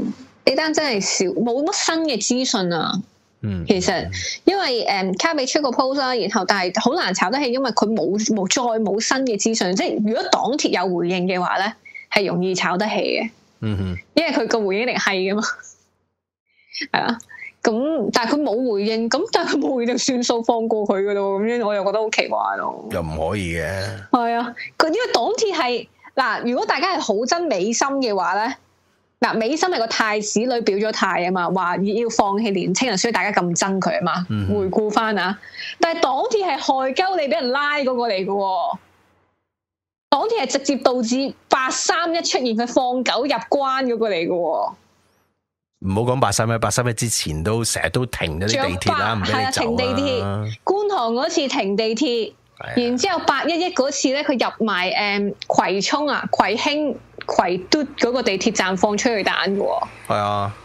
好少。呢單真係少冇乜新嘅資訊啊，嗯，其實因為誒、um, 卡比出個 post 啦，然後但係好難炒得起，因為佢冇冇再冇新嘅資訊。即係如果港鐵有回應嘅話咧，係容易炒得起嘅，嗯哼，因為佢個回應一定係噶嘛，係啊。咁但係佢冇回應，咁但係佢冇回應就算數放過佢噶咯，咁樣我又覺得好奇怪咯，又唔可以嘅，係啊，佢因為港鐵係嗱，如果大家係好真美心嘅話咧。嗱，美心係個太子女表咗態啊嘛，話要放棄年青人，所以大家咁憎佢啊嘛。回顧翻啊，但係港鐵係害鳩你俾人拉嗰個嚟嘅，港鐵係直接導致八三一出現佢放狗入關嗰個嚟嘅。唔好講八三一，八三一之前都成日都停咗啲地鐵啦，啊，停地鐵。啊、觀塘嗰次停地鐵，哎、呀然之後八一一嗰次咧，佢入埋誒葵涌啊，葵興。葵葵篤嗰個地鐵站放催淚彈嘅，喔是啊，係啊，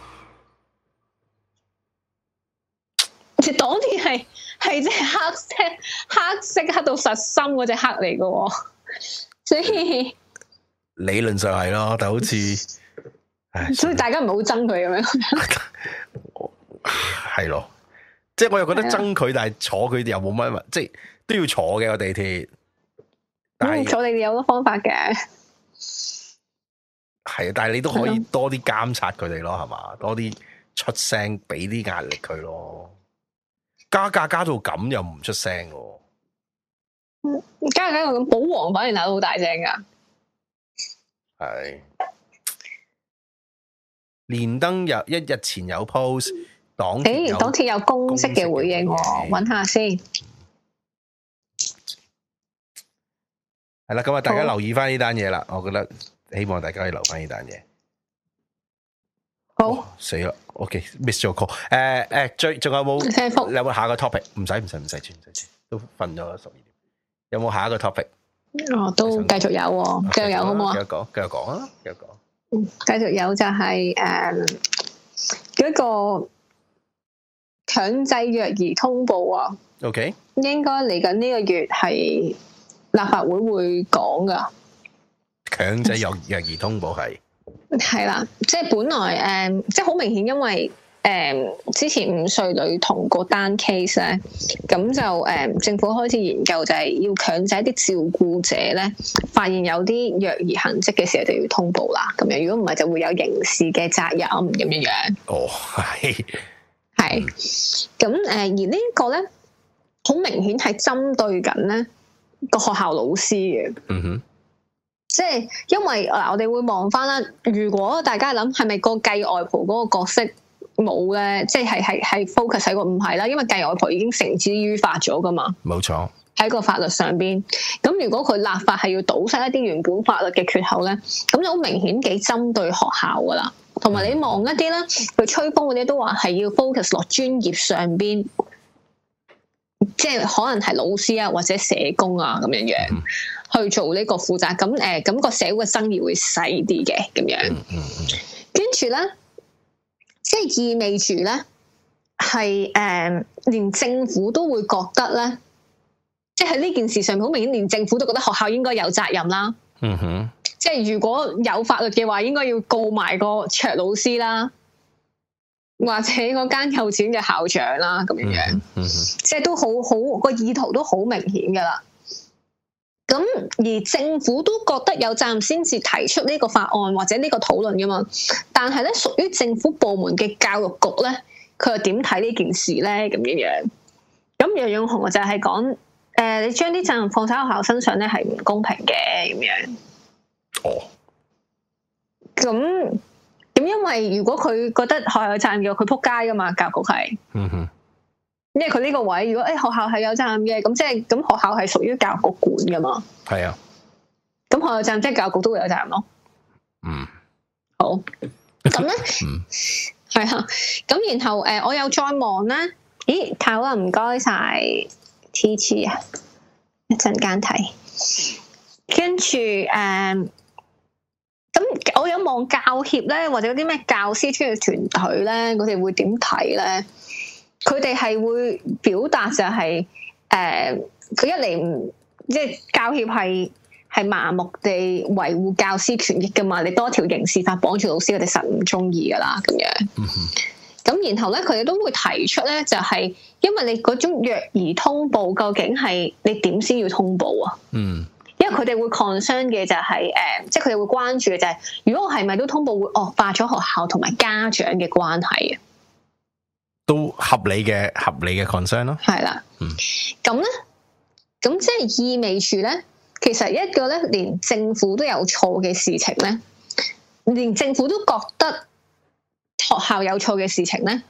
隻黨片係係隻黑色黑色黑到實心嗰隻黑嚟嘅，所以理論上係咯，但係好似所以大家唔好憎佢咁樣，係咯， 啊，即係我又覺得憎佢，但係坐佢哋又冇乜，是啊，即係都要坐嘅，嗰個地鐵，咁坐地鐵有好多方法嘅。係啊，但係你都可以多啲監察佢哋咯，係嘛，多啲出聲，俾啲壓力佢咯。加價加，加到咁又唔出聲加嗯，加價加到咁，保皇反而鬧到好大聲噶。係。連登有一日前有 post，黨有誒，黨鐵有公式嘅回應，哎、我揾下先。係啦，咁啊，大家留意翻呢單嘢啦，我覺得。希望大家可以留翻呢單嘢。好死啦！OK，miss 咗 call uh, uh,。誒誒，最仲覆有冇？你有冇下個 topic？唔使唔使唔使轉唔使轉，都瞓咗十二點。有冇下一個 topic？有有一個 topic? 哦，都繼續有、哦，繼 Okay, 續有好唔好啊？繼續講，繼續講啊！繼續講。繼續,、嗯、續有就係誒嗰個強制虐兒通報啊。OK，應該嚟緊呢個月係立法會會講㗎。強制有虐兒通報係係啦，即係本來誒、呃，即係好明顯，因為誒、呃、之前五歲女童個單 case 咧，咁就誒、呃、政府開始研究，就係要強制一啲照顧者咧，發現有啲虐兒行跡嘅時候就要通報啦。咁樣如果唔係，就會有刑事嘅責任咁樣樣。哦，係係咁誒，而呢一個咧，好明顯係針對緊咧個學校老師嘅。嗯哼。即係，因為嗱，我哋會望翻啦。如果大家諗係咪個繼外婆嗰個角色冇咧，即係係係 focus 喺個唔係啦，因為繼外婆已經繩之於法咗噶嘛。冇錯，喺個法律上邊。咁如果佢立法係要堵塞一啲原本法律嘅缺口咧，咁就好明顯幾針對學校噶啦。同埋你望一啲咧，佢吹風嗰啲都話係要 focus 落專業上邊，即係可能係老師啊或者社工啊咁樣樣。嗯去做呢個負責，咁誒，咁、呃咁個社會生意會細啲嘅，咁樣。跟住咧，即係意味住咧，係誒、呃，連政府都會覺得咧，即係喺呢件事上面好明顯，連政府都覺得學校應該有責任啦。嗯哼，即係如果有法律嘅話，應該要告埋個卓老師啦，或者嗰間有錢嘅校長啦，咁樣。嗯哼，即係都好好、個意圖都好明顯噶啦。咁而政府都覺得有責任先至提出呢個法案或者呢個討論噶嘛，但係咧屬於政府部門嘅教育局咧，佢又點睇呢件事咧咁樣樣？咁楊永雄就係講，誒、呃，你將啲責任放晒喺學校身上咧係唔公平嘅咁樣。哦。咁咁因為如果佢覺得學校有責任，嘅，佢仆街噶嘛，教育局係。嗯哼。因為佢呢個位，如果誒、哎、學校係有責任嘅，咁即係咁學校係屬於教育局管噶嘛？係啊的，咁學校責任即係教育局都會有責任咯。嗯，好，咁咧，係啊， 咁然後誒、呃，我又再望啦。咦，頭啊，唔該晒，T C 啊，一陣間睇，跟住誒，咁我有望教協咧，或者嗰啲咩教師專業團體咧，佢哋會點睇咧？佢哋係會表達就係、是、誒，佢、呃、一嚟唔即係教協係係麻木地維護教師權益噶嘛，你多條刑事法綁住老師，佢哋實唔中意噶啦咁樣。咁、嗯、哼然後咧，佢哋都會提出咧，就係、是、因為你嗰種虐兒通報，究竟係你點先要通報啊？嗯，因為佢哋會 concern 嘅就係、是、誒，即係佢哋會關注嘅就係、是，如果我係咪都通報會惡化咗學校同埋家長嘅關係啊？都合理嘅合理嘅 concern 咯，係啦，嗯呢，咁咧，咁即係意味住咧，其實一個咧連政府都有錯嘅事情咧，連政府都覺得學校有錯嘅事情咧，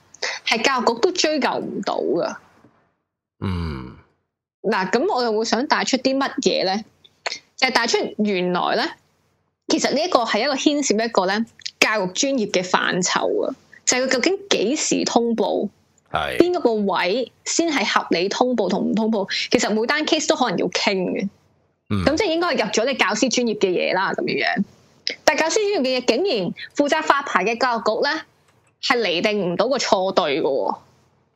係教育局都追究唔到噶。嗯那，嗱，咁我又會想帶出啲乜嘢咧？就係帶出原來咧，其實呢一個係一個牽涉一個咧教育專業嘅範疇啊。就係佢究竟幾時通報？係邊是個位先係合理通報同唔通報？其實每單 case 都可能要傾嘅。咁、嗯、即係應該係入咗你教師專業嘅嘢啦，咁樣樣。但係教師專業嘅嘢竟然負責發牌嘅教育局咧，係釐定唔到個錯對嘅。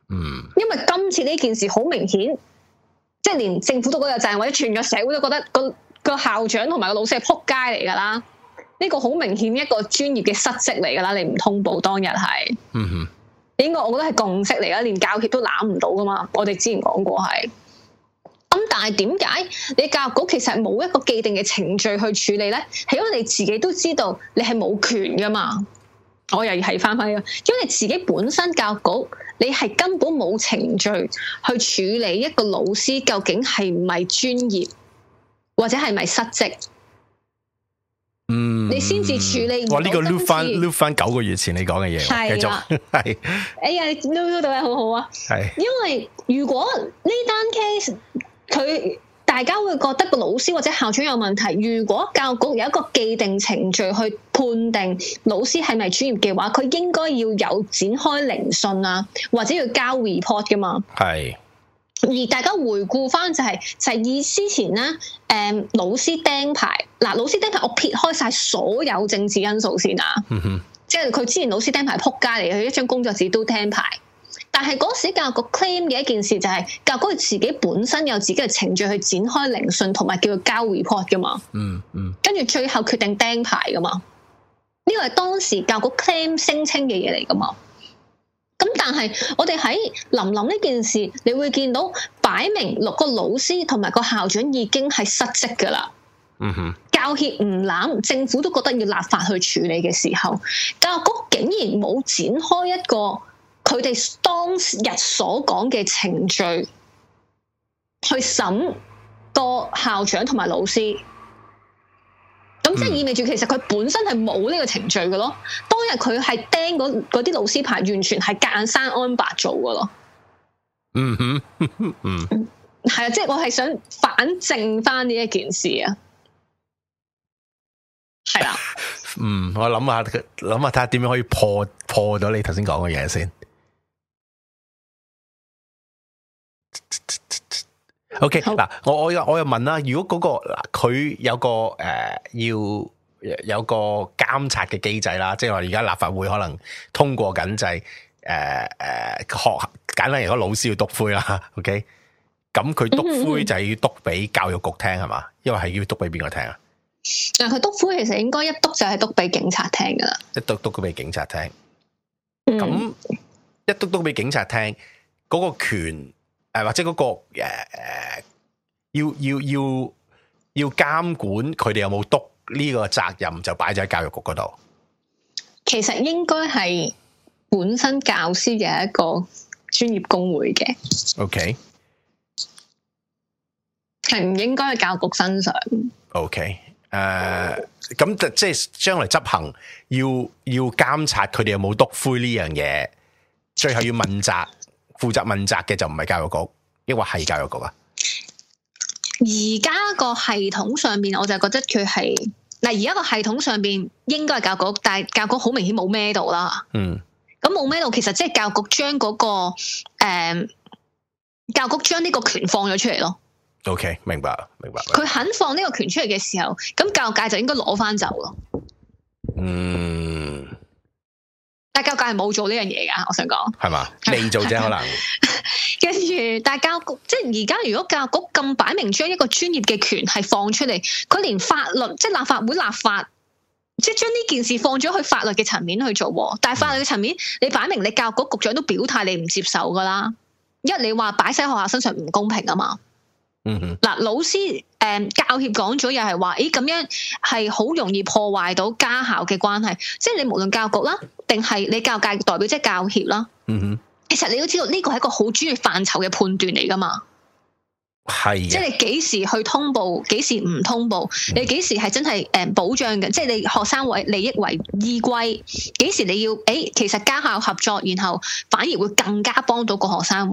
嗯，因為今次呢件事好明顯，即、就、係、是、連政府都覺得有，或者全個社會都覺得個個校長同埋個老師係撲街嚟噶啦。呢個好明顯一個專業嘅失職嚟噶啦，你唔通報當日係，嗯哼，應該我覺得係共識嚟啦，連教協都攬唔到噶嘛。我哋之前講過係，咁但係點解你教育局其實冇一個既定嘅程序去處理咧？係因為你自己都知道你係冇權噶嘛。我又係翻翻咯，因為你自己本身教育局你係根本冇程序去處理一個老師究竟係唔係專業或者係咪失職。嗯，你先至處理。我呢、哦這個 loop 翻，loop 翻九個月前你講嘅嘢，繼、啊、續。係，哎呀，loop 到位好好啊。係是，因為如果呢單 case 佢大家會覺得個老師或者校長有問題，如果教育局有一個既定程序去判定老師係咪專業嘅話，佢應該要有展開聆訊啊，或者要交 report 噶嘛。係。而大家回顧翻就係十二之前咧，誒、嗯、老師釘牌，嗱老師釘牌，我撇開晒所有政治因素先啊，嗯、哼即係佢之前老師釘牌撲街嚟，佢一張工作紙都釘牌，但係嗰時教育局 claim 嘅一件事就係、是、教育局自己本身有自己嘅程序去展開聆訊同埋叫佢交 report 噶嘛，嗯嗯，跟住最後決定釘牌噶嘛，呢個係當時教育局 claim 聲稱嘅嘢嚟噶嘛。但係，我哋喺臨臨呢件事，你會見到擺明六個老師同埋個校長已經係失職噶啦。嗯哼。教協唔攬，政府都覺得要立法去處理嘅時候，教育局竟然冇展開一個佢哋當日所講嘅程序去審個校長同埋老師。咁即係意味住，其實佢本身係冇呢個程序嘅咯。當日佢係掟嗰啲老師牌，完全係隔硬生安白做嘅咯。嗯哼，嗯，係啊，即係我係想反證翻呢一件事啊。係啦， 嗯，我諗下，諗下睇下點樣可以破破到你頭先講嘅嘢先。O K，嗱，我我又我又問啦，如果嗰、那個嗱，佢有個誒、呃、要有個監察嘅機制啦，即係話而家立法會可能通過緊、就、制、是，誒、呃、誒，學簡單嚟講，老師要督灰啦。O K，咁佢督灰就要督俾教育局聽係嘛、嗯嗯？因為係要督俾邊個聽啊？但係佢督灰其實應該一督就係督俾警察聽噶啦，一督督佢俾警察聽，咁、嗯、一督督俾警察聽，嗰、那個權。誒，或者嗰個誒誒、呃，要要要要監管佢哋有冇督呢個責任，就擺咗喺教育局嗰度。其實應該係本身教師嘅一個專業工會嘅。OK，係唔應該喺教育局身上。OK，誒、uh，咁就即係將來執行要要監察佢哋有冇督灰呢樣嘢，最後要問責。負責問責嘅就唔係教育局，抑或係教育局啊？而家個系統上面，我就覺得佢係嗱，而家個系統上邊應該係教育局，但係教育局好明顯冇咩到啦，嗯。嗯，咁冇咩到，其實即係教育局將個誒，教育局將呢個權放咗出嚟咯。OK，明白，明白。佢肯放呢個權出嚟嘅時候，咁教育界就應該攞翻走咯。嗯。但教局係冇做呢樣嘢噶，我想講係嘛未做啫，可能跟住但教局即係而家，如果教局咁擺明將一個專業嘅權係放出嚟，佢連法律即係立法會立法，即係將呢件事放咗去法律嘅層面去做。但係法律嘅層面，嗯、你擺明你教育局局長都表態你唔接受噶啦，因為你話擺晒喺學校身上唔公平啊嘛。嗯嗱 哼，老師誒、嗯、教協講咗又係話，誒咁樣係好容易破壞到家校嘅關係，即係你無論教育局啦。定係你教界代表即係教協啦。嗯哼，其實你都知道呢個係一個好專業範疇嘅判斷嚟噶嘛。係。即係你幾時去通報，幾時唔通報？嗯、你幾時係真係誒保障嘅？即係你學生為利益為依歸，幾時你要？誒、欸，其實家校合作，然後反而會更加幫到個學生。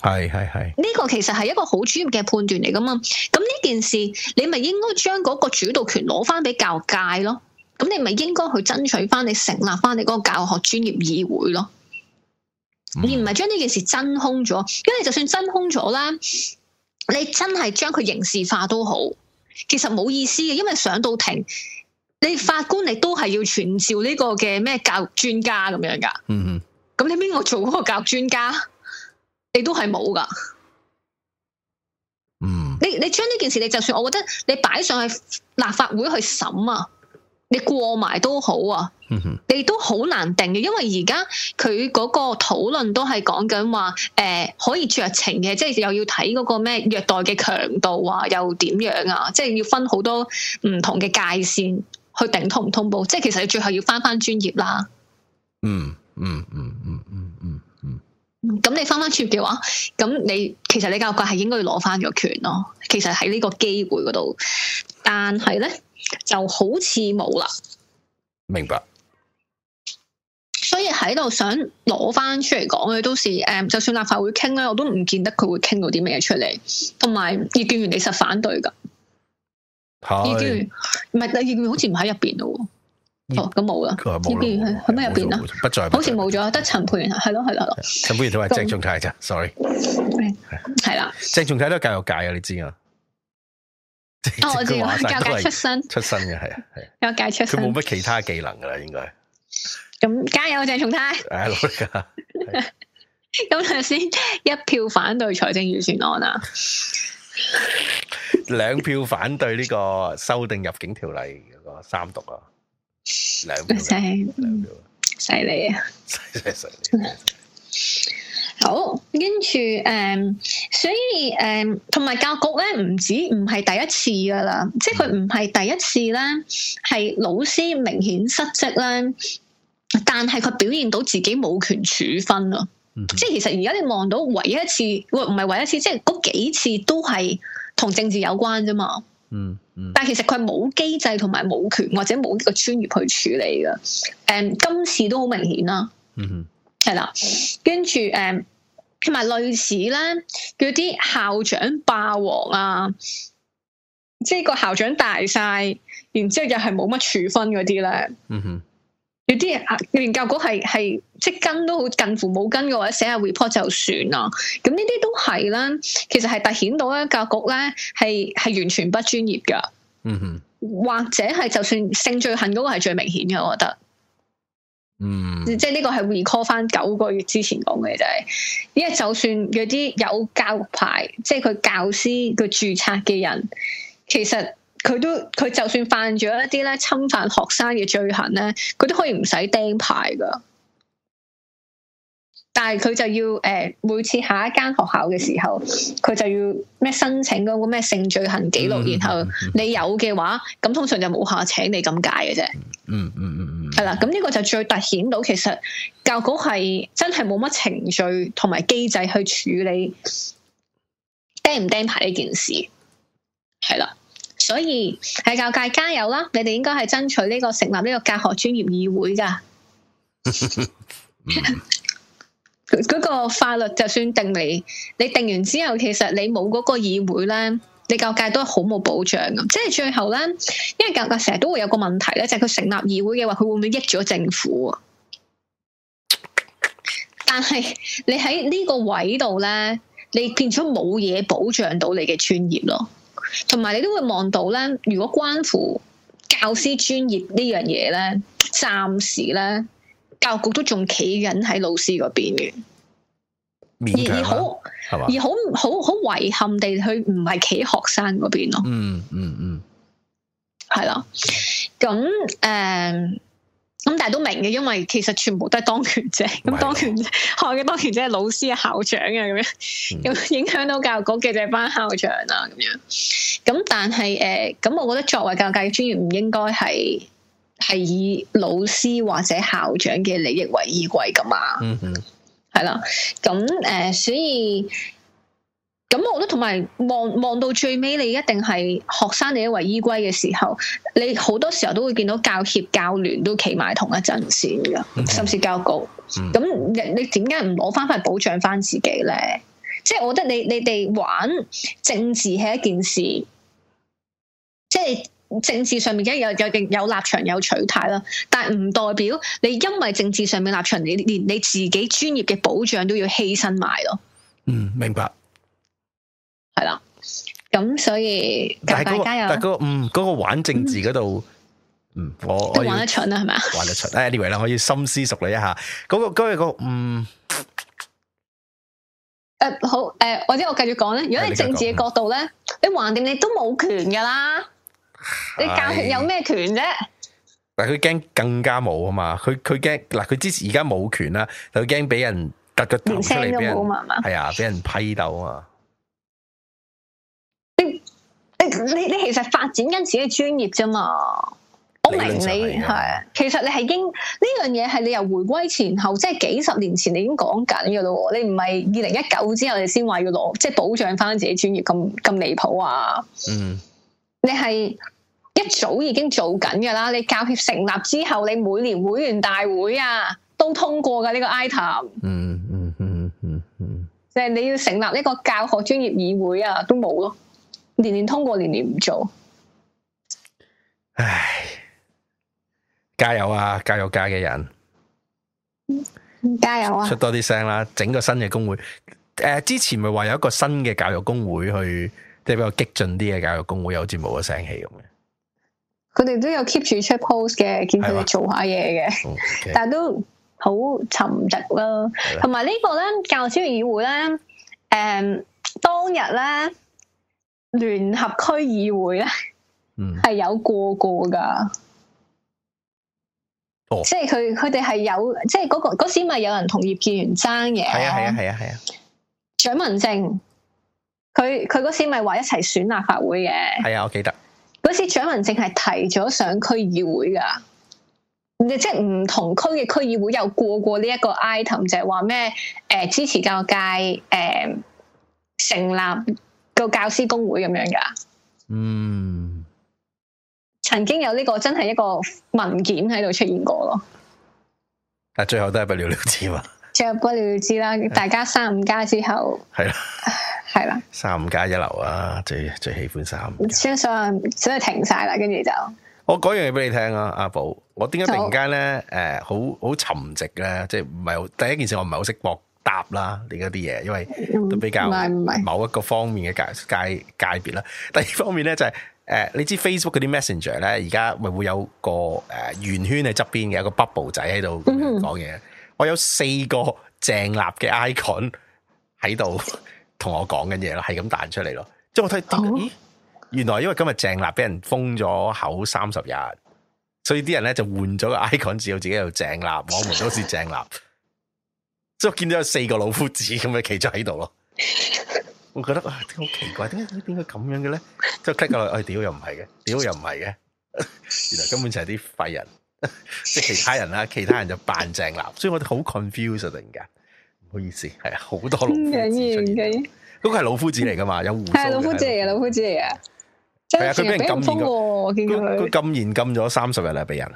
係係係。呢個其實係一個好專業嘅判斷嚟噶嘛。咁呢件事，你咪應該將嗰個主導權攞翻俾教界咯。咁你咪應該去爭取翻，你成立翻你嗰個教學專業議會咯，而唔係將呢件事真空咗。因為你就算真空咗啦，你真係將佢刑事化都好，其實冇意思嘅。因為上到庭，你法官你都係要傳召呢個嘅咩教育專家咁樣噶。嗯嗯。咁你邊個做嗰個教育專家？你都係冇噶。嗯。你你將呢件事，你就算我覺得你擺上去立法會去審啊。你過埋都好啊，你都好難定嘅，因為而家佢嗰個討論都係講緊話，誒、呃、可以酌情嘅，即係又要睇嗰個咩虐待嘅強度啊，又點樣啊，即係要分好多唔同嘅界綫去定通唔通報，即係其實你最後要翻翻專業啦、嗯。嗯嗯嗯嗯嗯嗯嗯，咁、嗯嗯嗯、你翻翻專業嘅話，咁你其實你教界教育局係應該要攞翻個權咯，其實喺呢個機會嗰度，但係咧。就好似冇啦，明白。所以喺度想攞翻出嚟講，嘅，都是誒，就算立法會傾咧，我都唔見得佢會傾到啲咩出嚟。同埋，葉建源你實反對噶，葉建源唔係葉建源，源好似唔喺入邊咯。嗯、哦，咁冇啦，葉建源喺咩入邊啊？不，不在，好似冇咗，得陳佩元係咯，係咯、嗯，陳佩元都係鄭仲泰啫。那 Sorry，係啦，鄭 仲了泰都係教育界啊，你知啊。哦，我知啦，教界出身出身嘅係啊，係教界出身，佢冇乜其他技能噶啦，應該咁加油鄭松泰，係努力家。咁頭先一票反對財政預算案啊，兩 票反對呢個修訂入境條例嗰個三讀啊，兩票，就是，票，兩票，犀利啊，犀犀利。好，跟住誒，所以誒，同、嗯、埋教育局咧，唔止唔係第一次噶啦，嗯、即係佢唔係第一次咧，係老師明顯失職咧，但係佢表現到自己冇權處分咯，嗯、哼即係其實而家你望到唯一一次，唔係唯一一次，即係嗰幾次都係同政治有關啫嘛、嗯，嗯，但係其實佢冇機制同埋冇權或者冇呢個專業去處理噶，誒、嗯，今次都好明顯啦。嗯哼係啦，跟住誒，同埋、呃、類似咧，叫啲校長霸王啊，即係個校長大晒，然之後又係冇乜處分嗰啲咧。嗯哼，有啲連教局係係即跟都好近乎冇跟嘅話，寫下 report 就算啦。咁呢啲都係啦，其實係凸顯到咧教局咧係係完全不專業噶。嗯哼，或者係就算性罪行嗰個係最明顯嘅，我覺得。嗯，即係呢個係 recall 翻九個月之前講嘅，就係因為就算有啲有教育牌，即係佢教師個注冊嘅人，其實佢都佢就算犯咗一啲咧侵犯學生嘅罪行咧，佢都可以唔使釘牌噶。但係佢就要誒、呃、每次下一間學校嘅時候，佢就要咩申請嗰個咩性罪行記錄，然後你有嘅話，咁通常就冇下請你咁解嘅啫。嗯嗯嗯嗯，係啦，咁呢個就最凸顯到其實教局係真係冇乜程序同埋機制去處理釘唔釘牌呢件事。係啦，所以係教界加油啦！你哋應該係爭取呢、呢個成立呢個教學專業議會㗎。 嗯嗰個法律就算定你，你定完之後，其實你冇嗰個議會咧，你教界都好冇保障嘅。即係最後咧，因為教界成日都會有個問題咧，就係佢成立議會嘅話，佢會唔會益咗政府？但係你喺呢個位度咧，你變咗冇嘢保障到你嘅專業咯，同埋你都會望到咧，如果關乎教師專業呢樣嘢咧，暫時咧。教育局都仲企緊喺老師嗰邊嘅，啊、而很吧而好而好好好遺憾地去唔係企學生嗰邊咯。嗯嗯嗯，係啦。咁誒，咁、嗯、但係都明嘅，因為其實全部都係當權者，咁當權學嘅當權者係老師、校長啊，咁樣咁、嗯、影響到教育局嘅就係班校長啦、啊，咁樣。咁但係誒，咁、呃、我覺得作為教育界嘅專業，唔應該係。係以老師或者校長嘅利益為依歸噶嘛？嗯嗯，係、嗯、啦。咁誒、呃，所以咁，我覺得同埋望望到最尾，你一定係學生，利益為依歸嘅時候，你好多時候都會見到教協、教聯都企埋同一陣線噶，嗯、甚至教育局、嗯。咁你你點解唔攞翻翻去保障翻自己咧？即、就、係、是、我覺得你你哋玩政治係一件事，即係。政治上面梗有有定有立場有取態啦，但係唔代表你因為政治上面立場，你連你自己專業嘅保障都要犧牲埋咯。嗯，明白。係啦，咁所以但係嗰嗯嗰、那個玩政治嗰度，嗯我，我玩得出啊係咪？ 玩得出誒，anyway 啦，我要深思熟慮一下嗰、那個嗰、那個、那個嗯誒、呃、好誒，或、呃、者我繼續講咧，如果係政治嘅角度咧，你橫掂你都冇權噶啦。你教佢有咩權啫？但係佢驚更加冇啊嘛，佢佢驚嗱佢之前而家冇權啦，佢驚俾人突個頭都冇啊嘛，係啊人，俾吧人批鬥啊嘛，你你你你其實發展緊自己專業啫嘛，我明你係，其實你係應呢樣嘢係你由回歸前後即係、就是、幾十年前你已經講緊噶咯，你唔係二零一九之後你先話要攞即係保障翻自己專業咁咁離譜啊？嗯，你係。一早已經做緊噶啦，你教協成立之後，你每年會員大會啊都通過噶呢個 item、嗯。嗯嗯嗯嗯嗯嗯，嗯即係你要成立呢個教學專業議會啊，都冇咯，年年通過，年年唔做。唉，加油啊，教育界嘅人，加油啊！出多啲聲啦，整個新嘅工會誒、呃，之前咪話有一個新嘅教育工會去，即係比較激進啲嘅教育工會，好似冇咗聲氣咁嘅。佢哋都有 keep 住出 post 嘅，見佢哋做下嘢嘅，okay. 但係都好沉寂啦。同埋的呢個咧，教區議會咧，誒、um，當日咧，聯合區議會咧，係、嗯、有過過噶。Oh. 即係佢佢哋係有，即係嗰、嗰個嗰時咪有人同葉建源爭嘅，係啊係啊係啊係啊。蔣、啊啊啊、文靜，佢佢嗰時咪話一齊選立法會嘅，係啊，我記得。好似蔣文正係提咗上區議會噶，亦即係唔同區嘅區議會又過過呢一個 item，就係話咩誒支持教育界誒、呃、成立個教師工會咁樣噶。嗯，曾經有呢、這個真係一個文件喺度出現過咯，但最後都係不了了之嘛。就不了了之啦！大家三五加之後，係啦、啊，係啦、啊，三五加一流啊！最最喜歡三五。相信所以停晒啦，跟住就。我講樣嘢俾你聽啊，阿寶，我點解突然間咧，誒、呃，好好沉寂咧？即係唔係好？第一件事我唔係好識博答啦，你嗰啲嘢，因為都比較、嗯，唔係某一個方面嘅界界界別啦，第二方面咧就係、是，誒、呃，你知 Facebook 嗰啲 Messenger 咧，而家咪會有個誒圓圈喺側邊嘅一個 bubble 仔喺度講嘢。嗯我有四個鄭立嘅 icon 喺度同我講緊嘢咯，係咁彈出嚟咯。即係我睇咦，啊、原來因為今日鄭立俾人封咗口三十日，所以啲人咧就換咗個 icon，只有自己又鄭立，網民都好似鄭立。即係我見到有四個老夫子咁樣企咗喺度咯。我覺得啊，好奇怪，點解點解咁樣嘅咧？即係 click 落去，哎，屌又唔係嘅，屌又唔係嘅，原來根本就係啲廢人。即係 其他人啦，其他人就扮正立，所以我哋好 confused 突然間，唔好意思，係啊，好多老夫子出現，嗰個係老夫子嚟噶嘛，有鬍，係老夫子嚟嘅，老夫子嚟嘅，係啊，佢俾的人禁我言，佢佢禁言禁咗三十日啦，俾人，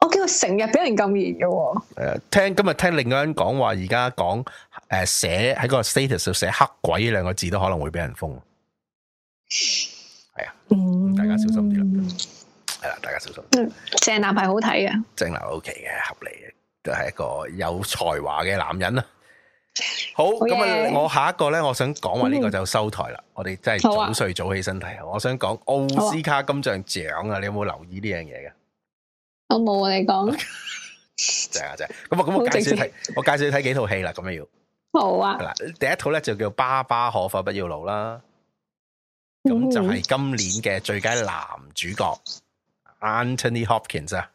我見佢成日俾人禁言嘅，啊，誒，聽今日聽另外一人，呃、個人講話，而家講誒寫喺個 status 寫「黑鬼」呢兩個字都可能會俾人封，係啊，嗯，大家小心啲啦。係啦，大家小心，嗯，鄭男係好睇嘅，鄭男 O K 嘅，合理嘅，都係一個有才華嘅男人啦。好，咁啊，我下一個咧，我想講話呢個就收台啦。嗯、我哋真係早睡早起身體。啊、我想講奧斯卡金像獎啊，你有冇留意呢樣嘢嘅？我冇，你講。正係正。咁啊，咁我介紹你睇，我介紹睇幾套戲啦。咁樣要好啊。嗱，第一套咧就叫《爸爸可否不要老》啦，咁、嗯、就係今年嘅最佳男主角。Anthony Hopkins 啊，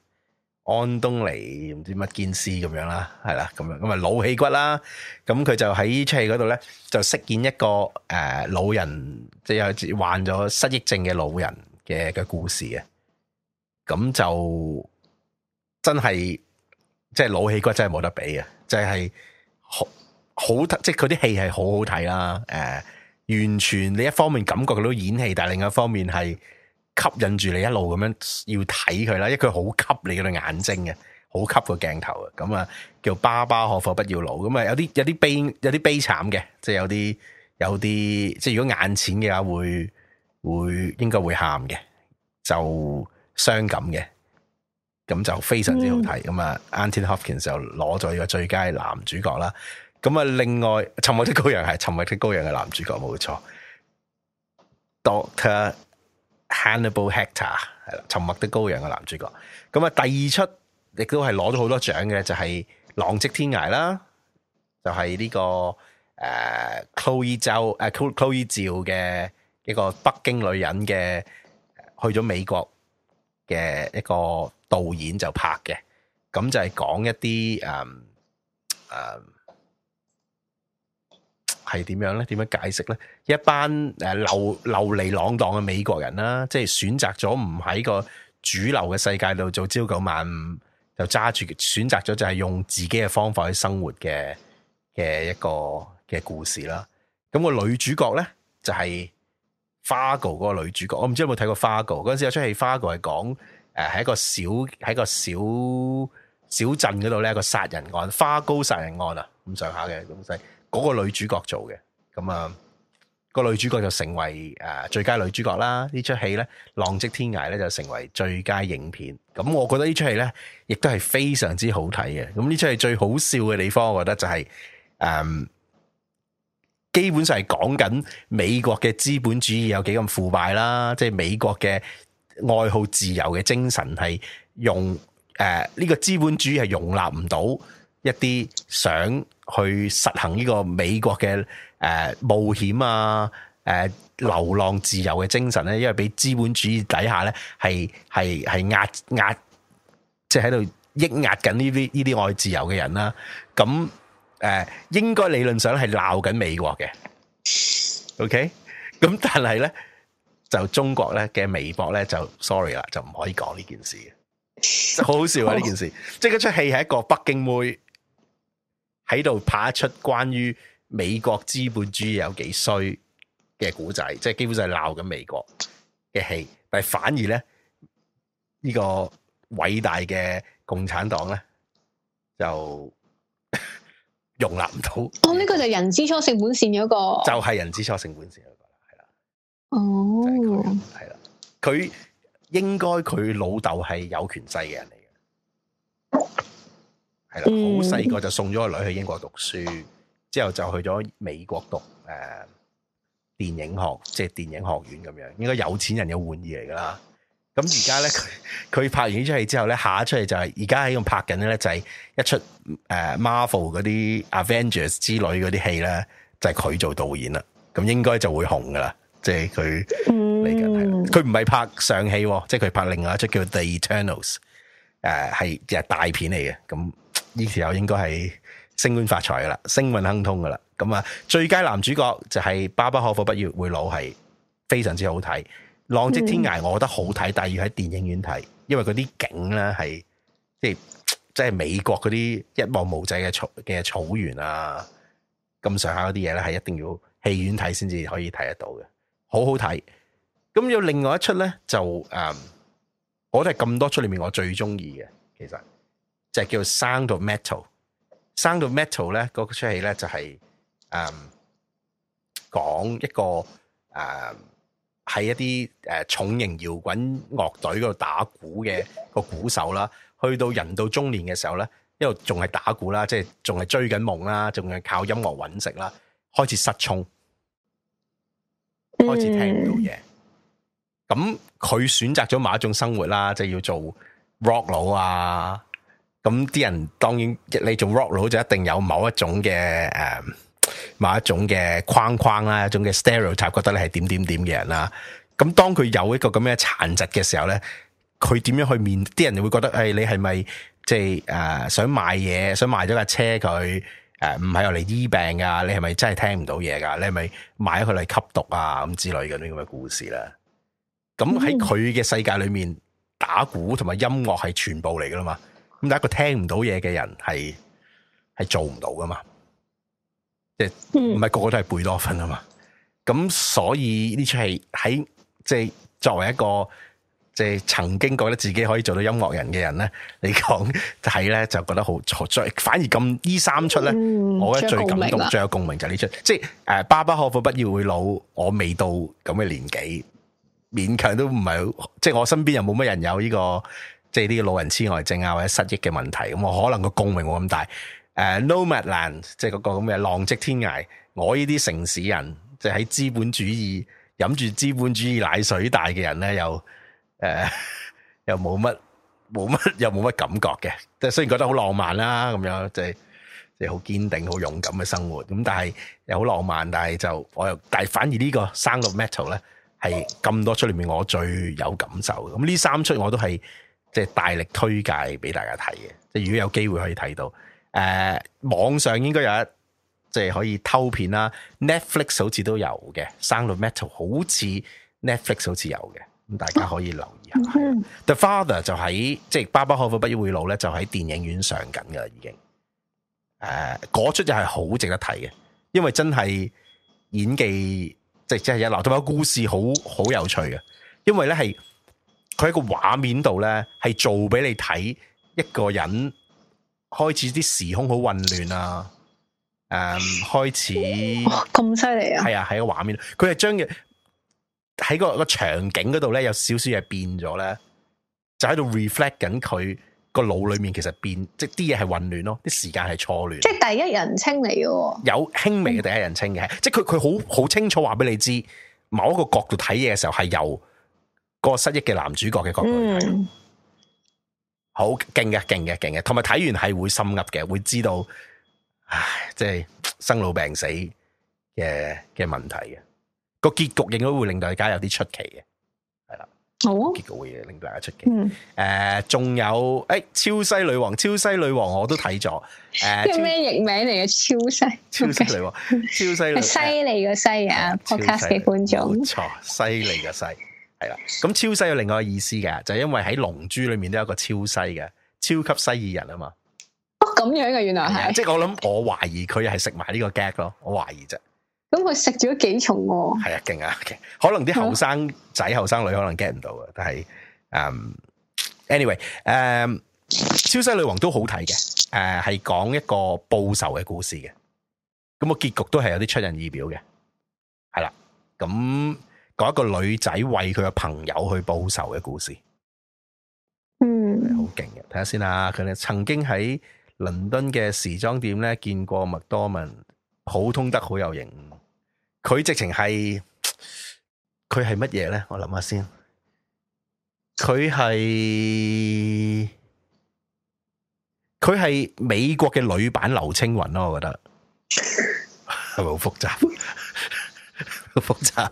安東尼唔知乜堅斯咁樣啦，係啦，咁樣咁啊，老戲骨啦，咁佢就喺出戲嗰度咧，就飾演一個誒、呃、老人，即係有患咗失憶症嘅老人嘅嘅故事啊，咁就真係即係老戲骨真係冇得比啊，就係好好即係佢啲戲係好好睇啦，誒、呃，完全你一方面感覺佢都演戲，但係另一方面係。吸引住你一路咁樣要睇佢啦，因為佢好吸你嗰眼睛嘅，好吸個鏡頭嘅。咁啊，叫爸爸可否不要老？咁啊，有啲有啲悲，有啲悲慘嘅，即係有啲有啲，即係如果眼淺嘅話會，會應該會應該會喊嘅，就傷感嘅。咁就非常之好睇。咁啊，Anthony Hopkins 就攞咗呢個最佳男主角啦。咁啊，另外《沉默的羔羊》係《沉默的羔羊》嘅男主角，冇錯。Doctor。Hannibal Hector 係啦，沉默的羔羊嘅男主角。咁啊，第二出亦都係攞咗好多獎嘅，就係、是、浪跡天涯啦。就係、是、呢、這個誒、uh，Chloe 趙誒，Chloe 趙嘅一個北京女人嘅去咗美國嘅一個導演就拍嘅。咁就係講一啲誒誒。Um, um, 係點樣咧？點樣解釋咧？一班誒流流離浪蕩嘅美國人啦，即係選擇咗唔喺個主流嘅世界度做朝九晚五，就揸住選擇咗就係用自己嘅方法去生活嘅嘅一個嘅故事啦。咁、那個女主角咧就係 Fargo 嗰個女主角，我唔知道有冇睇過 Fargo 嗰陣時有出戲 Fargo 係講誒，係、呃、一個小喺個小小鎮嗰度咧一個殺人案，嗯、花高殺人案啊咁上下嘅東西。嗰個女主角做嘅，咁、那、啊個女主角就成為誒最佳女主角啦。戲，呢出戲咧《浪跡天涯》咧就成為最佳影片。咁我覺得戲，呢出戲咧亦都係非常之好睇嘅。咁呢出戲最好笑嘅地方，我覺得就係、是、誒、嗯，基本上係講緊美國嘅資本主義有幾咁腐敗啦，即、就、係、是、美國嘅愛好自由嘅精神係用誒呢、呃這個資本主義係容納唔到。一啲想去實行呢個美國嘅誒、呃、冒險啊誒、呃、流浪自由嘅精神咧，因為俾資本主義底下咧係係係壓壓，即係喺度抑壓緊呢啲呢啲愛自由嘅人啦。咁誒、呃，應該理論上係鬧緊美國嘅。OK，咁但係咧就中國咧嘅微博咧就 sorry 啦，就唔可以講呢件事嘅，好好笑啊！呢 件事即係嗰出戲係一個北京妹。喺度拍一出關於美國資本主義有幾衰嘅古仔，即係基本上係鬧緊美國嘅戲，但係反而咧呢個偉大嘅共產黨咧就容納唔到。哦，呢個就係人之初性本善嘅嗰個，就係人之初性本善嘅嗰個啦，係啦。哦，係啦，佢應該佢老豆係有權勢嘅人嚟嘅。係啦，好細個就送咗個女去英國讀書，之後就去咗美國讀誒、呃、電影學，即係電影學院咁樣。應該有錢人嘅玩意嚟噶啦。咁而家咧，佢佢拍完呢齣戲之後咧，下一齣戲就係而家喺度拍緊咧，就係、是、一齣誒、呃、Marvel 嗰啲 Avengers 之類嗰啲戲咧，就係、是、佢做導演啦。咁應該就會紅噶啦，即係佢嚟緊。佢唔係拍上戲、哦，即係佢拍另外一齣叫 The Eternals，誒、呃、係即係大片嚟嘅咁。嗯呢時候應該係升官發財噶啦，升運亨通噶啦。咁啊，最佳男主角就係、是《爸爸可否不要會老》，係非常之好睇。《浪跡天涯》我覺得好睇，嗯、但係要喺電影院睇，因為嗰啲景咧係即係即係美國嗰啲一望無際嘅草嘅草原啊，咁上下嗰啲嘢咧係一定要戲院睇先至可以睇得到嘅，好好睇。咁有另外一出咧就誒、嗯，我都係咁多出裏面我最中意嘅，其實。就叫 Sound of Metal《Sound of Metal》嗰個出戲呢，就是《Sound of Metal》咧，嗰出戲咧就係誒講一個誒喺、嗯、一啲誒重型搖滾樂隊嗰度打鼓嘅個鼓手啦，去到人到中年嘅時候咧，一路仲係打鼓啦，即係仲係追緊夢啦，仲係靠音樂揾食啦，開始失聰，開始聽唔到嘢。咁佢、嗯、選擇咗馬一種生活啦，即係、要做 rock 佬啊！咁啲人當然，你做 rock 佬就一定有某一種嘅誒、嗯，某一種嘅框框啦，一種嘅 stereotype，e 覺得你係點點點嘅人啦。咁當佢有一個咁嘅殘疾嘅時候咧，佢點樣去面？啲人就會覺得誒、欸，你係咪即係誒想賣嘢？想賣咗架車佢誒，唔係我嚟醫病噶？你係咪真係聽唔到嘢噶？你係咪買佢嚟吸毒啊？咁之類嗰啲咁嘅故事啦。咁喺佢嘅世界裏面，嗯、打鼓同埋音樂係全部嚟噶啦嘛。咁但一個聽唔到嘢嘅人係係做唔到噶嘛？即係唔係個個都係貝多芬啊嘛？咁所以呢出戲喺即係作為一個即係曾經覺得自己可以做到音樂人嘅人咧，你講就係咧就覺得好錯最反而咁呢三出咧，嗯、我覺得最感動、最有，最有共鳴就係呢出，即係誒，爸爸可否不要會老？我未到咁嘅年紀，勉強都唔係，即係我身邊又冇乜人有呢、這個。即係啲老人痴呆症啊，或者失憶嘅問題，咁我可能個共鳴冇咁大。誒、uh，《Nomadland》即係嗰個咁嘅浪跡天涯，我呢啲城市人，即係喺資本主義飲住資本主義奶水大嘅人咧，又誒、uh, 又冇乜冇乜又冇乜感覺嘅。即係雖然覺得好浪漫啦，咁樣即就好堅定、好勇敢嘅生活。咁但係又好浪漫，但係就我又但係反而呢個 Metal 呢個《Sound of Metal》咧，係咁多出裏面我最有感受。咁呢三出我都係。即係大力推介俾大家睇嘅，即、就、係、是、如果有機會可以睇到，誒、呃，網上應該有一即係可以偷片啦，Netflix 好似都有嘅，Sound of Metal 好似 Netflix 好似有嘅，咁大家可以留意下。嗯、哼 The Father 就喺即係爸爸可否不要老咧，就喺電影院上緊噶啦，已經。誒、呃，嗰出就係好值得睇嘅，因為真係演技即係即係一流，同埋故事好好有趣嘅，因為咧係。佢喺個畫面度咧，係做俾你睇一個人開始啲時空好混亂啊！誒、嗯，開始咁犀利啊！係啊，喺個畫面，佢係將嘅喺個個場景嗰度咧，有少少嘢變咗咧，就喺度 reflect 緊佢個腦裏面，其實變即係啲嘢係混亂咯，啲時間係錯亂，即係第一人稱嚟嘅，有輕微嘅第一人稱嘅，嗯、即係佢佢好好清楚話俾你知，某一個角度睇嘢嘅時候係有。個失憶嘅男主角嘅角度，好勁嘅，勁嘅，勁嘅，同埋睇完係會心噏嘅，會知道，唉，即係生老病死嘅嘅問題嘅，個結局應該會令大家有啲出奇嘅，係啦，好，結局會令大家出奇。誒，仲有誒，超西女王，超西女王，我都睇咗。誒，咩譯名嚟嘅？超西，超西，超西，犀利嘅犀啊！Podcast 嘅觀眾，冇錯，犀利嘅犀。係啦，咁超西有另外一個意思嘅，就是、因為喺《龍珠》裏面都有一個超西嘅超級西異人啊嘛。哦，咁樣嘅，原來係，即係、就是、我諗，我懷疑佢係食埋呢個 gag 咯，我懷疑啫。咁佢食咗幾重？係啊，勁啊，okay, 可能啲後生仔、後生、嗯、女可能 get 唔到啊，但係 anyway 誒，嗯 anyway, 嗯《超西女王》都好睇嘅，誒係講一個報仇嘅故事嘅，咁、那個結局都係有啲出人意表嘅，係啦，咁。講一個女仔為佢嘅朋友去報仇嘅故事，嗯，好勁嘅。睇下先啦，佢咧曾經喺倫敦嘅時裝店咧見過麥多文，普通得好有型。佢直情係佢係乜嘢咧？我諗下先，佢係佢係美國嘅女版劉青雲咯，我覺得係咪好複雜？好複雜，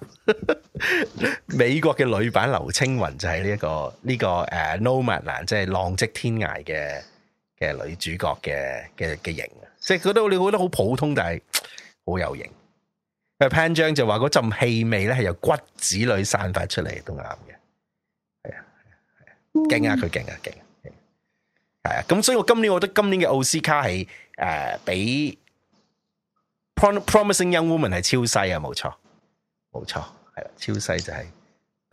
美國嘅女版劉青雲就係呢一個呢、這個誒，Nomadland 即係浪跡天涯嘅嘅女主角嘅嘅嘅型啊，即係覺得你覺得好普通，但係好有型。潘章 就話嗰陣氣味咧係由骨子裏散發出嚟，都啱嘅。係啊係啊，勁啊佢勁啊勁，係啊咁所以我今年我覺得今年嘅奧斯卡係誒、呃、俾 promising young woman 係超細啊，冇錯。冇錯，係啦，超細就係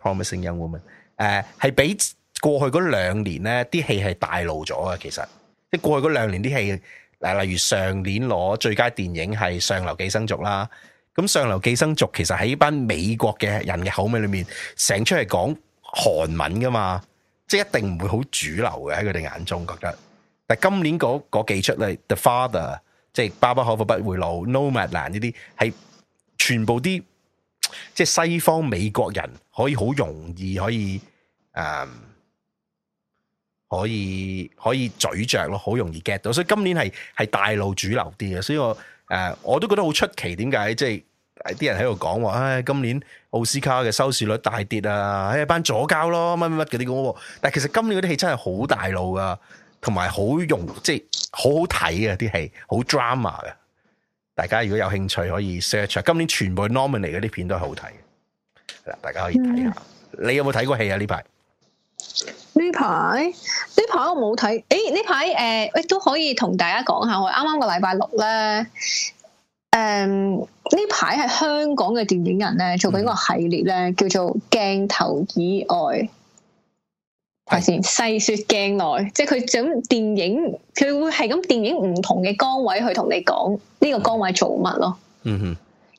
Promising Young Woman，誒、呃，係比過去嗰兩年咧啲戲係大路咗嘅。其實，即係過去嗰兩年啲戲，嗱，例如上年攞最佳電影係《上流寄生族》啦，咁《上流寄生族》其實喺呢班美國嘅人嘅口味裏面，成出係講韓文噶嘛，即係一定唔會好主流嘅喺佢哋眼中覺得。但係今年嗰嗰幾出咧，《The Father》即係《爸爸可否不要老》，《Nomadland》呢啲係全部啲。即係西方美國人可以好容易可以誒，可以，、嗯、可以可以咀嚼咯，好容易 get 到。所以今年係係大路主流啲嘅，所以我誒、呃、我都覺得好出奇，點解即係啲人喺度講話，唉、哎，今年奧斯卡嘅收視率大跌啊，一、哎、班左膠咯，乜乜乜嗰啲咁。但係其實今年嗰啲戲真係好大路噶，同埋好容易，即係好好睇啊啲戲，好 drama 嘅。大家如果有興趣可以 search，今年全部 nominate 嗰啲片都係好睇嘅，係啦，大家可以睇下。嗯、你有冇睇過戲啊？呢排呢排呢排我冇睇，咦，呢排誒，都、呃、可以同大家講下。我啱啱個禮拜六咧，呢排係香港嘅電影人咧做緊個個系列咧，嗯、叫做鏡頭以外。係先細說鏡內，即係佢整電影，佢會係咁電影唔同嘅崗位去同你講呢個崗位做乜咯。嗯哼，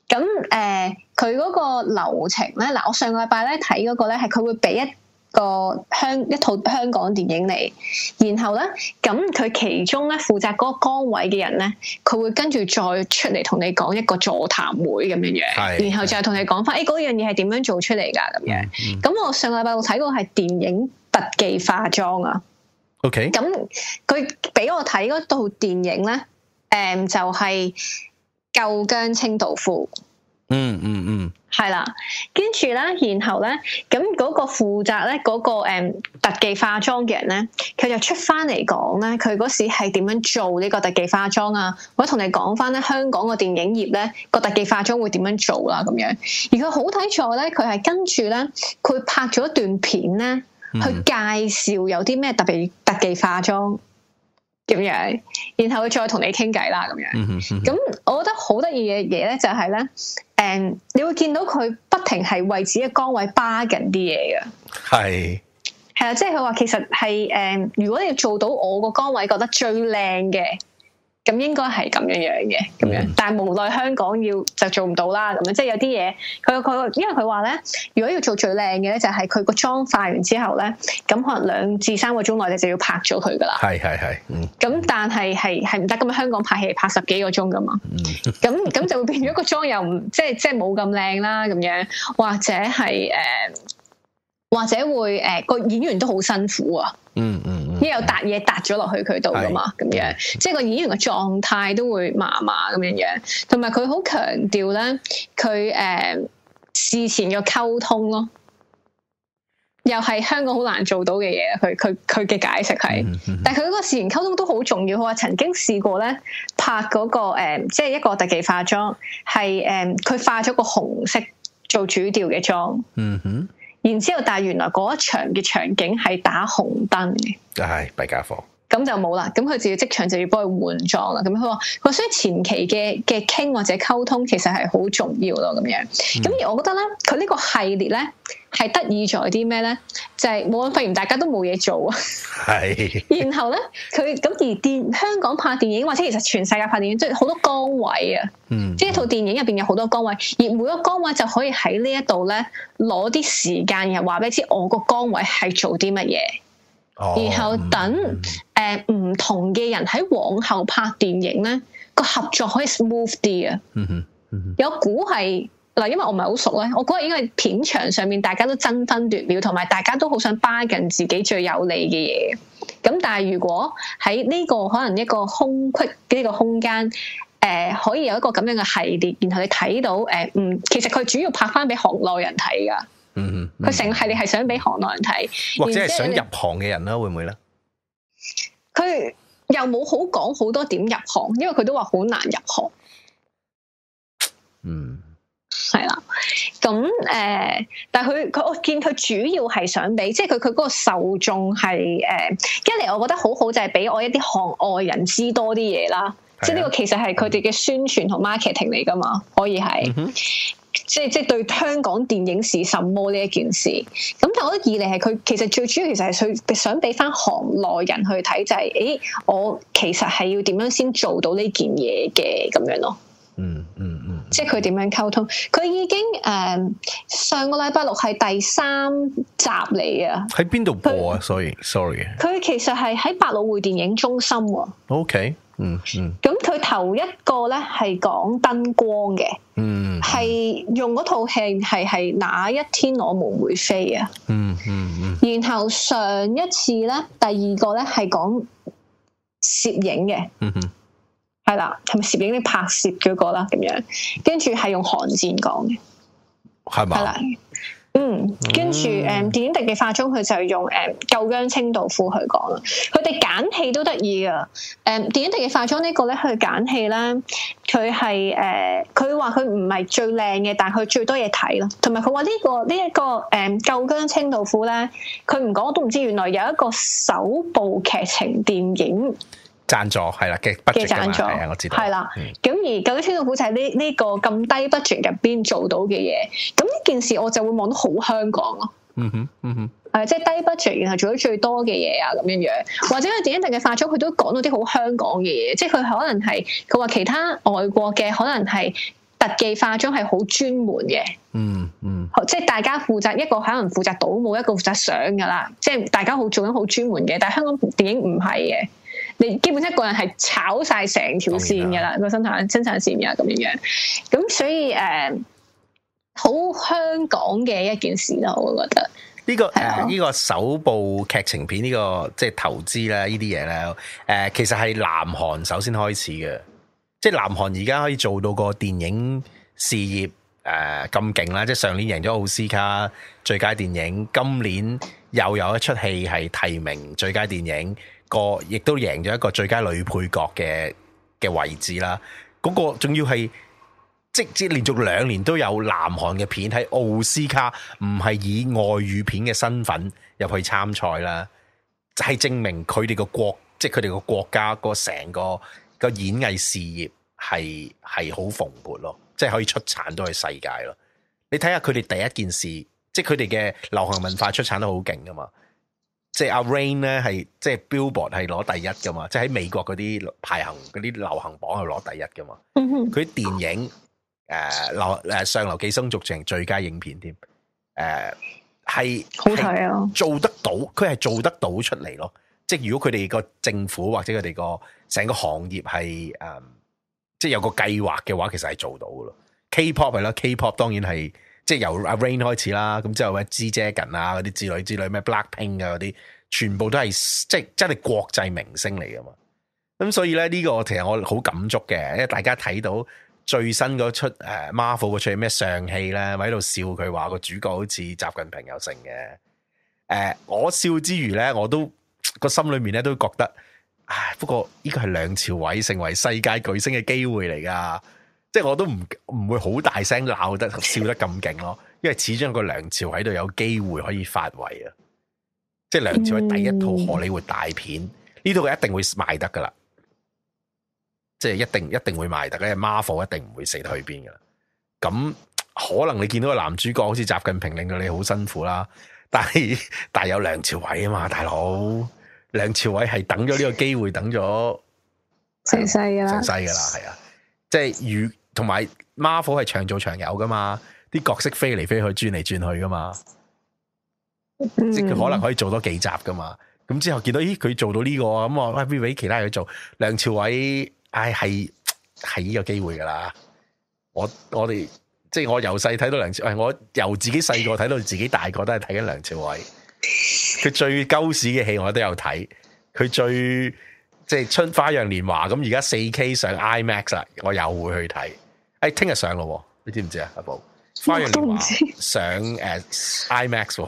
咁誒，佢、呃、嗰個流程咧，嗱，我上個禮拜咧睇嗰個咧係佢會俾一個香一套香港電影嚟，然後咧，咁佢其中咧負責嗰個崗位嘅人咧，佢會跟住再出嚟同你講一個座談會咁樣樣，嗯、哼然後就同你講翻誒嗰樣嘢係點樣做出嚟噶咁樣。咁、嗯、哼我上個禮拜六睇過係電影。特技化妝啊，OK，咁佢俾我睇嗰套電影咧，誒、嗯，就係舊疆清道夫，嗯嗯嗯，係啦，跟住咧，然後咧，咁嗰個負責咧，嗰、嗰個誒、嗯、特技化妝嘅人咧，佢就出翻嚟講咧，佢嗰時係點樣做呢個特技化妝啊，我同你講翻咧，香港個電影業咧、嗰個特技化妝會點樣做啦、啊，咁樣，而佢好睇錯咧，佢係跟住咧，佢拍咗一段片咧。去介紹有啲咩特別特技化妝咁樣，然後佢再同你傾偈啦咁樣。咁、嗯嗯、我覺得好得意嘅嘢咧，就係咧，誒，你會見到佢不停係為自己嘅崗位扒緊啲嘢嘅。係是，係啊，即係佢話其實係誒、嗯，如果你做到我個崗位，覺得最靚嘅。咁應該係咁樣樣嘅，咁樣，但係無奈香港要就做唔到啦，咁樣，即係有啲嘢，佢佢因為佢話咧，如果要做最靚嘅咧，就係佢個妝化完之後咧，咁可能兩至三個鐘內你就要拍咗佢噶啦。係係係，咁、嗯、但係係係唔得，咁香港拍戲拍十幾個鐘噶嘛，咁咁、嗯、就會變咗個妝又唔即係即係冇咁靚啦，咁樣或者係誒、呃、或者會誒、呃、個演員都好辛苦啊、嗯，嗯嗯。 因為有搭嘢搭咗落去佢度噶嘛？咁樣的，即係個演員嘅狀態都會麻麻咁樣樣，同埋佢好強調咧，佢 誒樂事前嘅溝通咯，又係香港好難做到嘅嘢。佢佢佢嘅解釋係， 但係佢嗰個事前溝通都好重要。佢話曾經試過咧拍嗰、嗰個誒，即、呃、係、就是、一個特技化妝，係誒佢化咗個紅色做主調嘅妝。嗯哼。 然之後，但係原來嗰一場嘅場景係打紅燈嘅，就係弊傢伙。咁就冇啦，咁佢自己即場就要幫佢換裝啦。咁佢話，佢所以前期嘅嘅傾或者溝通其實係好重要咯，咁樣。咁、嗯、而我覺得咧，佢呢個系列咧係得意在啲咩咧？就係武漢肺炎，大家都冇嘢做啊。係是。然後咧，佢咁而電香港拍電影或者其實全世界拍電影，即係好多崗位啊。嗯。即係一套電影入邊有好多崗位，而每個崗位就可以喺呢一度咧攞啲時間，又話俾你知我個崗位係做啲乜嘢。然後等誒唔、哦嗯呃、同嘅人喺往後拍電影咧，個合作可以 smooth 啲啊。有股係嗱，因為我唔係好熟咧，我估係因為片場上面大家都爭分奪秒，同埋大家都好想巴緊自己最有利嘅嘢。咁但係如果喺呢個可能一個空隙嘅呢、這個空間，誒、呃、可以有一個咁樣嘅系列，然後你睇到誒，嗯、呃，其實佢主要拍翻俾行內人睇噶。嗯，佢成係你係想俾行內人睇，或者係想入行嘅人啦，會唔會咧？佢又冇好講好多點入行，因為佢都話好難入行。嗯，係啦，咁誒、呃，但係佢佢我見佢主要係想俾，即係佢佢嗰個受眾係誒、呃，一嚟我覺得很好好就係、是、俾我一啲行外人知多啲嘢啦，的即係呢個其實係佢哋嘅宣傳同 marketing 嚟㗎嘛，可以係。嗯即係即係對香港電影是什麼呢一件事，咁但係我覺得二嚟係佢其實最主要其實係佢想俾翻行內人去睇，就係、是、誒我其實係要點樣先做到呢件嘢嘅咁樣咯、嗯。嗯嗯嗯，即係佢點樣溝通，佢已經誒、呃、上個禮拜六係第三集嚟啊！喺邊度佢播啊？Sorry，sorry，佢其實係喺百老匯電影中心喎。Okay。嗯，咁、嗯、佢頭一個咧係講燈光嘅、嗯，嗯，係用嗰套戲係係那一天我們會飛啊、嗯，嗯嗯嗯，然後上一次咧第二個咧係講攝影嘅、嗯，嗯哼，係啦，係咪攝影啲拍攝嗰個啦咁樣，跟住係用寒戰講嘅，係嘛嗎？係啦嗯，跟住誒，電影特技化妝佢就係用誒舊疆清道夫去講啦。佢哋揀戲都得意啊。誒，電影特技化妝呢個咧，佢揀戲咧，佢係誒，佢話佢唔係最靚嘅，但係佢最多嘢睇咯。同埋佢話呢個呢一個誒舊疆清道夫咧，佢唔講我都唔知，原來有一個首部劇情電影。贊助係啦，嘅 budget 啊，係啊，我知道。係啦，咁而究竟《九一青龍》就係呢呢個咁低 budget 入邊做到嘅嘢，咁呢件事我就會望到好香港咯，啊。嗯哼，嗯哼，即係、啊就是、低 budget，然後做咗最多嘅嘢啊，咁樣樣，或者佢電影定電嘅化妝，佢都講到啲好香港嘅嘢，即係佢可能係佢話其他外國嘅可能係特技化妝係好專門嘅。嗯嗯，即係大家負責一個可能負責倒模，一個負責相噶啦，即係大家好做緊好專門嘅，但係香港電影唔係嘅。你基本一個人係炒晒成條線嘅啦，個生產生產線啊咁樣，咁所以誒，好、uh, 香港嘅一件事咯，我覺得呢、這個呢吧、呃這個首部劇情片呢、這個即係投資啦，呢啲嘢咧誒，其實係南韓首先開始嘅，即係南韓而家可以做到個電影事業誒咁勁啦，即係上年贏咗奧斯卡最佳電影，今年又有一出戲係提名最佳電影。個亦都贏咗一個最佳女配角嘅嘅位置啦，嗰個仲要係直接連續兩年都有南韓嘅片喺奧斯卡唔係以外語片嘅身份入去參賽啦，就係證明佢哋個國，即係佢哋個國家個成個個演藝事業係係好蓬勃咯，即係可以出產到去世界咯。你睇下佢哋第一件事，即係佢哋嘅流行文化出產得好勁噶嘛。即係阿 Rain 咧，係即係 Billboard 係攞第一噶嘛，即係喺美國嗰啲排行嗰啲流行榜係攞第一噶嘛。佢 電影誒流誒《上流寄生族情》成最佳影片添，誒係好睇啊！做得到，佢係做得到出嚟咯。即係如果佢哋個政府或者佢哋個成個行業係誒、嗯，即係有個計劃嘅話，其實係做到噶咯。K-pop 係啦，K-pop 當然係。即係由阿 Rain 開始啦，咁之後咧 Jagen 啊嗰啲之類之類，咩 Blackpink 啊嗰啲，全部都係即係真係國際明星嚟噶嘛。咁所以咧呢、呢個其實我好感觸嘅，因為大家睇到最新嗰出、呃、Marvel 嗰出係咩上戲咧，咪喺度笑佢話個主角好似習近平有成嘅。誒，我笑之餘咧，我都個心裏面咧都覺得，唉，不過呢個係梁朝偉成為世界巨星嘅機會嚟㗎。即係我都唔唔會好大聲鬧得笑得咁勁咯， 因為始終個梁朝偉喺度有機會可以發圍啊！即係梁朝偉第一套荷里活大片，呢套佢一定會賣得噶啦，即係一定一定會賣得嘅 Marvel 一定唔會死得去邊噶啦。咁可能你見到個男主角好似習近平令到你好辛苦啦，但係但係有梁朝偉啊嘛，大佬梁朝偉係等咗呢個機會， 等咗了成世噶啦，成世噶啦，係啊，即係如。同埋 Marvel 係長做長有噶嘛，啲角色飛嚟飛去，轉嚟轉去噶嘛，mm. 即係佢可能可以做多幾集噶嘛。咁之後見到咦佢做到呢、這個咁我咪俾其他人去做，梁朝偉唉係係呢個機會噶啦。我我哋即係我由細睇到梁朝偉，我由自己細個睇到自己大個都係睇緊梁朝偉。佢最鳩屎嘅戲我都有睇，佢最即係《就是、春花樣年華》咁而家四 K 上 IMAX 啦，我又會去睇。喺聽日上咯，你知唔知啊？阿寶，花樣年華都唔知，上誒 IMAX，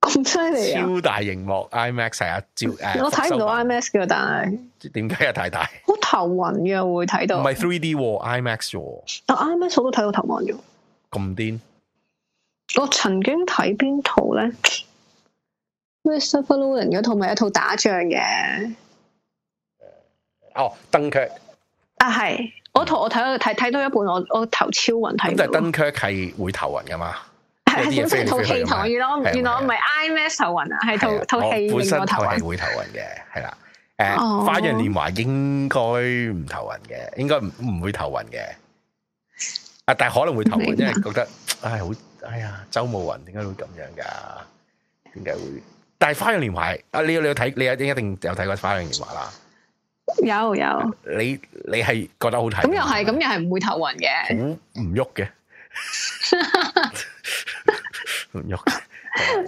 咁犀利，超大熒幕 IMAX，係、啊、照誒，uh, 我睇唔到 IMAX 嘅，但係點解啊？太大？好頭暈嘅，會睇到唔係 three D IMAX 啫，但、uh, IMAX 我都睇到頭暈咗，咁癲！我曾經睇邊套咧？《 Mr. f e l l o w i n g 嗰套咪一套打仗嘅，哦，登劇啊，係。我頭我睇睇睇到一半我，我我頭超暈，睇到。 即係登車契會頭暈噶嘛？係本身套戲，唐原來我是是原來我唔係 IMAX 頭暈啊？係套套戲，本身佢係會頭暈嘅，係啦。 誒、啊，欸哦、花樣年華應該唔頭暈嘅，應該唔唔會頭暈嘅。啊，但係可能會頭暈，因為覺得唉好唉呀，周慕雲點解會咁樣噶？點解會？但係花樣年華啊！你要你睇，你一定一定有睇過花樣年華啦。有有，有你你係覺得好睇？咁又係，咁又係唔會頭暈嘅，好唔喐嘅，唔喐，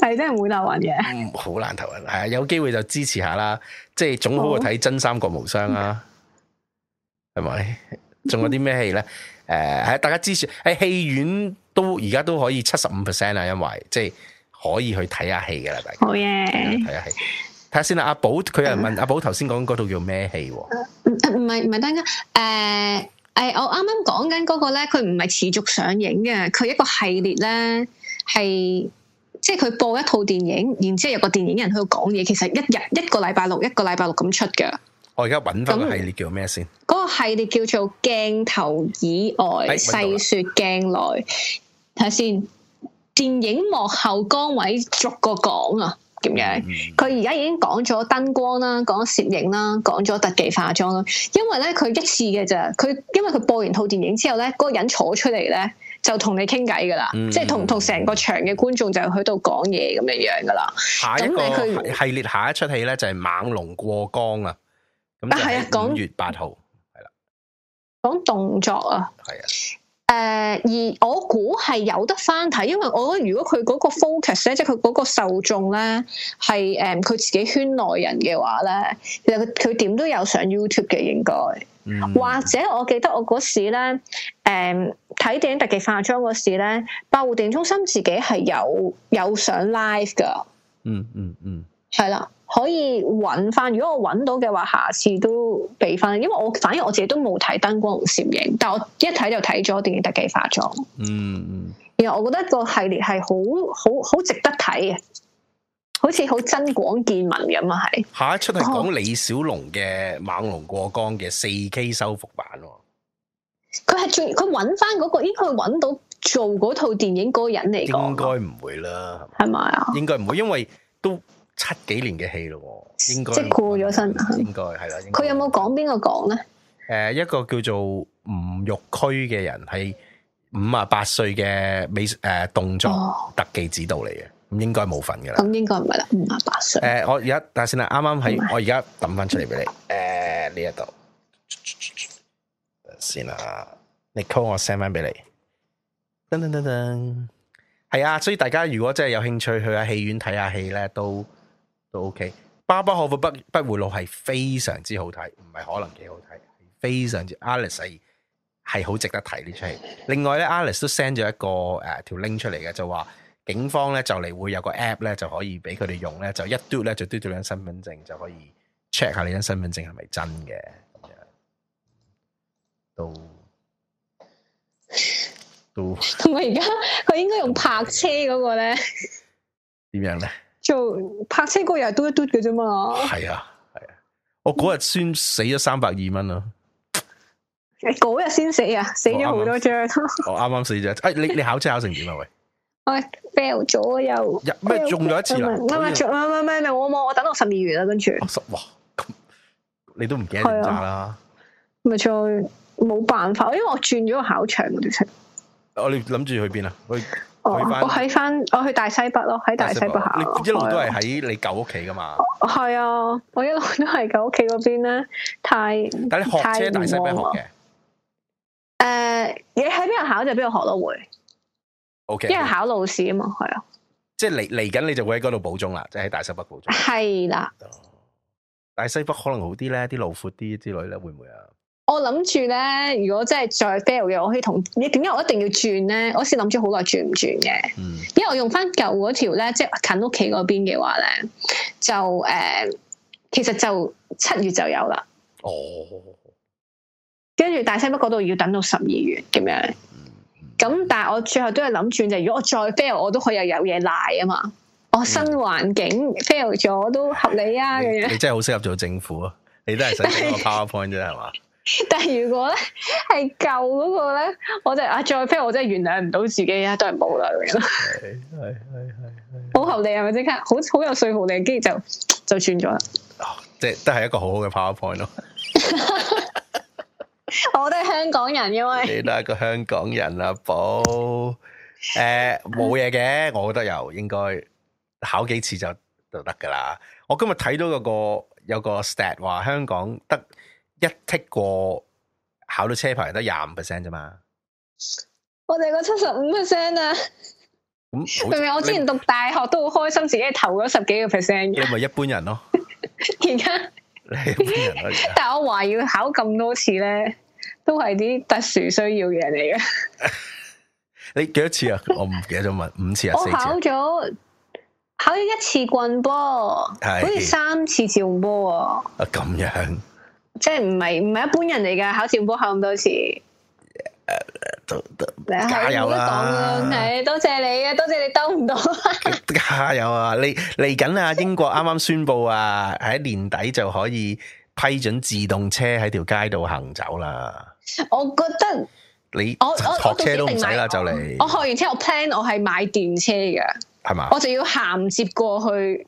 係真係唔會頭暈嘅，好投暈難頭暈。係啊，有機會就支持下啦，即係總好過睇真三國無雙啦，係咪？仲好有啲咩戲咧？誒、嗯，係、呃、大家支持，喺戲院都而家都可以七十五 percent 啦，因為即係可以去睇下戲噶啦，的大家好嘢，睇下戲。睇下先啦，阿寶佢又問、嗯、阿寶頭先講嗰套叫咩戲？唔唔係唔係，等下誒誒，我啱啱講緊嗰個咧，佢唔係持續上映嘅，佢一個系列咧係即係佢播一套電影，然之後有個電影人喺度講嘢，其實一日一,一個禮拜六，一個禮拜六咁出嘅。我而家揾翻個系列叫咩先？嗰、嗰個系列叫做鏡頭以外細說鏡內。睇下先，電影幕後崗位逐個講啊！點佢而家已經講咗燈光啦，講攝影啦，講咗特技化妝啦。因為咧，佢一次嘅咋，佢因為佢播完套電影之後咧，嗰、嗰個人坐出嚟咧，就同你傾偈噶啦，即係同同成個場嘅觀眾就喺度講嘢咁樣樣噶啦。下一個系列，下一出戲咧就係猛龍過江啊！啊係啊，五月八號係啦，講動作啊，係啊。誒而我估係有得翻睇，因為我覺得如果佢嗰個 focus 咧，即係佢嗰個受眾咧，係誒佢自己圈內人嘅話咧，其實佢佢點都有上 YouTube 嘅應該，嗯、或者我記得我嗰時咧，誒、嗯、睇電影特技化妝嗰時咧，白狐定中心自己係有有上 live 噶、嗯，嗯嗯嗯，係啦。可以揾翻，如果我揾到嘅話，下次都俾翻。因為我反而我自己都冇睇《燈光同攝影》，但我一睇就睇咗《電影特技化妝》。嗯，然後我覺得個系列係好好好值得睇嘅，好似好增廣見聞咁啊！係下一出係講李小龍嘅《猛龍過江》嘅四 K 修復版。佢係仲佢揾翻嗰個？咦，佢揾到做嗰套電影嗰個人嚟？應該唔會啦，係咪啊？應該唔會，因為都。七幾年嘅戲咯，應該即係過咗身，應該係啦。佢、嗯、該有冇講邊個講咧？誒、呃，一個叫做吳玉奎嘅人，係五啊八歲嘅美誒、呃、動作、哦、特技指導嚟嘅，咁應該冇份噶啦。咁應該唔係啦，五啊八歲。誒、呃，我而家等先啦，啱啱喺我而家抌翻出嚟俾你。誒、呃，呢一度，等先啦，你 call 我 send 翻俾你。噔噔噔噔，係啊，所以大家如果真係有興趣去下戲院睇下戲咧，都。.都 OK，爸爸可否不不要老係非常之好睇，唔係可能幾好睇，非常之 Alice 係好值得睇呢出戲。另外咧 Alice 都 send 咗一個誒條 link 出嚟嘅，就話警方咧就嚟會有個 app 咧就可以俾佢哋用咧，就一嘟咧就嘟咗張身份證就可以 check 下你張身份證係咪真嘅。咁都都， 我而家佢應該用泊車嗰個咧 ，點樣咧？做拍車嗰日係嘟一嘟嘅啫嘛，係啊，係啊，我嗰日先死咗三百二蚊啊！嗰日先死啊，死咗好多張。我啱啱 死咗。誒、哎，你你考車考成點啊？喂、哎，我 fail 咗又咩？中咗麼一次啦，啱啱中，啱啱咩咩？我冇，我等到十二月啊，跟住哇，咁你都唔記得點揸啦？咪錯，冇辦法，因為我轉咗個考場嗰啲車。我哋諗住去邊啊？去。我喺翻，我去大西北咯，喺大西北，大西北考，考。一路都係喺你舊屋企噶嘛？係啊，對啊，我一路都係舊屋企嗰邊咧，太但你學車大西北學嘅。誒，你喺邊度考就邊度學咯，會。O K。因為考路試啊嘛，係啊。即係嚟嚟緊，你就會喺嗰度補鐘啦，即係喺大西北補鐘。係啦的。大西北可能好啲咧，啲路闊啲之類咧，會唔會啊？我諗住咧，如果真係再 fail 嘅，我可以同你點解我一定要轉咧？我先諗住好耐轉唔轉嘅，因為我用翻舊嗰條咧，即係近屋企嗰邊嘅話咧，就誒、呃，其實就七月就有啦。哦，跟住大西北嗰度要等到十二月咁樣。咁但係我最後都係諗住，就，如果我再 fail，我都可以又有嘢賴啊嘛。我新環境 fail 咗都合理啊，咁、嗯、這樣你，你真係好適合做政府啊！你都係想整個 PowerPoint 啫， 係嘛？但係如果咧係舊嗰個咧，我就係啊再飛，我真係原諒唔到自己啊，都係冇糧嘅啦。係係係係，好合理係咪即刻？好好有說服力，跟住就就轉咗啦。即係都係一個好好嘅 PowerPoint 咯。 我都係香港人，因為你都係一個香港人啊，寶誒冇嘢嘅，我覺得又應該考幾次就就得噶啦。我今日睇到嗰個有個 stat 話香港得。一剔過考到車牌得廿五 percent 啫嘛，我哋個七十五 percent 啊、嗯，明明我之前讀大學都好開心，自己投咗十幾個 percent 嘅，因為一般人咯。而家在，你一般人、啊。 但係我話要考咁多次咧，都係啲特殊需要嘅人嚟嘅。你幾多次啊？我唔記得咗問 五次啊，次啊我考咗考咗一次棍波，對好似三次自動波啊，咁、啊、樣。即係唔係唔係一般人嚟噶，考前波考咁多次，加油啊！係多謝，謝你啊，多謝，謝你兜唔到。加油啊！你嚟緊啊，英國啱啱宣布啊，喺 年底就可以批准自動車喺條街度行走啦。我覺得你我我學車都唔使啦，就嚟我，我，我學完車，我 plan 我係買電車噶，係嘛嗎？我就要銜接過去，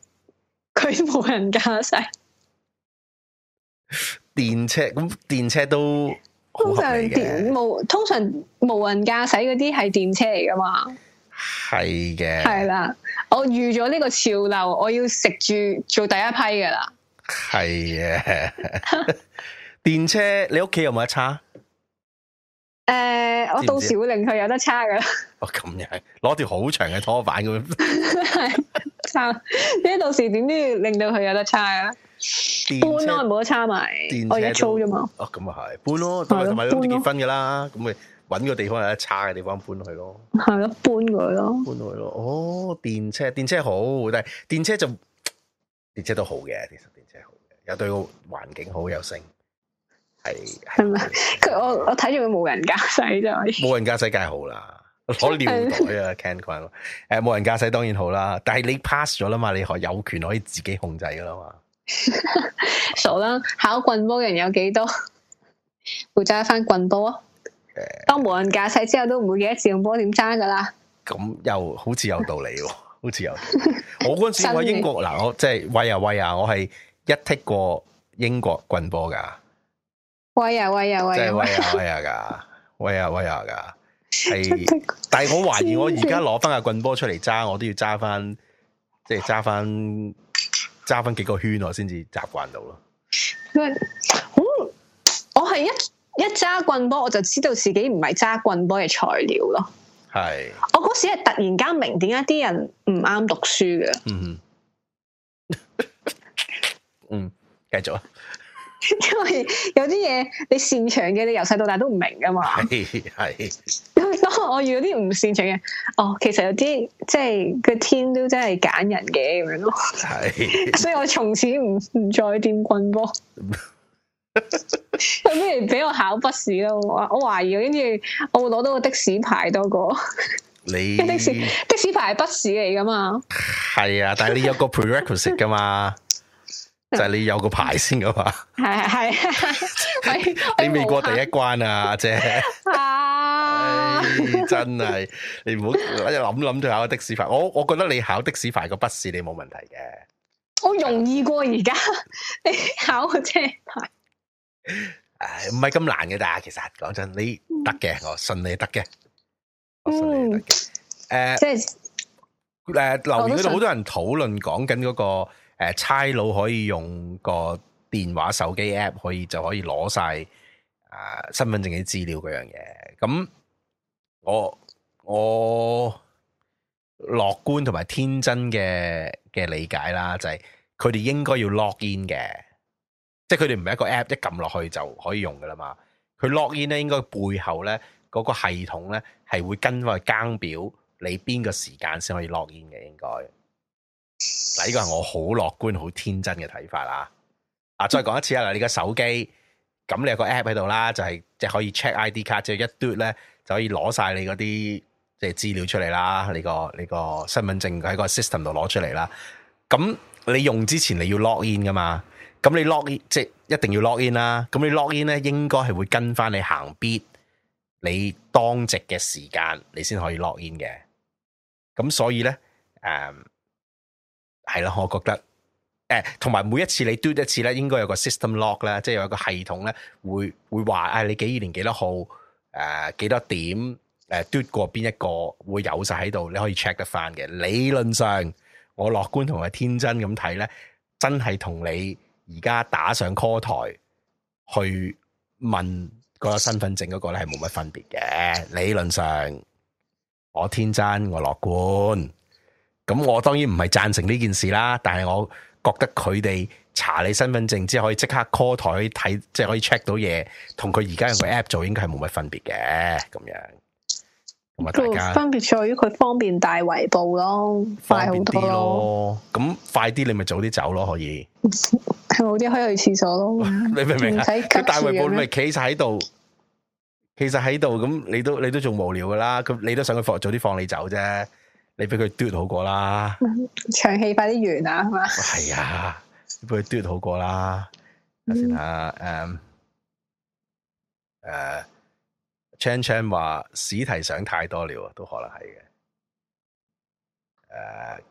佢冇人駕駛。 電車咁電車都通常電無通常無人駕駛嗰啲係電車嚟噶嘛？係嘅的，係啦，我預咗呢個潮流，我要食住做第一批噶啦。係啊的， 電車你屋企有冇得叉？誒、呃，我到時候會令佢有得叉噶。哦，咁 樣攞條好長嘅拖板咁樣， 到時點都要令到佢有得叉啊！搬咯，冇得差埋，我而家租啫嘛。啊，咁啊係，搬咯，同埋同埋結婚噶啦，咁咪搵個地方有得差嘅地方搬去咯。係咯，搬佢咯，搬佢咯。哦，電車，電車好，但係電車就電車都好嘅，其實電車好嘅，又對環境好，有升係係咪？佢嗎的，我我睇住佢冇人駕駛就可以。冇人駕駛梗係好啦，我了佢啊，Ken 哥，誒，冇人駕駛當然好啦，啊 啊，但係你 pass 咗啦嘛，你可有權可以自己控制噶啦嘛。 傻啦！考棍波嘅人有幾多？會揸翻棍波啊？當無人駕駛之後都唔會記得自動波點揸噶啦。咁又好似有道理喎、啊，好似有。我嗰陣時我喺英國嗱，我即係喂啊喂啊，我係、就是、一剔過英國棍波噶、 就是。喂啊喂啊喂啊！即係喂啊喂啊噶，喂啊喂啊噶，係。 但係我懷疑我而家攞翻架棍波出嚟揸，我都要揸翻，即係揸翻。揸翻幾個圈我先至習慣到咯。嗯，我係一一揸棍波，我就知道自己唔係揸棍波嘅材料咯。係是。我嗰時係突然間明點解啲人唔啱讀書嘅。嗯，哼 嗯，嗯，繼續啊。因為有啲嘢你擅長嘅，你由細到大都唔明噶嘛。係係。No, 我遇到啲唔擅長嘅，哦，其實有啲即係、個天都真係揀人嘅咁樣咯。係， 所以我從此唔唔再掂棍波。咁 不如俾我考筆試咯。我我懷疑，跟住我會攞到個的士牌多過你。的士、的士牌係筆試嚟噶嘛？係啊，但係你有個 prerequisite 噶嘛？ 就係你有個牌先噶嘛，係係， 是是是 你未過第一關啊，姐啊， 哎、真係，你唔好諗諗就考個的士牌，我我覺得你考的士牌個筆試你冇問題嘅，我容易過而家，你考個車牌，誒，唔係咁難嘅咋，其實講真，你得嘅，我信你得嘅，我信你得嘅，嗯，誒，即係誒，留言度，好多人討論講緊嗰個。誒，差佬可以用個電話手機 app，可以就可以攞晒身份證嘅資料嗰樣嘢。咁我我樂觀同埋天真嘅嘅理解啦，就係佢哋應該要 login 嘅，即係佢哋唔係一個 app 一撳落去就可以用噶啦嘛。佢 login 咧，應該背後咧，嗰個系統咧係會跟返更表，你邊個時間先可以 login 嘅應該。嗱，呢個係我好樂觀、好天真嘅睇法啊。啊，再講一次啊，你個手機咁，你有個 app 喺度啦，就係即係可以 check ID 卡，只要一嘟 o 咧，就可以攞晒你嗰啲即係資料出嚟啦。你個你個身份證喺個 system 度攞出嚟啦。咁你用之前你要 login 噶嘛。咁你 login 即係一定要 login 啦。咁你 login 咧，應該係會跟翻你行必你當值嘅時間，你先可以 login 嘅。咁所以咧，誒，um。係啦，我覺得，誒，同埋每一次你嘟一次咧，應該有個 system log 啦，即係有一個系統咧，會會話，誒、哎，你幾二年幾多號，誒、呃，幾多點，誒、呃、，嘟過邊一個，會有晒喺度，你可以 check 得翻嘅。理論上，我樂觀同埋天真咁睇咧，真係同你而家打上 call 台去問嗰個身份證嗰個咧，係冇乜分別嘅。理論上，我天真，我樂觀。咁我當然唔係贊成呢件事啦，但係我覺得佢哋查你身份證之後可以即刻 call 台睇，即係、就是、可以 check 到嘢，同佢而家用個 app 做應該，應該係冇乜分別嘅。咁樣，咁啊，分別在於佢方便大圍捕咯，快好多咯。咁快啲，你咪早啲走咯，可以係冇啲可以去廁所咯。你明唔明啊？佢大圍捕咪企晒喺度，其實喺度，咁你都你都仲無聊噶啦。咁你都想佢放早啲放你走啫。你俾佢嘟好過啦，長戲快啲完啦，係嘛？係 啊、哎，你俾佢嘟好過啦。啱先啊，誒誒 Chan Chan 話史提想太多了，都可能係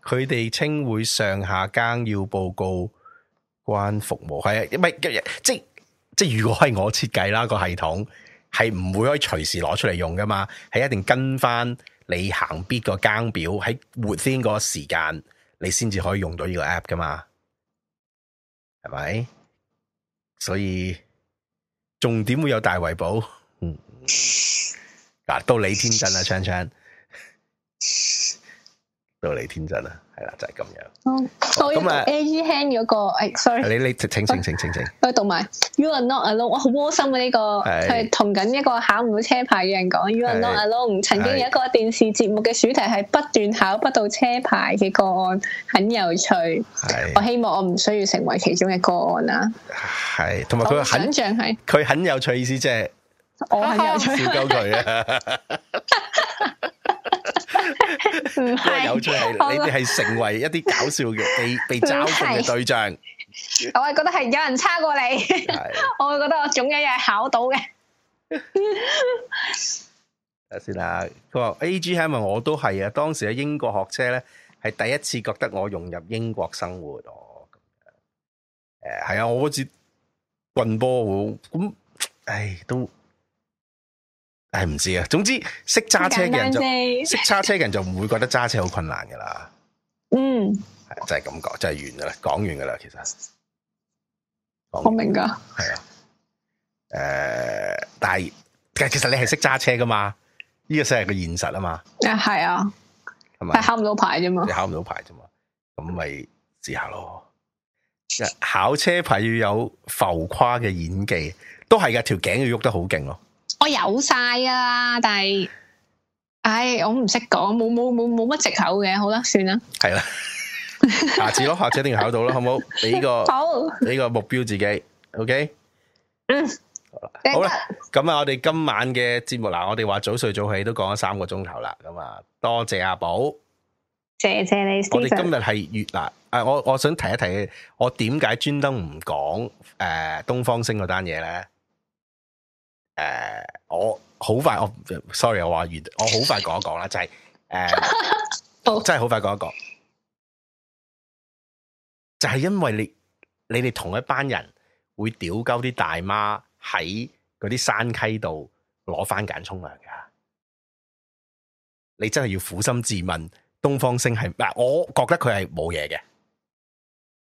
嘅。誒，佢哋稱會上下更要報告關服務，係啊，唔係即即如果係我設計啦個系統，係唔會可以隨時攞出嚟用噶嘛，係一定跟翻。你行邊個更表喺活先個時間，你先至可以用到呢個 app 噶嘛，係咪？所以重點會有大維保，嗯，嗱，到你天真啦、啊，昌昌。到你天真啊，係啦，就係咁樣。咁啊，A. G. Hand 嗰個，誒，sorry，你你請請請請請，喂，同埋。You are not alone，我好窩心啊呢個，佢同緊一個考唔到車牌嘅人講。You are not alone，曾經有一個電視節目嘅主題係不斷考不到車牌嘅個案，很有趣。我希望我唔需要成為其中嘅個案啊。係，同埋佢很像係，佢很有趣意思即係我係有趣。笑佢啊！唔係，你哋係成為一啲搞笑嘅被被嘲諷嘅對象。我係覺得係有人差過你，我係覺得我總有一日考到嘅。啊，先啦，佢話 A G 係咪我都係啊？當時喺英國學車咧，係第一次覺得我融入英國生活哦。咁樣，誒，係啊，我好似棍波咁，誒，都。係唔、哎、知啊，總之識揸車嘅人就識揸 車嘅人就唔會覺得揸車好困難噶啦。嗯，嗯，就係咁講，就係完噶啦，講完噶啦，其實好明噶，係啊，誒、呃，但係其實你係識揸車噶嘛？呢個先係個現實啊嘛。啊，係啊，係考唔到牌啫嘛，你考唔到牌啫嘛，咁咪試下咯。考車牌要有浮誇嘅演技，都係噶，條頸要喐得好勁咯。我有晒噶啦，但係，唉，我唔識講，冇冇冇冇乜藉口嘅，好啦，算啦，係啦，下次咯，下次一定考到啦，好唔好？俾個好俾個目標自己，OK，嗯，好啦，咁啊，我哋今晚嘅節目嗱，我哋話早睡早起都講咗三個鐘頭啦，咁啊，多謝阿寶，謝謝你。我哋今日係越嗱，誒，我我想提一提嘅，我點解專登唔講誒東方星嗰單嘢咧？誒，uh, 我好快，我、oh, sorry，我話完，我好快講一講啦，就係、是、誒，uh, 真係好快講一講，就係、是、因為你你哋同一班人會屌鳩啲大媽喺嗰啲山溪度攞返枧沖涼㗎。你真係要苦心自問，東方星係嗱，我覺得佢係冇嘢嘅，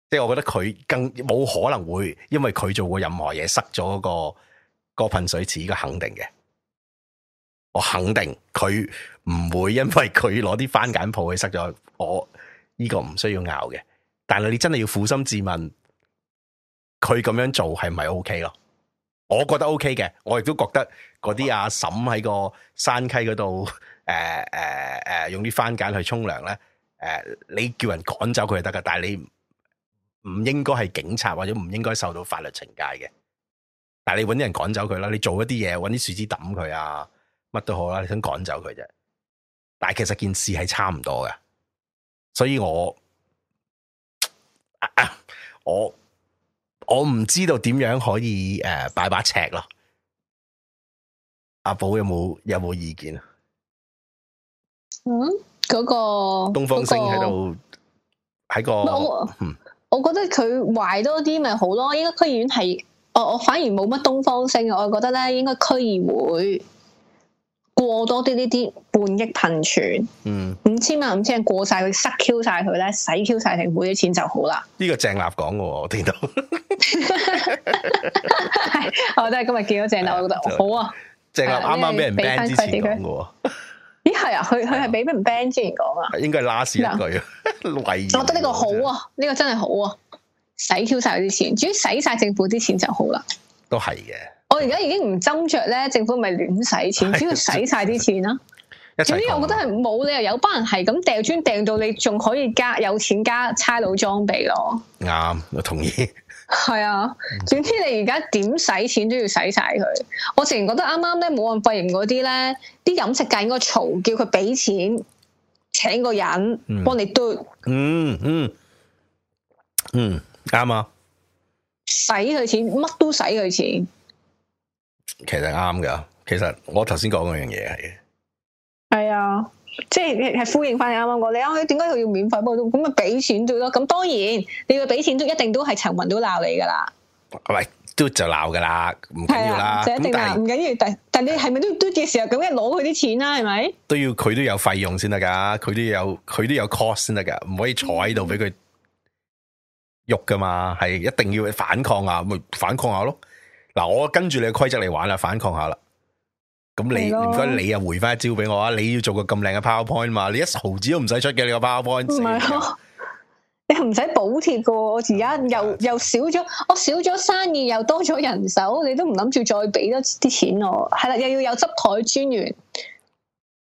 即、就、係、是、我覺得佢更冇可能會，因為佢做過任何嘢，塞咗、嗰個。個噴水池，依、這個肯定嘅，我肯定佢唔會，因為佢攞啲番梘泡去塞咗我，呢、這個唔需要拗嘅。但係你真係要負心自問，佢咁樣做係咪 OK 咯？我覺得 OK 嘅，我亦都覺得嗰啲阿嬸喺個山溪嗰度，誒誒誒，用啲番梘去沖涼咧，誒、呃，你叫人趕走佢就得噶，但係你唔應該係警察，或者唔應該受到法律懲戒嘅。你搵人趕走佢啦，你做一啲嘢搵啲樹枝抌佢啊，乜都好啦，你想趕走佢啫。但係其實件事係差唔多嘅，所以我我我唔知道點樣可以誒擺把尺咯。阿寶有冇有冇意見啊？嗯，嗰個、嗰個東方星喺度喺個，我，嗯，我覺得佢壞多啲咪好咯，依家區議院係。我反而冇乜東方性，我覺得咧應該區議會過多啲呢啲半億噴泉，嗯，五千萬、五千萬過晒佢，塞 Q 晒佢咧，洗 Q 晒庭會啲錢就好啦。呢個鄭立講嘅，我聽到， 我都係今日見到鄭立，我覺得、哎、好啊。鄭立啱啱俾人 ban 之前講嘅，咦係啊？佢佢係俾人 ban 之前講 啊，啊？應該係 last 一句， 我覺得呢個好啊，呢 個真係好啊。洗超晒啲錢，至於洗晒政府啲錢就好啦。都係嘅。我而家已經唔斟酌咧，政府咪亂使錢，的只要洗晒啲錢啦。總之，我覺得係冇理由有班人係咁掟磚，掟到你仲可以加有錢加差佬裝備咯。啱，我同意。係啊，總之你而家點使錢都要洗晒佢。我成日覺得啱啱咧，武漢肺炎嗰啲咧，啲飲食界應該嘈，叫佢俾錢請個人幫你嘟、嗯。嗯嗯嗯。啱啊！使佢錢，乜都使佢錢。其實係啱噶，其實我頭先講嗰樣嘢係嘅。係啊，即係係呼應翻你啱啱講，你啱啱點解佢要免費？都咁咪俾錢咗咯？咁當然你要俾錢都一定都係陳雲都鬧你噶啦。喂，係都就鬧噶啦，唔緊要啦。但係唔緊要，但但你係咪都都嘅時候咁樣攞佢啲錢啦？係咪都要佢都有費用先得噶？佢都有佢都有 cost 先得噶，唔可以坐喺度俾佢。肉噶嘛，係一定要去反抗啊！咪反抗下咯。嗱、啊，我跟住你嘅規則嚟玩啦，反抗下啦。咁你唔該，的你,你又回翻一招俾我啊！你要做個咁靚嘅 PowerPoint 嘛？你一毫紙都唔使出嘅你個 PowerPoint。唔係啊，你唔使補貼噶。我而家又又少咗，我少咗生意又多咗人手，你都唔諗住再俾多啲錢我。係啦，又要有執台專員。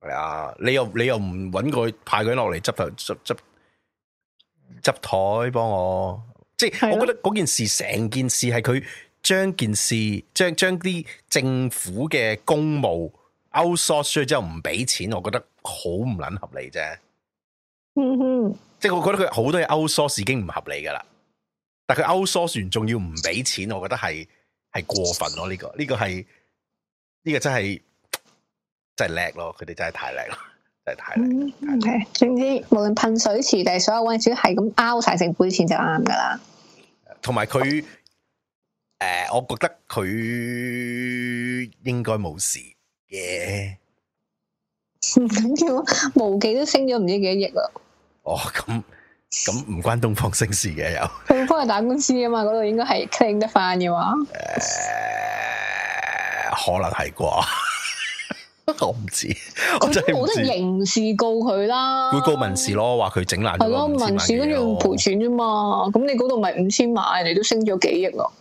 係啊，你又你又唔搵佢，派佢落嚟執台執執執台幫我。即係，我覺得嗰件事成件事係佢將件事將將啲政府嘅公務 outsource 出去之後唔俾錢，我覺得好唔捻合理啫。 即係我覺得佢好多嘢 outsource 已經唔合理噶啦，但佢 outsource 完仲要唔俾錢，我覺得係係過分咯。呢個呢個係呢個真係真係叻咯，佢哋真係太叻啦。係啦、嗯，總之無論噴水池定係所有位，主要係咁拗晒成杯錢就啱噶啦。同埋佢，誒、呃，我覺得佢應該冇事嘅。唔緊要，無記都升咗唔知幾多億咯。哦，咁咁唔關東方升事嘅又，佢幫佢打官司啊嘛，嗰度應該係傾得翻嘅話，可能係啩。我唔知，我真係冇得刑事告佢啦，會告民事咯，話佢整爛咗，係咯，民事跟住賠錢啫嘛。咁你嗰度咪五千萬，人哋都升咗幾億咯。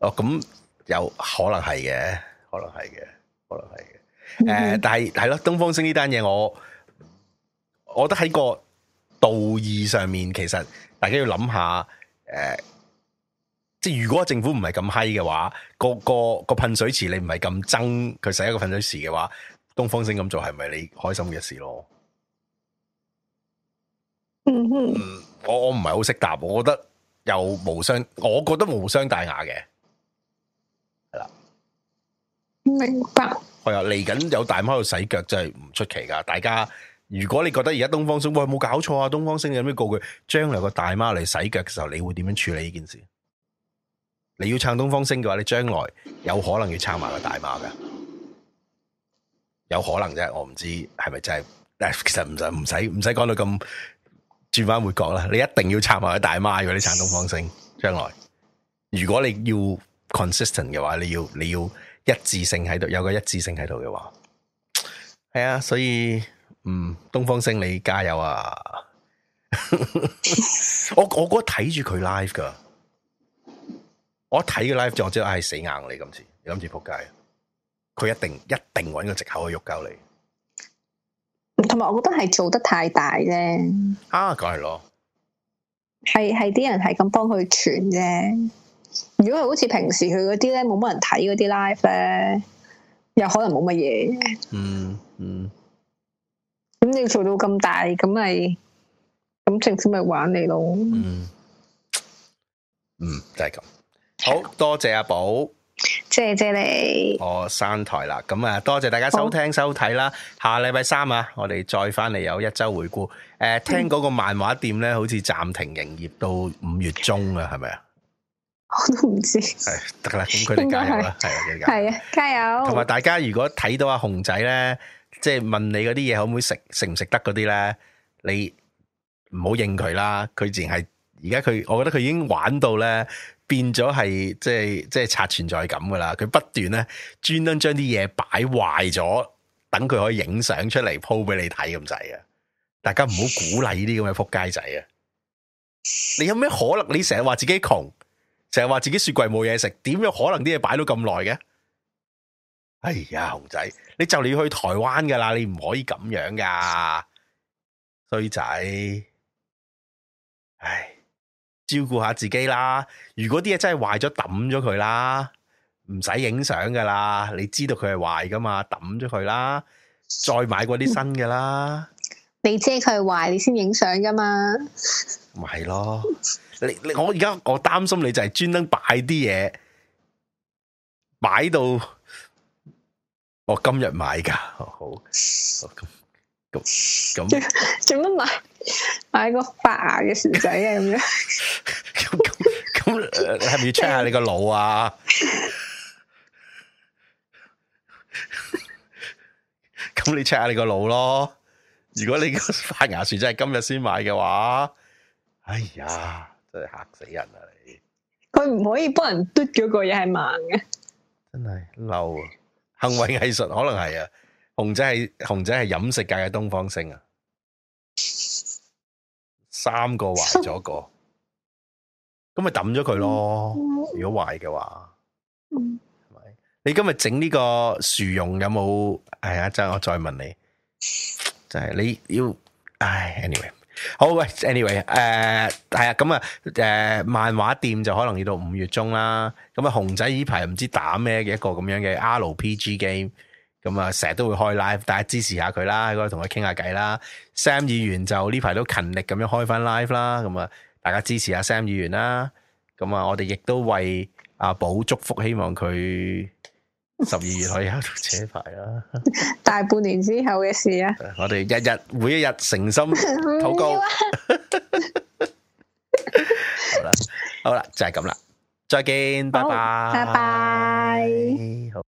哦，咁有可能係嘅，可能係嘅，可能係嘅。誒，呃嗯、但係係咯，東方星呢單嘢，我我覺得喺個道義上面，其實大家要諗下，誒、呃，即係如果政府唔係咁嗨嘅話，個個個噴水池，你唔係咁憎佢使一個噴水池嘅話。東方星咁做係咪你開心嘅事咯？嗯哼，我我唔係好識答，我覺得又無傷，我覺得無傷大雅嘅。係啦，明白。係啊，嚟緊有大媽喺度洗腳，真係唔出奇噶。大家如果你覺得而家東方星，喂冇搞錯啊！東方星有咩告佢？將來個大媽嚟洗腳嘅時候，你會點樣處理呢件事？你要撐東方星嘅話，你將來有可能要撐埋個大媽噶。有可能啫，我唔知係咪真係。但係其實唔使唔使唔使講到咁轉翻回角啦。你一定要撐埋啲大媽如果你撐東方星。將來如果你要 consistent 嘅話，你要你要一致性喺度，有一個一致性喺度嘅話，係啊。所以嗯，東方星你加油啊！ 我我覺得睇住佢 live 噶我睇個 live 就我知道死硬你今次，你諗住扑街。佢一定一定揾個借口去喐鳩你，啊，同埋我覺得係做得太大啫。啊，梗係咯，係係啲人係咁幫佢傳啫。如果係好似平時佢嗰啲咧，冇乜人睇嗰啲 live 咧，又可能冇乜嘢。嗯嗯，咁你做到咁大，咁咪咁政府咪玩你咯。嗯，嗯，就係、是、咁，好多謝阿寶。謝謝你，我刪、哦、台啦。咁啊，多謝大家收聽好收睇啦。下禮拜三啊，我哋再返嚟有一周回顧。誒、呃，聽嗰個漫畫店咧，好似暫停營業到五月中啊，係咪啊？我都唔知。係得啦，咁佢哋加油啦，係啊，係啊，加油。同埋大家如果睇到阿熊仔咧，即係問你嗰啲嘢可唔可以食食唔食得嗰啲咧，你唔好應佢啦。佢自然係而家，佢我覺得佢已經玩到咧。變咗係即係即係刷存在感噶啦，佢不斷咧專登將啲嘢擺壞咗，等佢可以影相出嚟鋪俾你睇咁滯啊！大家唔好鼓勵呢啲咁嘅撲街仔啊！你有咩可能？你成日話自己窮，成日話自己雪櫃冇嘢食，點有可能啲嘢擺到咁耐嘅？哎呀，熊仔，你就你要去台灣噶啦，你唔可以咁樣噶衰仔，唉。照顧下自己啦，如果啲嘢真係壞咗，抌咗佢啦，唔使影相噶啦，你知道佢係壞噶嘛，抌咗佢啦，再買過啲新嘅啦。你知佢係壞，你先影相噶嘛，咪係咯。你你我而家我擔心你就係專登擺啲嘢，擺到我今日買噶。好好好咁做乜買買個發芽嘅薯仔啊？咁咁咁，係咪要 check 下你個腦啊？咁你 check 下你個腦咯。如果你個發芽薯仔係今日先買嘅話，哎呀，真係嚇死人，人啊！你佢唔可以幫人嘟咗個嘢係盲嘅，真係嬲啊！行為藝術可能係啊。熊仔係熊仔係飲食界嘅東方星啊，三個壞咗個，咁咪抌咗佢咯。如果壞嘅話，係咪、嗯？你今日整呢個薯蓉有冇？係、哎、啊，真係我再問你，就係、是、你要唉。Anyway，好喂，Anyway，誒、呃、係啊，咁、呃、啊，誒漫畫店就可能要到五月中啦。咁、嗯、啊，熊仔依排唔知打咩嘅一個咁樣嘅 RPG game。咁啊，成日、嗯、都會開 live，大家支持下佢啦，喺嗰度同佢傾下偈啦。Sam 議員就呢排都勤力咁樣開翻 live 啦，咁、嗯、啊，大家支持下 Sam 議員啦。咁、嗯、啊，我哋亦都為阿寶祝福，希望佢十二月可以考到車牌啦。 大半年之後嘅事啊，我哋日日每一日誠心禱告 要、啊。 好啦，好啦，就係咁啦，再見，拜拜，拜拜。